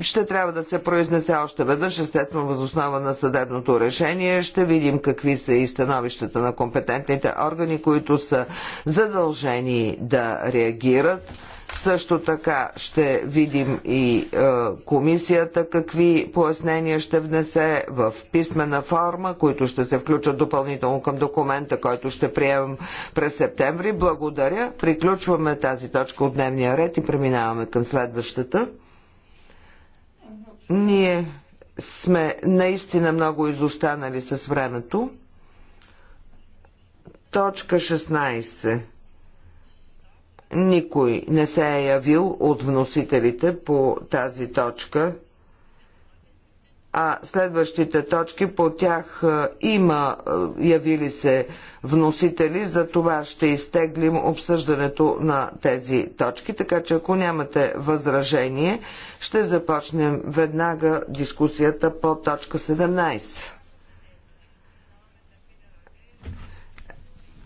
ще трябва да се произнесе още веднъж, естествено възоснова на съдебното решение. Ще видим какви са и становищата на компетентните органи, които са задължени да реагират. Също така ще видим и е, комисията какви пояснения ще внесе в писмена форма, които ще се включат допълнително към документа, който ще приемем през септември. Благодаря. Приключваме тази точка от дневния ред и преминаваме към следващата. Ние сме наистина много изостанали с времето. Точка 16. Никой не се е явил от вносителите по тази точка, а следващите точки по тях е, има е, явили се вносители, за това ще изтеглим обсъждането на тези точки, така че ако нямате възражение, ще започнем веднага дискусията по точка 17.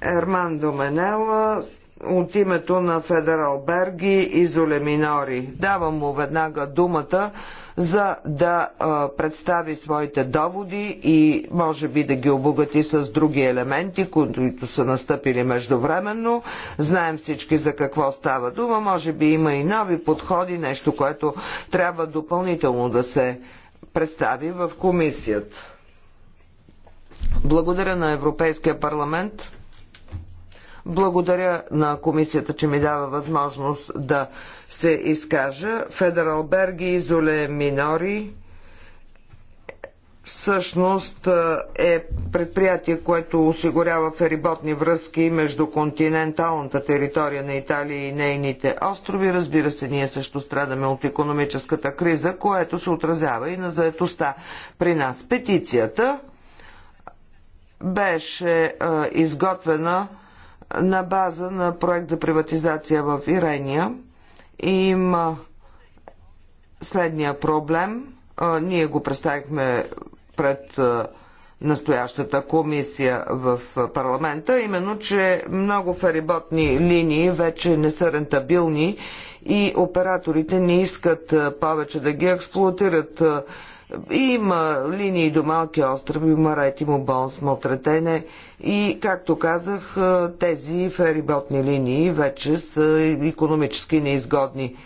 Ерман Менела, от името на Федерал Берги и Зуле Минори. Давам му веднага думата, за да а, представи своите доводи и може би да ги обогати с други елементи, които са настъпили междувременно. Знаем всички за какво става дума. Може би има и нови подходи, нещо, което трябва допълнително да се представи в комисията. Благодаря на Европейския парламент благодаря на комисията, че ми дава възможност да се изкажа. Федерал Берги и Золе Минори всъщност е, е предприятие, което осигурява фериботни връзки между континенталната територия на Италия и нейните острови. Разбира се, ние също страдаме от економическата криза, което се отразява и на заетостта при нас. Петицията беше е, изготвена на база на проект за приватизация в Ирения има следния проблем. Ние го представихме пред настоящата комисия в парламента, именно, че много фариботни линии вече не са рентабилни и операторите не искат повече да ги експлуатират. Има линии до малки острови, Марети, Мобон, Смотретене и, както казах, тези фериботни линии вече са економически неизгодни.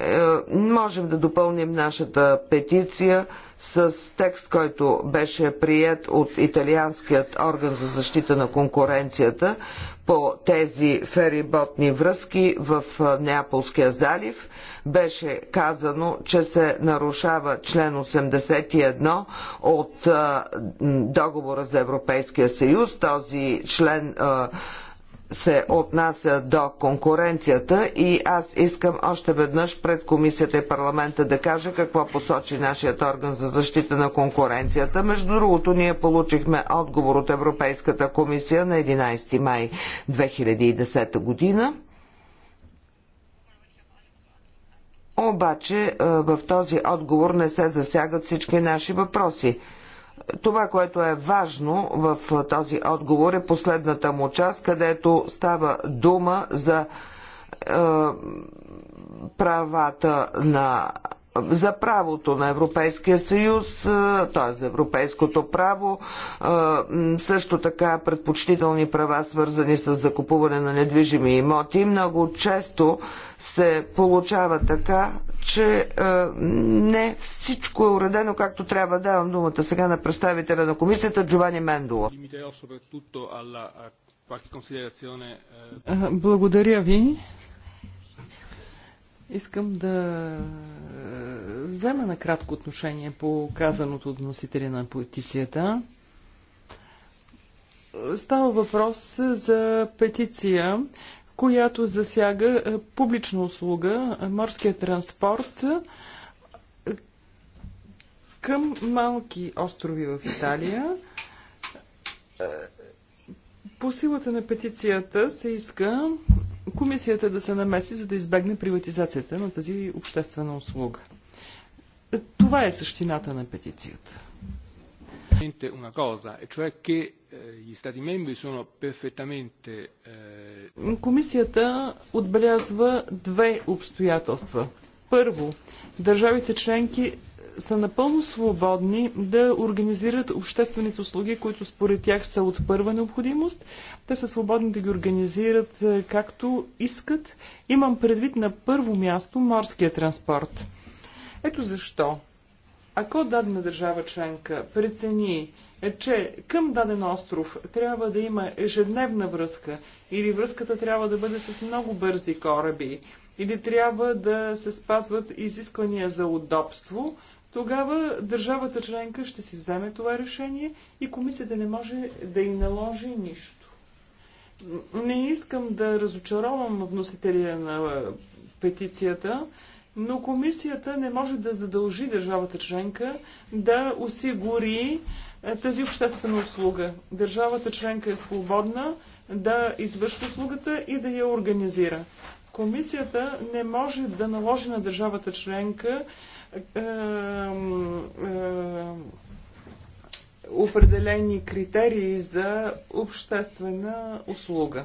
Е, можем да допълним нашата петиция с текст, който беше прият от Италианският орган за защита на конкуренцията по тези фериботни връзки в Неаполския залив – беше казано, че се нарушава член 81 от договора за Европейския съюз. Този член се отнася до конкуренцията и аз искам още веднъж пред комисията и парламента да кажа какво посочи нашият орган за защита на конкуренцията. Между другото, ние получихме отговор от Европейската комисия на 11 май 2010 година. Обаче е, в този отговор не се засягат всички наши въпроси. Това, което е важно в е, този отговор е последната му част, където става дума за е, правата на за правото на Европейския съюз, е, т.е. за европейското право, също така предпочтителни права, свързани с закупуване на недвижими имоти. Много често се получава така, че е, не всичко е уредено както трябва. Давам думата сега на представителя на комисията Джовани Мендола. Е, благодаря ви. Искам да е, взема на кратко отношение по казаното от носителя на петицията. Става въпрос за петиция която засяга е, публична услуга, е, морския транспорт е, към малки острови в Италия. По силата на петицията се иска комисията да се намеси, за да избегне приватизацията на тази обществена услуга. Това е същината на петицията. Una cosa, e cioè che eh, gli stati membri sono perfettamente... Eh, Комисията отбелязва две обстоятелства. Първо, държавите членки са напълно свободни да организират обществените услуги, които според тях са от първа необходимост. Те са свободни да ги организират е, както искат. Имам предвид на първо място морския транспорт. Ето защо ако дадена държава членка прецени, е, че към даден остров трябва да има ежедневна връзка или връзката трябва да бъде с много бързи кораби, или трябва да се спазват изисквания за удобство, тогава държавата членка ще си вземе това решение и комисията не може да й наложи нищо. Не искам да разочаровам вносителя на петицията, но комисията не може да задължи държавата членка да осигури е, тази обществена услуга. Държавата членка е свободна да извършва услугата и да я организира. Комисията не може да наложи на държавата членка е, е, определени критерии за обществена услуга.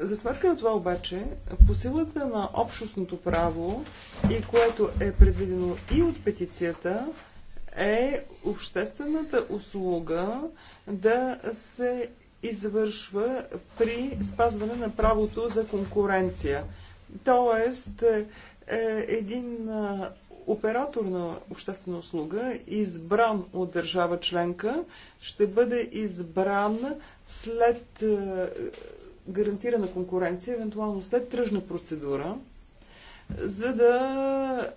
За сметка на това обаче, по силата на общностното право и което е предвидено и от петицията, е обществената услуга да се извършва при спазване на правото за конкуренция. Тоест, е, е, един е, оператор на обществена услуга, избран от държава членка, ще бъде избран след гарантирана конкуренция, евентуално след тръжна процедура, за да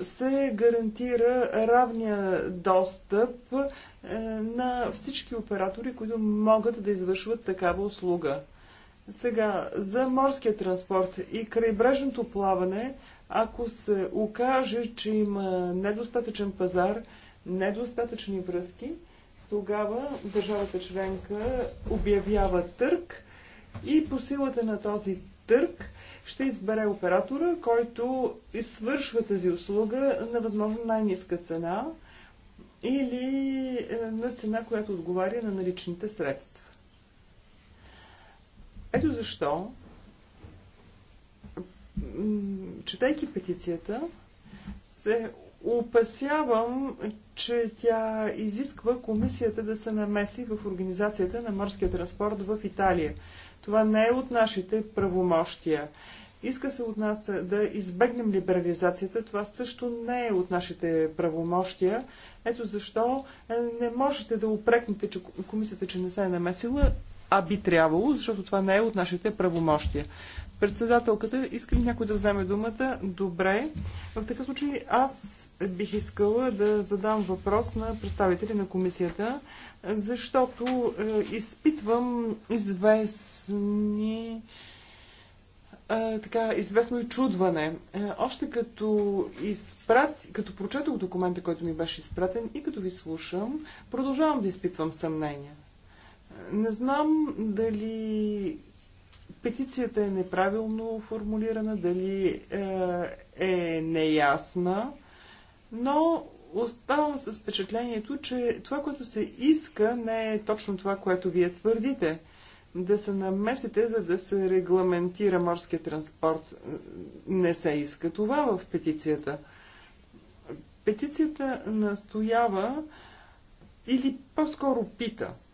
се гарантира равния достъп е, на всички оператори, които могат да извършват такава услуга. Сега, за морския транспорт и крайбрежното плаване, ако се окаже, че има недостатъчен пазар, недостатъчни връзки, тогава държавата членка обявява търг и по силата на този търк ще избере оператора, който извършва тази услуга на възможно най-низка цена или е, на цена, която отговаря на наличните средства. Ето защо, четейки петицията, се опасявам, че тя изисква комисията да се намеси в организацията на морския транспорт в Италия – това не е от нашите правомощия. Иска се от нас да избегнем либерализацията. Това също не е от нашите правомощия. Ето защо е, не можете да упрекнете че комисията, че не се е намесила а би трябвало, защото това не е от нашите правомощия. Председателката, иска ли някой да вземе думата? Добре. В такъв случай аз бих искала да задам въпрос на представители на комисията, защото е, изпитвам известни е, така, известно и чудване. Е, още като, изпрат, като прочетох документа, който ми беше изпратен и като ви слушам, продължавам да изпитвам съмнения. Не знам дали петицията е неправилно формулирана, дали е, е неясна, но оставам с впечатлението, че това, което се иска, не е точно това, което вие твърдите. Да се намесите, за да се регламентира морския транспорт. Не се иска това в петицията. Петицията настоява или по-скоро пита –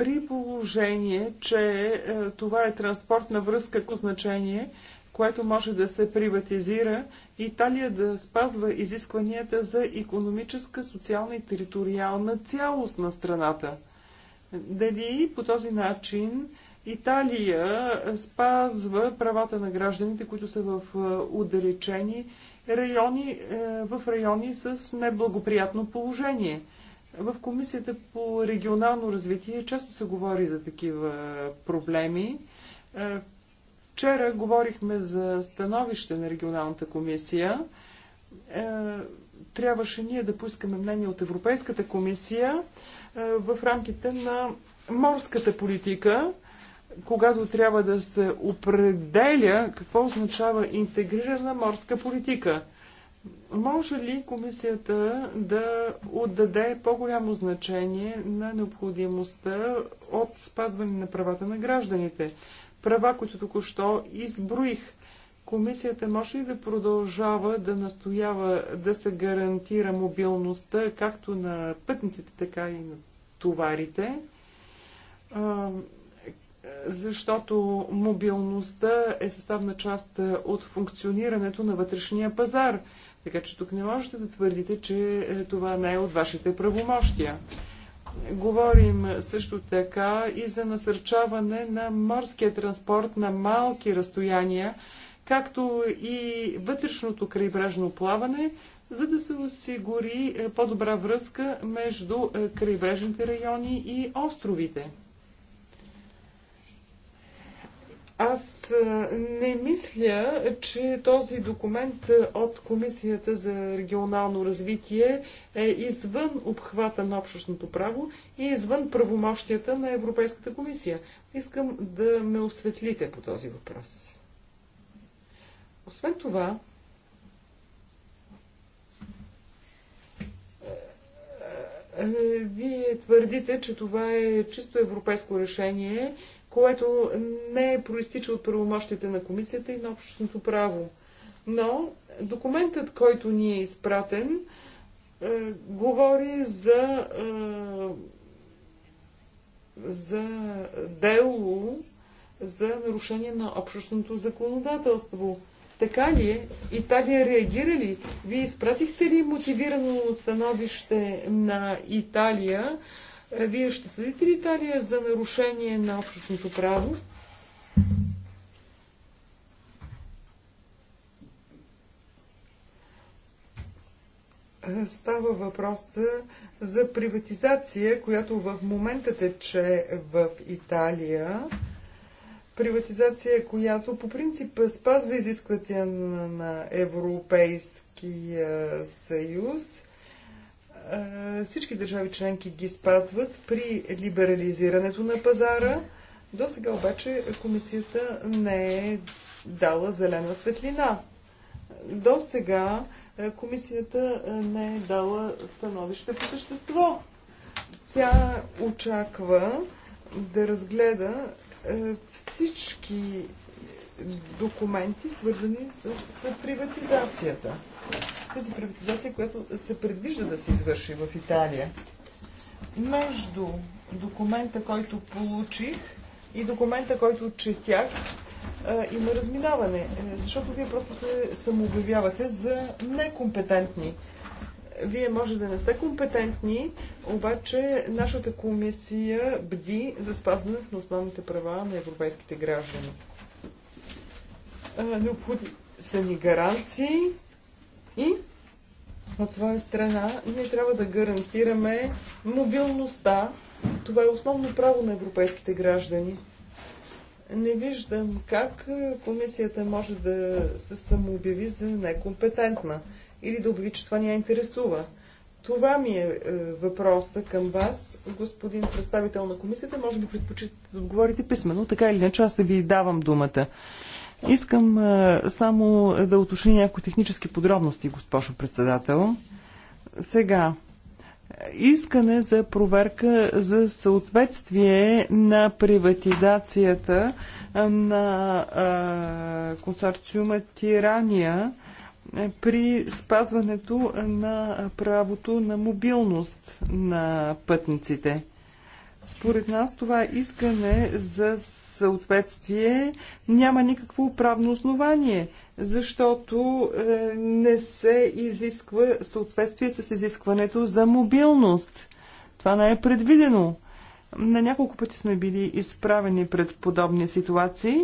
при положение, че е, това е транспортна връзка, значение, което може да се приватизира, Италия да спазва изискванията за економическа, социална и териториална цялост на страната. Дали по този начин Италия спазва правата на гражданите, които са в е, отдалечени райони, е, в райони с неблагоприятно положение – в Комисията по регионално развитие често се говори за такива проблеми. Е, вчера говорихме за становище на регионалната комисия. Е, трябваше ние да поискаме мнение от Европейската комисия е, в рамките на морската политика, когато трябва да се определя какво означава интегрирана морска политика – може ли комисията да отдаде по-голямо значение на необходимостта от спазване на правата на гражданите? Права, които току-що изброих. Комисията може ли да продължава да настоява да се гарантира мобилността както на пътниците, така и на товарите? защото мобилността е съставна част от функционирането на вътрешния пазар – така че тук не можете да твърдите, че е, това не е от вашите правомощия. Говорим също така и за насърчаване на морския транспорт на малки разстояния, както и вътрешното крайбрежно плаване, за да се осигури е, по-добра връзка между е, крайбрежните райони и островите. Аз не мисля, че този документ от Комисията за регионално развитие е извън обхвата на общностното право и е извън правомощията на Европейската комисия. Искам да ме осветлите по този въпрос. Освен това, вие твърдите, че това е чисто европейско решение което не е проистича от правомощите на комисията и на общностното право. Но документът, който ни е изпратен, е, говори за, е, за дело за нарушение на общностното законодателство. Така ли е? Италия реагира ли? Е Вие изпратихте ли мотивирано становище на Италия? Е, вие ще съдите ли Италия за нарушение на общностното право? Е, става въпрос за приватизация, която в момента тече в Италия. Приватизация, която по принцип спазва изисквания на Европейския съюз е, всички държави членки ги спазват при либерализирането на пазара. До сега обаче комисията не е дала зелена светлина. До сега е, комисията е, не е дала становище по същество. Тя очаква да разгледа всички документи, свързани с приватизацията. Тази приватизация, която се предвижда да се извърши в Италия. Между документа, който получих и документа, който четях, има разминаване, е, защото вие просто се самообявявате за некомпетентни. Вие може да не сте компетентни, обаче нашата комисия бди за спазването на основните права на европейските граждани. Необходи са ни гаранции и от своя страна ние трябва да гарантираме мобилността. Това е основно право на европейските граждани. Не виждам как комисията може да се самообяви за некомпетентна или да обяви, че това ни я интересува. Това ми е, е въпроса към вас, господин представител на комисията. Може би предпочитате да отговорите писменно, така или иначе аз ви давам думата. Искам само да уточня някои технически подробности, госпожо председател. Сега, искане за проверка за съответствие на приватизацията на консорциума Тирания при спазването на правото на мобилност на пътниците. Според нас това искане за съответствие няма никакво правно основание, защото е, не се изисква съответствие с изискването за мобилност. Това не е предвидено. На няколко пъти сме били изправени пред подобни ситуации.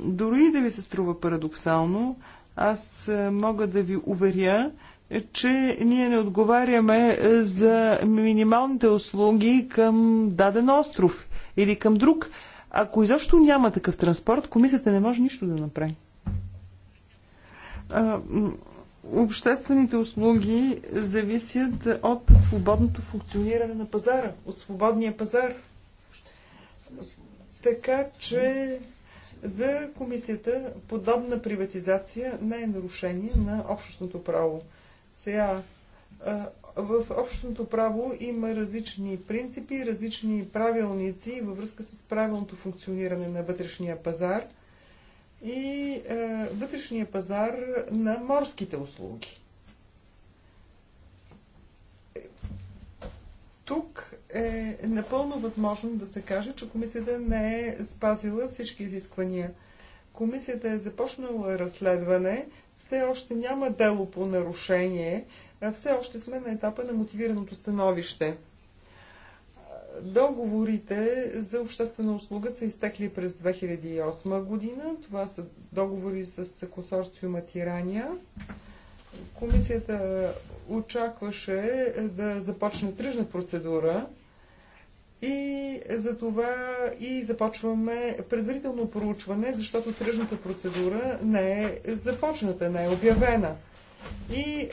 Дори да ви се струва парадоксално, аз е, мога да ви уверя, че ние не отговаряме е, за минималните услуги към даден остров или към друг. Ако изобщо няма такъв транспорт, комисията не може нищо да направи. Обществените услуги зависят от свободното функциониране на пазара, от свободния пазар. Така че за комисията подобна приватизация не е нарушение на общностното право. Сега, в общото право има различни принципи, различни правилници във връзка с правилното функциониране на вътрешния пазар и е, вътрешния пазар на морските услуги. Тук е напълно възможно да се каже, че комисията не е спазила всички изисквания. Комисията е започнала разследване, все още няма дело по нарушение, все още сме на етапа на мотивираното становище. Договорите за обществена услуга са изтекли през 2008 година. Това са договори с консорциума Тирания. Комисията очакваше да започне тръжна процедура и за това и започваме предварително проучване, защото тръжната процедура не е започната, не е обявена. И е,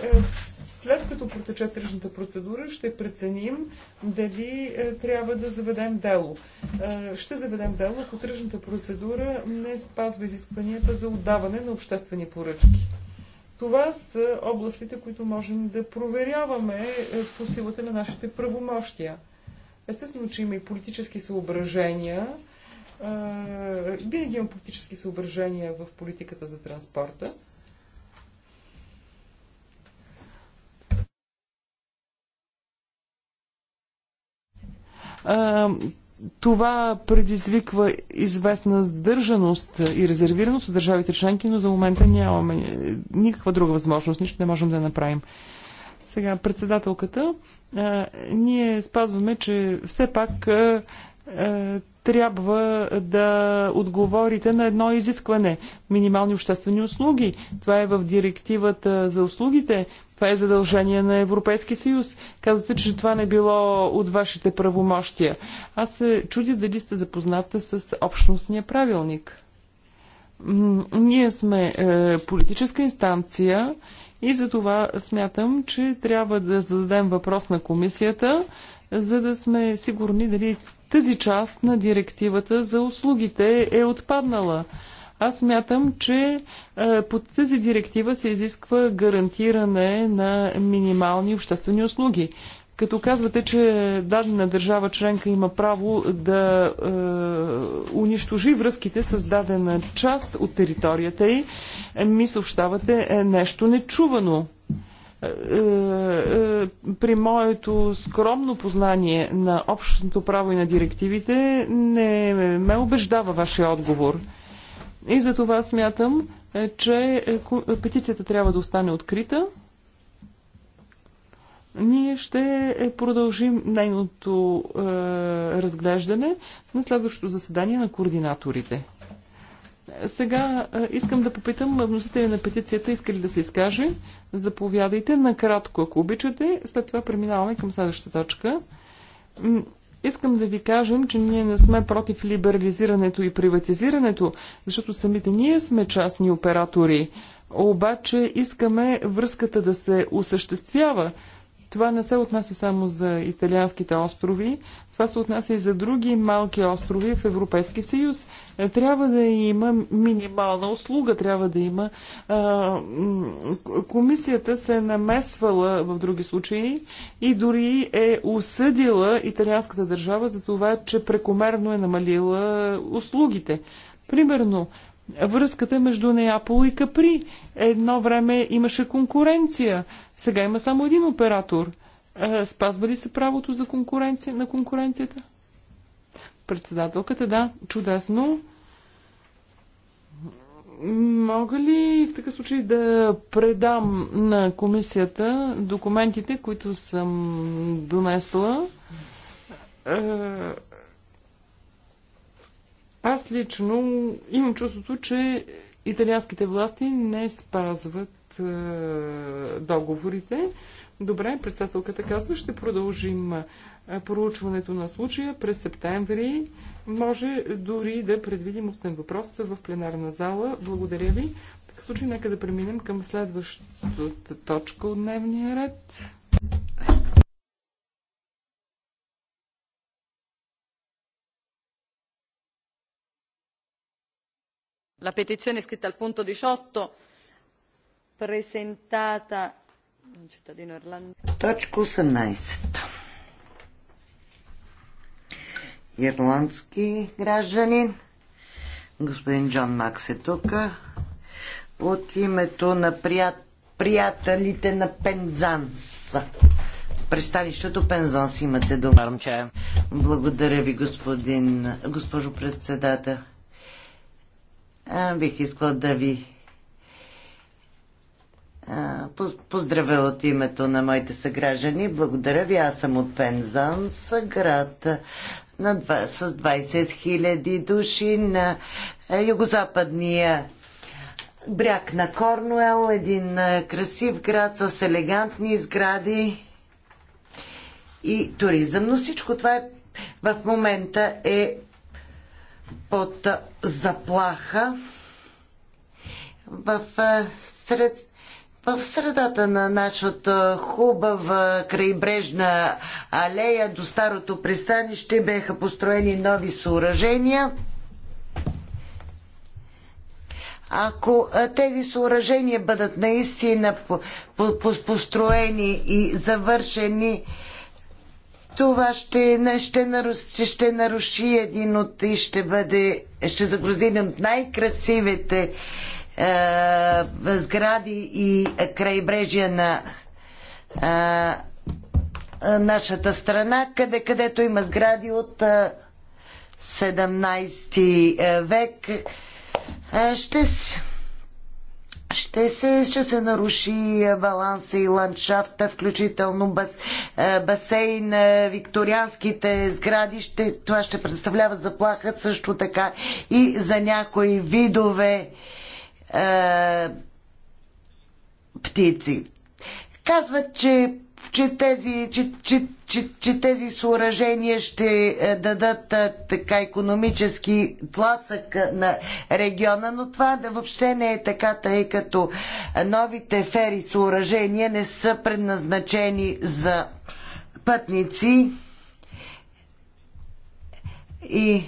след като протече тръжната процедура, ще преценим дали е, трябва да заведем дело. Е, ще заведем дело, ако тръжната процедура не спазва изискванията за отдаване на обществени поръчки. Това са областите, които можем да проверяваме по силата на нашите правомощия. Естествено, че има и политически съображения. Винаги има политически съображения в политиката за транспорта. това предизвиква известна сдържаност и резервираност от държавите членки, но за момента нямаме никаква друга възможност. Нищо не можем да направим. Сега, председателката, а, ние спазваме, че все пак а, а, трябва да отговорите на едно изискване. Минимални обществени услуги. Това е в директивата за услугите. Това е задължение на Европейския съюз. Казвате, че това не било от вашите правомощия. Аз се чудя дали сте запозната с общностния правилник. Ние сме е, политическа инстанция, и за това смятам, че трябва да зададем въпрос на комисията, за да сме сигурни дали тази част на директивата за услугите е отпаднала. Аз смятам, че е, под тази директива се изисква гарантиране на минимални обществени услуги като казвате, че дадена държава членка има право да е, унищожи връзките с дадена част от територията й, ми съобщавате е нещо нечувано е, е, е, при моето скромно познание на общото право и на директивите не ме убеждава вашия отговор. И за това смятам, че петицията трябва да остане открита ние ще продължим нейното е, разглеждане на следващото заседание на координаторите. Сега е, искам да попитам вносителя на петицията, искали да се изкаже. Заповядайте накратко, ако обичате. След това преминаваме към следващата точка. Искам да ви кажем, че ние не сме против либерализирането и приватизирането, защото самите ние сме частни оператори. Обаче искаме връзката да се осъществява това не се отнася само за италианските острови, това се отнася и за други малки острови в Европейския съюз. Е, трябва да има минимална услуга, трябва да има. Комисията се е намесвала в други случаи и дори е осъдила италианската държава за това, че прекомерно е намалила услугите. Примерно, връзката между Неапол и Капри. Едно време имаше конкуренция. Сега има само един оператор. Спазва ли се правото за конкуренция, на конкуренцията? Председателката, да, чудесно. Мога ли в такъв случай да предам на комисията документите, които съм донесла? Аз лично имам чувството, че италианските власти не спазват е, договорите. Добре, председателката казва, ще продължим е, проучването на случая през септември. Може дори да предвидим устен въпрос в пленарна зала. Благодаря ви. В такъв случай нека да преминем към следващата точка от дневния ред. la petizione scritta al punto diciotto presentata da un cittadino irlandese. Точка 18. Ирландски гражданин. Господин Джон Макс е тук. От името на прият... приятелите на Пензанс. Пристанището Пензанс имате дума. Благодаря ви, господин... госпожо председател а, бих искал да ви а, поздравя от името на моите съграждани. Благодаря ви. Аз съм от Пензан, град на два, с 20 000 души на югозападния бряг на Корнуел, един красив град с елегантни сгради и туризъм, но всичко това е, в момента е под заплаха. В, сред, в средата на нашата хубава крайбрежна алея до старото пристанище беха построени нови съоръжения. Ако тези съоръжения бъдат наистина построени и завършени, това ще, не, ще, наруши, ще наруши един от и ще бъде, ще загрози един от най-красивите е, сгради и крайбрежия на е, е нашата страна, къде, където има сгради от е, 17 е, век. Е, ще, ще се, ще се наруши е, баланса и ландшафта, включително бас, е, басейн, е, викторианските сгради. Ще, това ще представлява заплаха също така и за някои видове е, птици. Казват, че че тези, че, че, че, че тези съоръжения ще е, дадат е, така економически тласък на региона, но това да въобще не е така, тъй като новите фери съоръжения не са предназначени за пътници и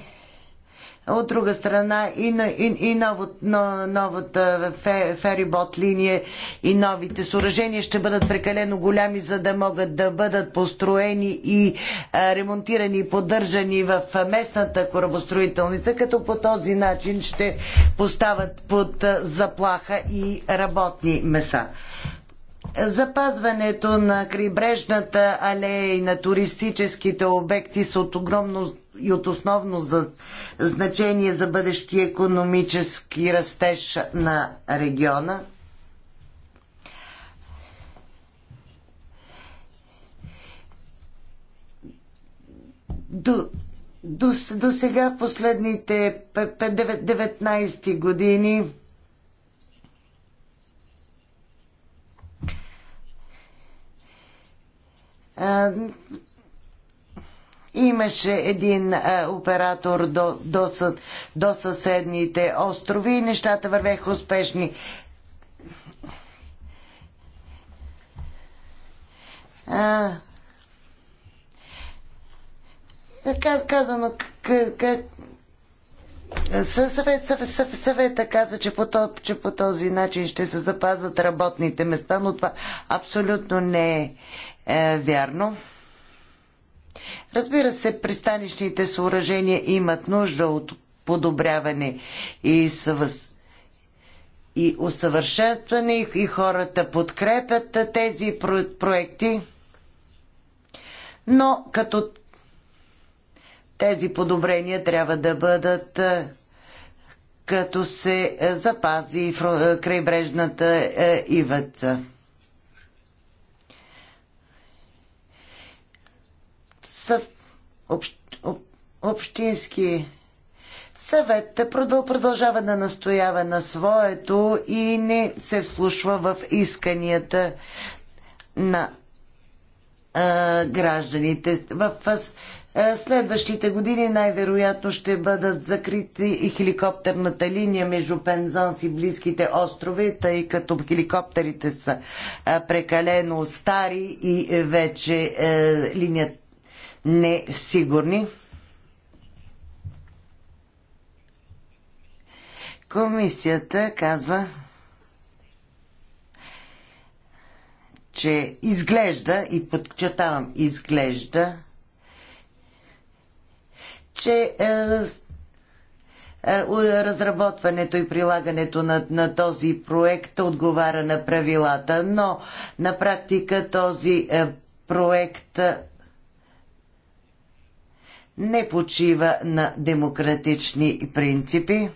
от друга страна и, и, и ново, но, новата ферибот линия и новите съоръжения ще бъдат прекалено голями, за да могат да бъдат построени и а, ремонтирани и поддържани в местната корабостроителница, като по този начин ще поставят под заплаха и работни меса. Запазването на крайбрежната алея и на туристическите обекти са от огромно и от основно за, значение за бъдещи економически растеж на региона. До, до, до сега последните 19 години Имаше един а, е, оператор до, до, съ, до съседните острови и нещата вървеха успешни. А, каз, казано, как, Съвет, съвет, съвета каза, че по, този, че по този начин ще се запазят работните места, но това абсолютно не е, е вярно. Разбира се, пристанищните съоръжения имат нужда от подобряване и съвъз и усъвършенстване и хората подкрепят тези проекти, но като тези подобрения трябва да бъдат е, като се е, запази е, крайбрежната ивеца. съв, общ, об, общински съвет продължава да настоява на своето и не се вслушва в исканията на а, гражданите. В а, следващите години най-вероятно ще бъдат закрити и хеликоптерната линия между Пензанс и близките острови, тъй като хеликоптерите са а, прекалено стари и вече а, е, линията несигурни. Комисията казва, че изглежда, и подчертавам, изглежда, че е, е, разработването и прилагането на, на, този проект отговаря на правилата, но на практика този е, проект не почива на демократични принципи.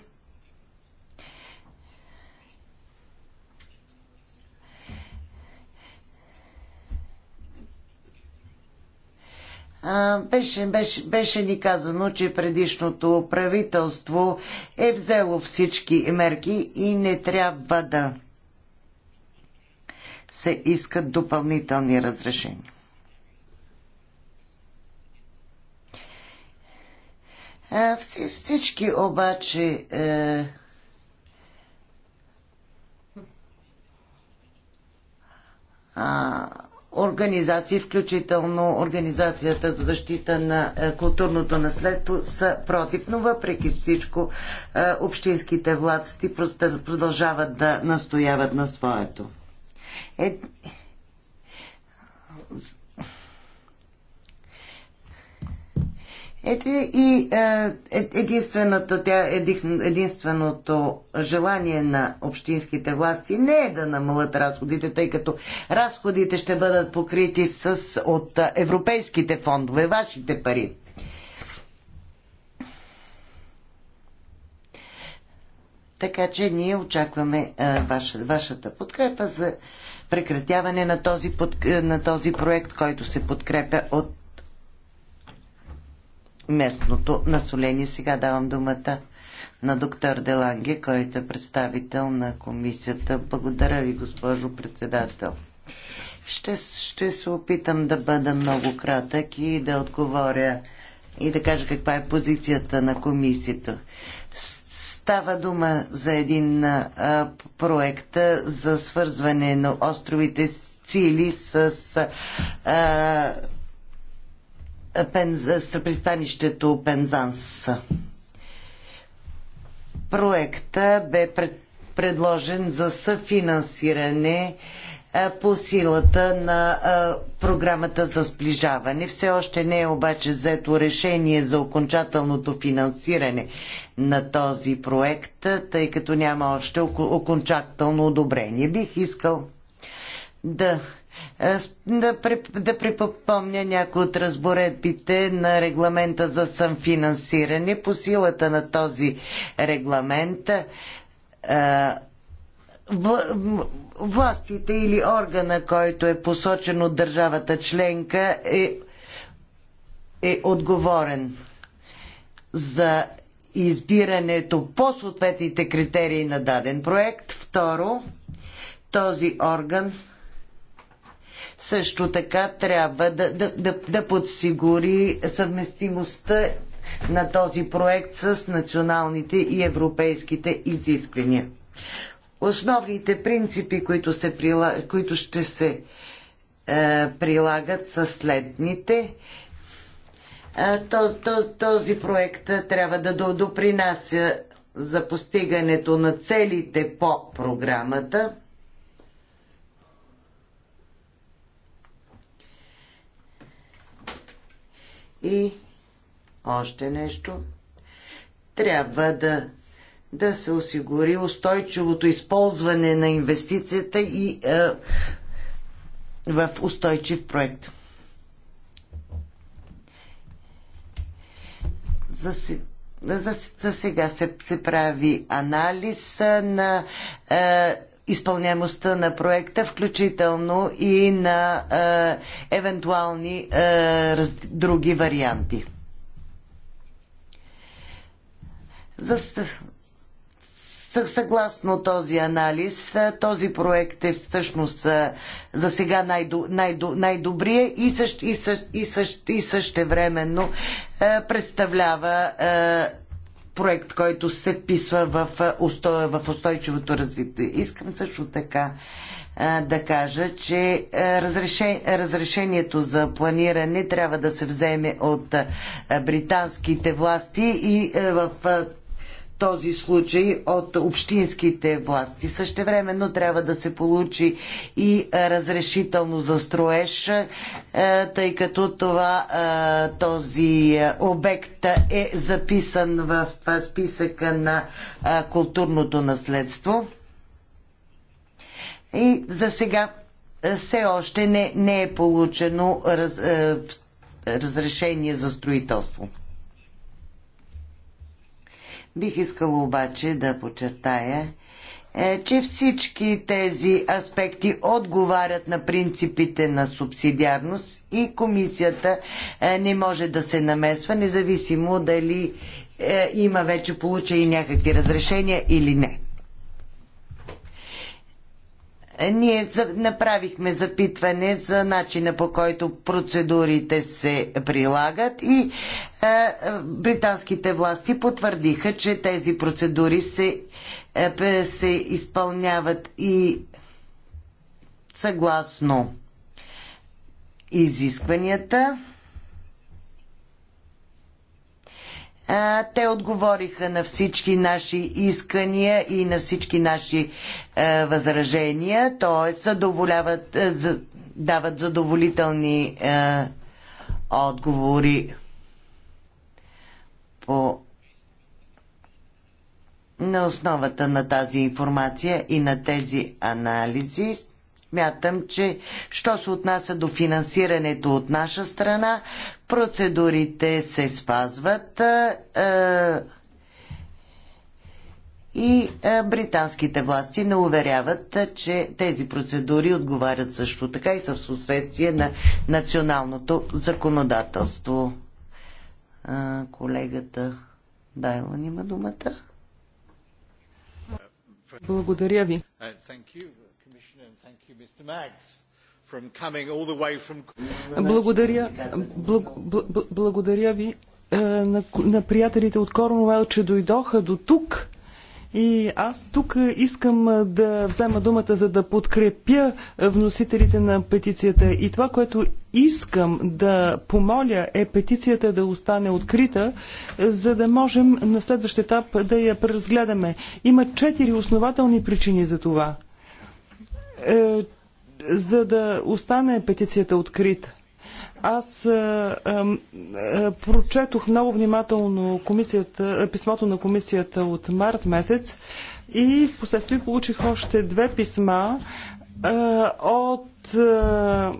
беше, беше, беше ни казано, че предишното правителство е взело всички мерки и не трябва да се искат допълнителни разрешения. Всички обаче е, организации, включително Организацията за защита на е, културното наследство, са против, но въпреки всичко е, общинските власти продължават да настояват на своето. Е... Ете и е, е единствената, тя, единственото желание на общинските власти не е да намалят разходите, тъй като разходите ще бъдат покрити с, от европейските фондове, вашите пари. Така че ние очакваме е, ваша, вашата подкрепа за прекратяване на този, под, на този проект, който се подкрепя от местното население. Сега давам думата на доктор Деланге, който е представител на комисията. Благодаря ви, госпожо председател. Ще, ще се опитам да бъда много кратък и да отговоря и да кажа каква е позицията на комисията. Става дума за един а, проект за свързване на островите с Цили с а, пристанището Пензанс. Проекта бе пред, предложен за съфинансиране по силата на програмата за сближаване. Все още не е обаче взето решение за окончателното финансиране на този проект, тъй като няма още окончателно одобрение. Бих искал да е, да, да припомня някои от разпоредбите на регламента за самфинансиране. По силата на този регламент е, властите или органа, който е посочен от държавата членка, е, е отговорен за избирането по съответните критерии на даден проект. Второ, този орган също така трябва да, да, да, да подсигури съвместимостта на този проект с националните и европейските изисквания. Основните принципи, които, се които ще се е, прилагат са следните. Е, то, то, този проект трябва да допринася за постигането на целите по програмата – И още нещо. Трябва да, да се осигури устойчивото използване на инвестицията и е, в устойчив проект. За сега за, за сега се, се прави анализ на е, изпълнямостта на проекта, включително и на е, евентуални е, раз, други варианти. За, съгласно този анализ, е, този проект е всъщност е, за сега най-добрия и, същ, и, същ, и, същ, и същевременно е, представлява проект, който се вписва в, е, устой, в устойчивото развитие. Искам също така е, да кажа, че е, разрешението за планиране трябва да се вземе от британските власти и в този случай от общинските власти. Същевременно трябва да се получи и е, разрешително за строеж, е, тъй като това, е, този обект е записан в списъка на културното наследство. И за сега все още не, не е получено раз, разрешение за строителство. Бих искала обаче да подчертая, е, че всички тези аспекти отговарят на принципите на субсидиарност и комисията е, не може да се намесва, независимо дали е, има вече получени някакви разрешения или не. Ние направихме запитване за начина по който процедурите се прилагат и е, е, британските власти потвърдиха, че тези процедури се, е, се изпълняват и съгласно изискванията. А, те отговориха на всички наши искания и на всички наши а, възражения, т.е. задоволяват, а, за, дават задоволителни а, отговори по на основата на тази информация и на тези анализи Мятам, че що се отнася до финансирането от наша страна, процедурите се спазват е, и е, британските власти не уверяват, че тези процедури отговарят също така и са в съответствие на националното законодателство. Е, колегата Дайлан има думата. Благодаря ви. Uh, благодаря, бл бл благодаря ви е, на, на приятелите от Корнуел, че дойдоха до тук. И аз тук искам е, да взема думата, за да подкрепя е, вносителите на петицията. И това, което искам да помоля е петицията да остане открита, е, за да можем на следващ етап да я преразгледаме. Има четири основателни причини за това за да остане петицията открита. Аз а, а, прочетох много внимателно комисията, писмото на комисията от март месец и в последствие получих още две писма а, от а,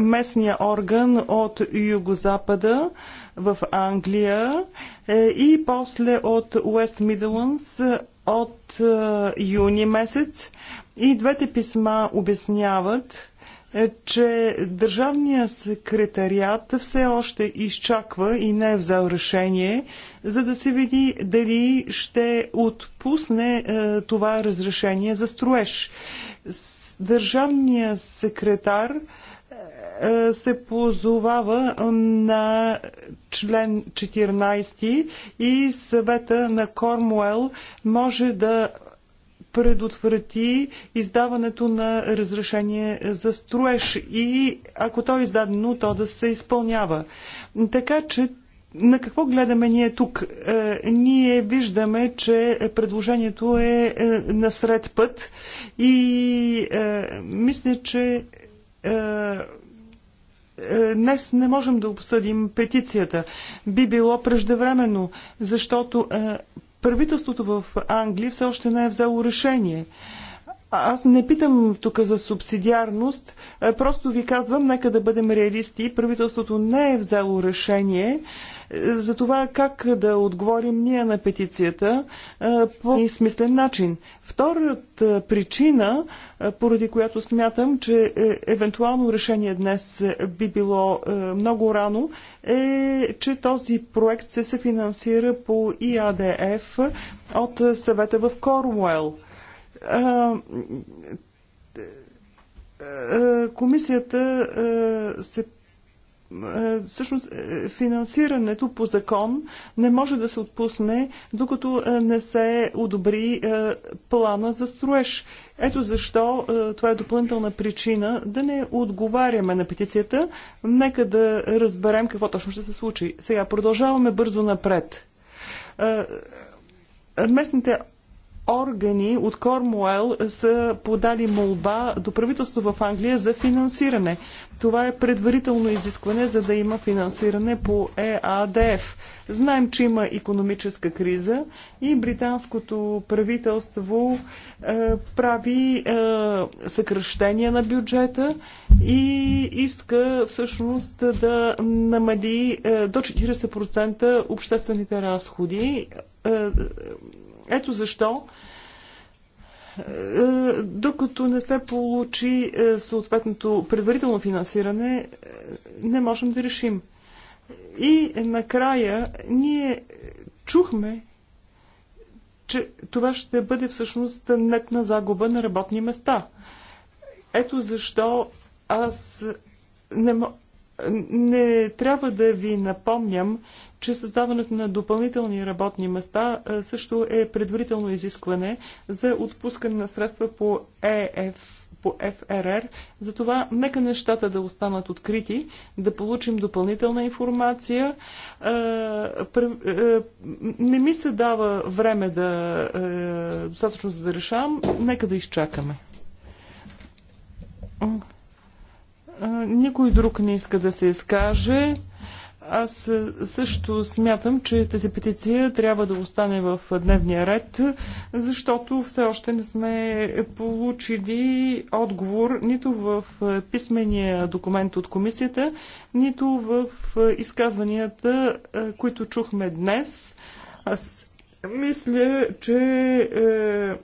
местния орган от Югозапада в Англия а, е, и после от Уест Мидълънс от а, юни месец и двете писма обясняват, е, че Държавният секретариат все още изчаква и не е взел решение, за да се види дали ще отпусне е, това разрешение за строеж. Държавният секретар е, се позовава на член 14 и съвета на Кормуел може да предотврати издаването на разрешение за строеж и ако то е издадено, то да се изпълнява. Така че на какво гледаме ние тук? Е, ние виждаме, че предложението е, е насред път и е, мисля, че Днес не можем да обсъдим петицията. Би било преждевременно, защото правителството в Англия все още не е взело решение. Аз не питам тук за субсидиарност, просто ви казвам, нека да бъдем реалисти. Правителството не е взело решение за това как да отговорим ние на петицията по смислен начин. Втората причина, поради която смятам, че е, евентуално решение днес би било много рано, е, че този проект се съфинансира по ИАДФ от съвета в Кормуел. Комисията се е, всъщност е, финансирането по закон не може да се отпусне, докато е, не се одобри плана за строеж. Ето защо това е допълнителна причина да не отговаряме на петицията. Нека да разберем какво точно ще се случи. Сега продължаваме бързо напред. Местните органи от Кормуел са подали молба до правителство в Англия за финансиране. Това е предварително изискване, за да има финансиране по ЕАДФ. E Знаем, че има економическа криза и британското правителство е, прави е, съкръщение на бюджета и иска всъщност да намали е, до 40% обществените разходи е, ето защо е, докато не се получи е, съответното предварително финансиране, е, не можем да решим. И накрая ние чухме, че това ще бъде всъщност нетна загуба на работни места. Ето защо аз не, не трябва да ви напомням, че създаването на допълнителни работни места също е предварително изискване за отпускане на средства по ЕФ по ФРР. Затова нека нещата да останат открити, да получим допълнителна информация. Не ми се дава време да достатъчно за да решавам. Нека да изчакаме. Никой друг не иска да се изкаже. Аз е, също смятам, че тази петиция трябва да остане в дневния ред, защото все още не сме получили отговор нито в е, писмения документ от комисията, нито в е, изказванията, които чухме днес. Аз мисля, че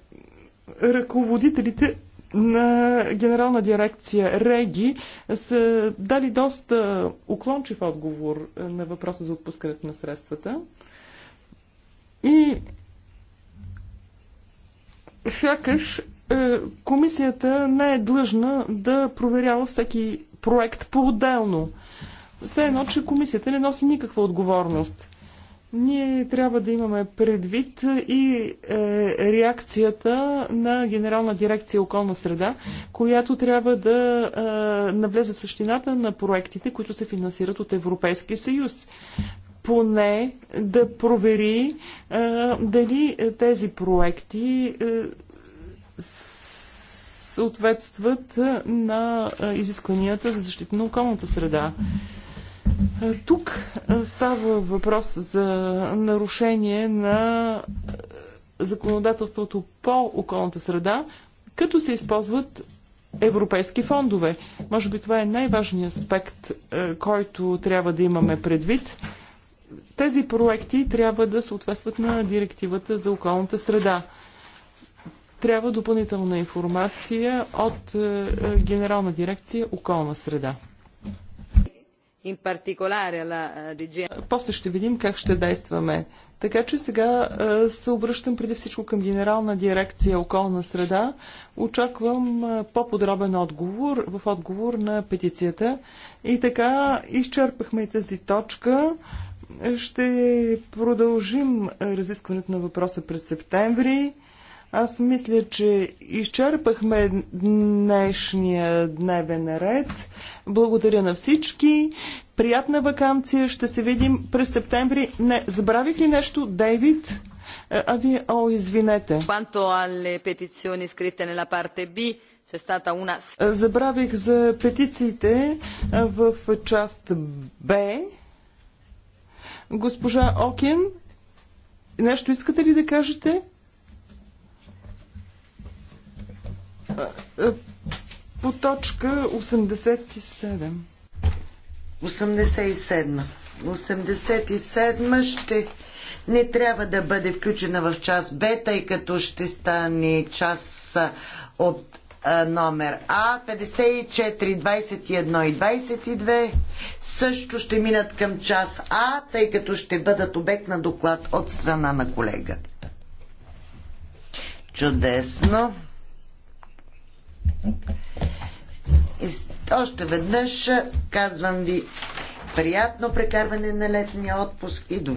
ръководителите на генерална дирекция Реги са дали доста уклончив отговор на въпроса за отпускането на средствата. И сякаш е, комисията не е длъжна да проверява всеки проект по-отделно. Все едно, че комисията не носи никаква отговорност. Ние трябва да имаме предвид и е, реакцията на Генерална дирекция околна среда, която трябва да е, навлезе в същината на проектите, които се финансират от Европейския съюз. Поне да провери е, дали тези проекти е, съответстват на е, изискванията за защита на околната среда. Тук става въпрос за нарушение на законодателството по околната среда, като се използват европейски фондове. Може би това е най-важният аспект, който трябва да имаме предвид. Тези проекти трябва да съответстват на директивата за околната среда. Трябва допълнителна информация от Генерална дирекция околна среда. Eh, После ще видим как ще действаме. Така че сега е, се обръщам преди всичко към Генерална дирекция околна среда. Очаквам е, по-подробен отговор в отговор на петицията. И така изчерпахме и тази точка. Ще продължим е, разискването на въпроса през септември. Аз мисля, че изчерпахме днешния дневен ред. Благодаря на всички. Приятна вакансия. Ще се видим през септември. Не, забравих ли нещо, Дейвид? Е, а вие, о, извинете. Quanto alle petizioni scritte nella parte B, c'è stata una... Е, забравих за петициите е, в част Б. Госпожа Окин, нещо искате ли да кажете? По точка 87. 87. 87 ще не трябва да бъде включена в час Б, тъй като ще стане час от а, номер А. 54, 21 и 22 също ще минат към час А, тъй като ще бъдат обект на доклад от страна на колега. Чудесно. И още веднъж казвам ви приятно прекарване на летния отпуск и до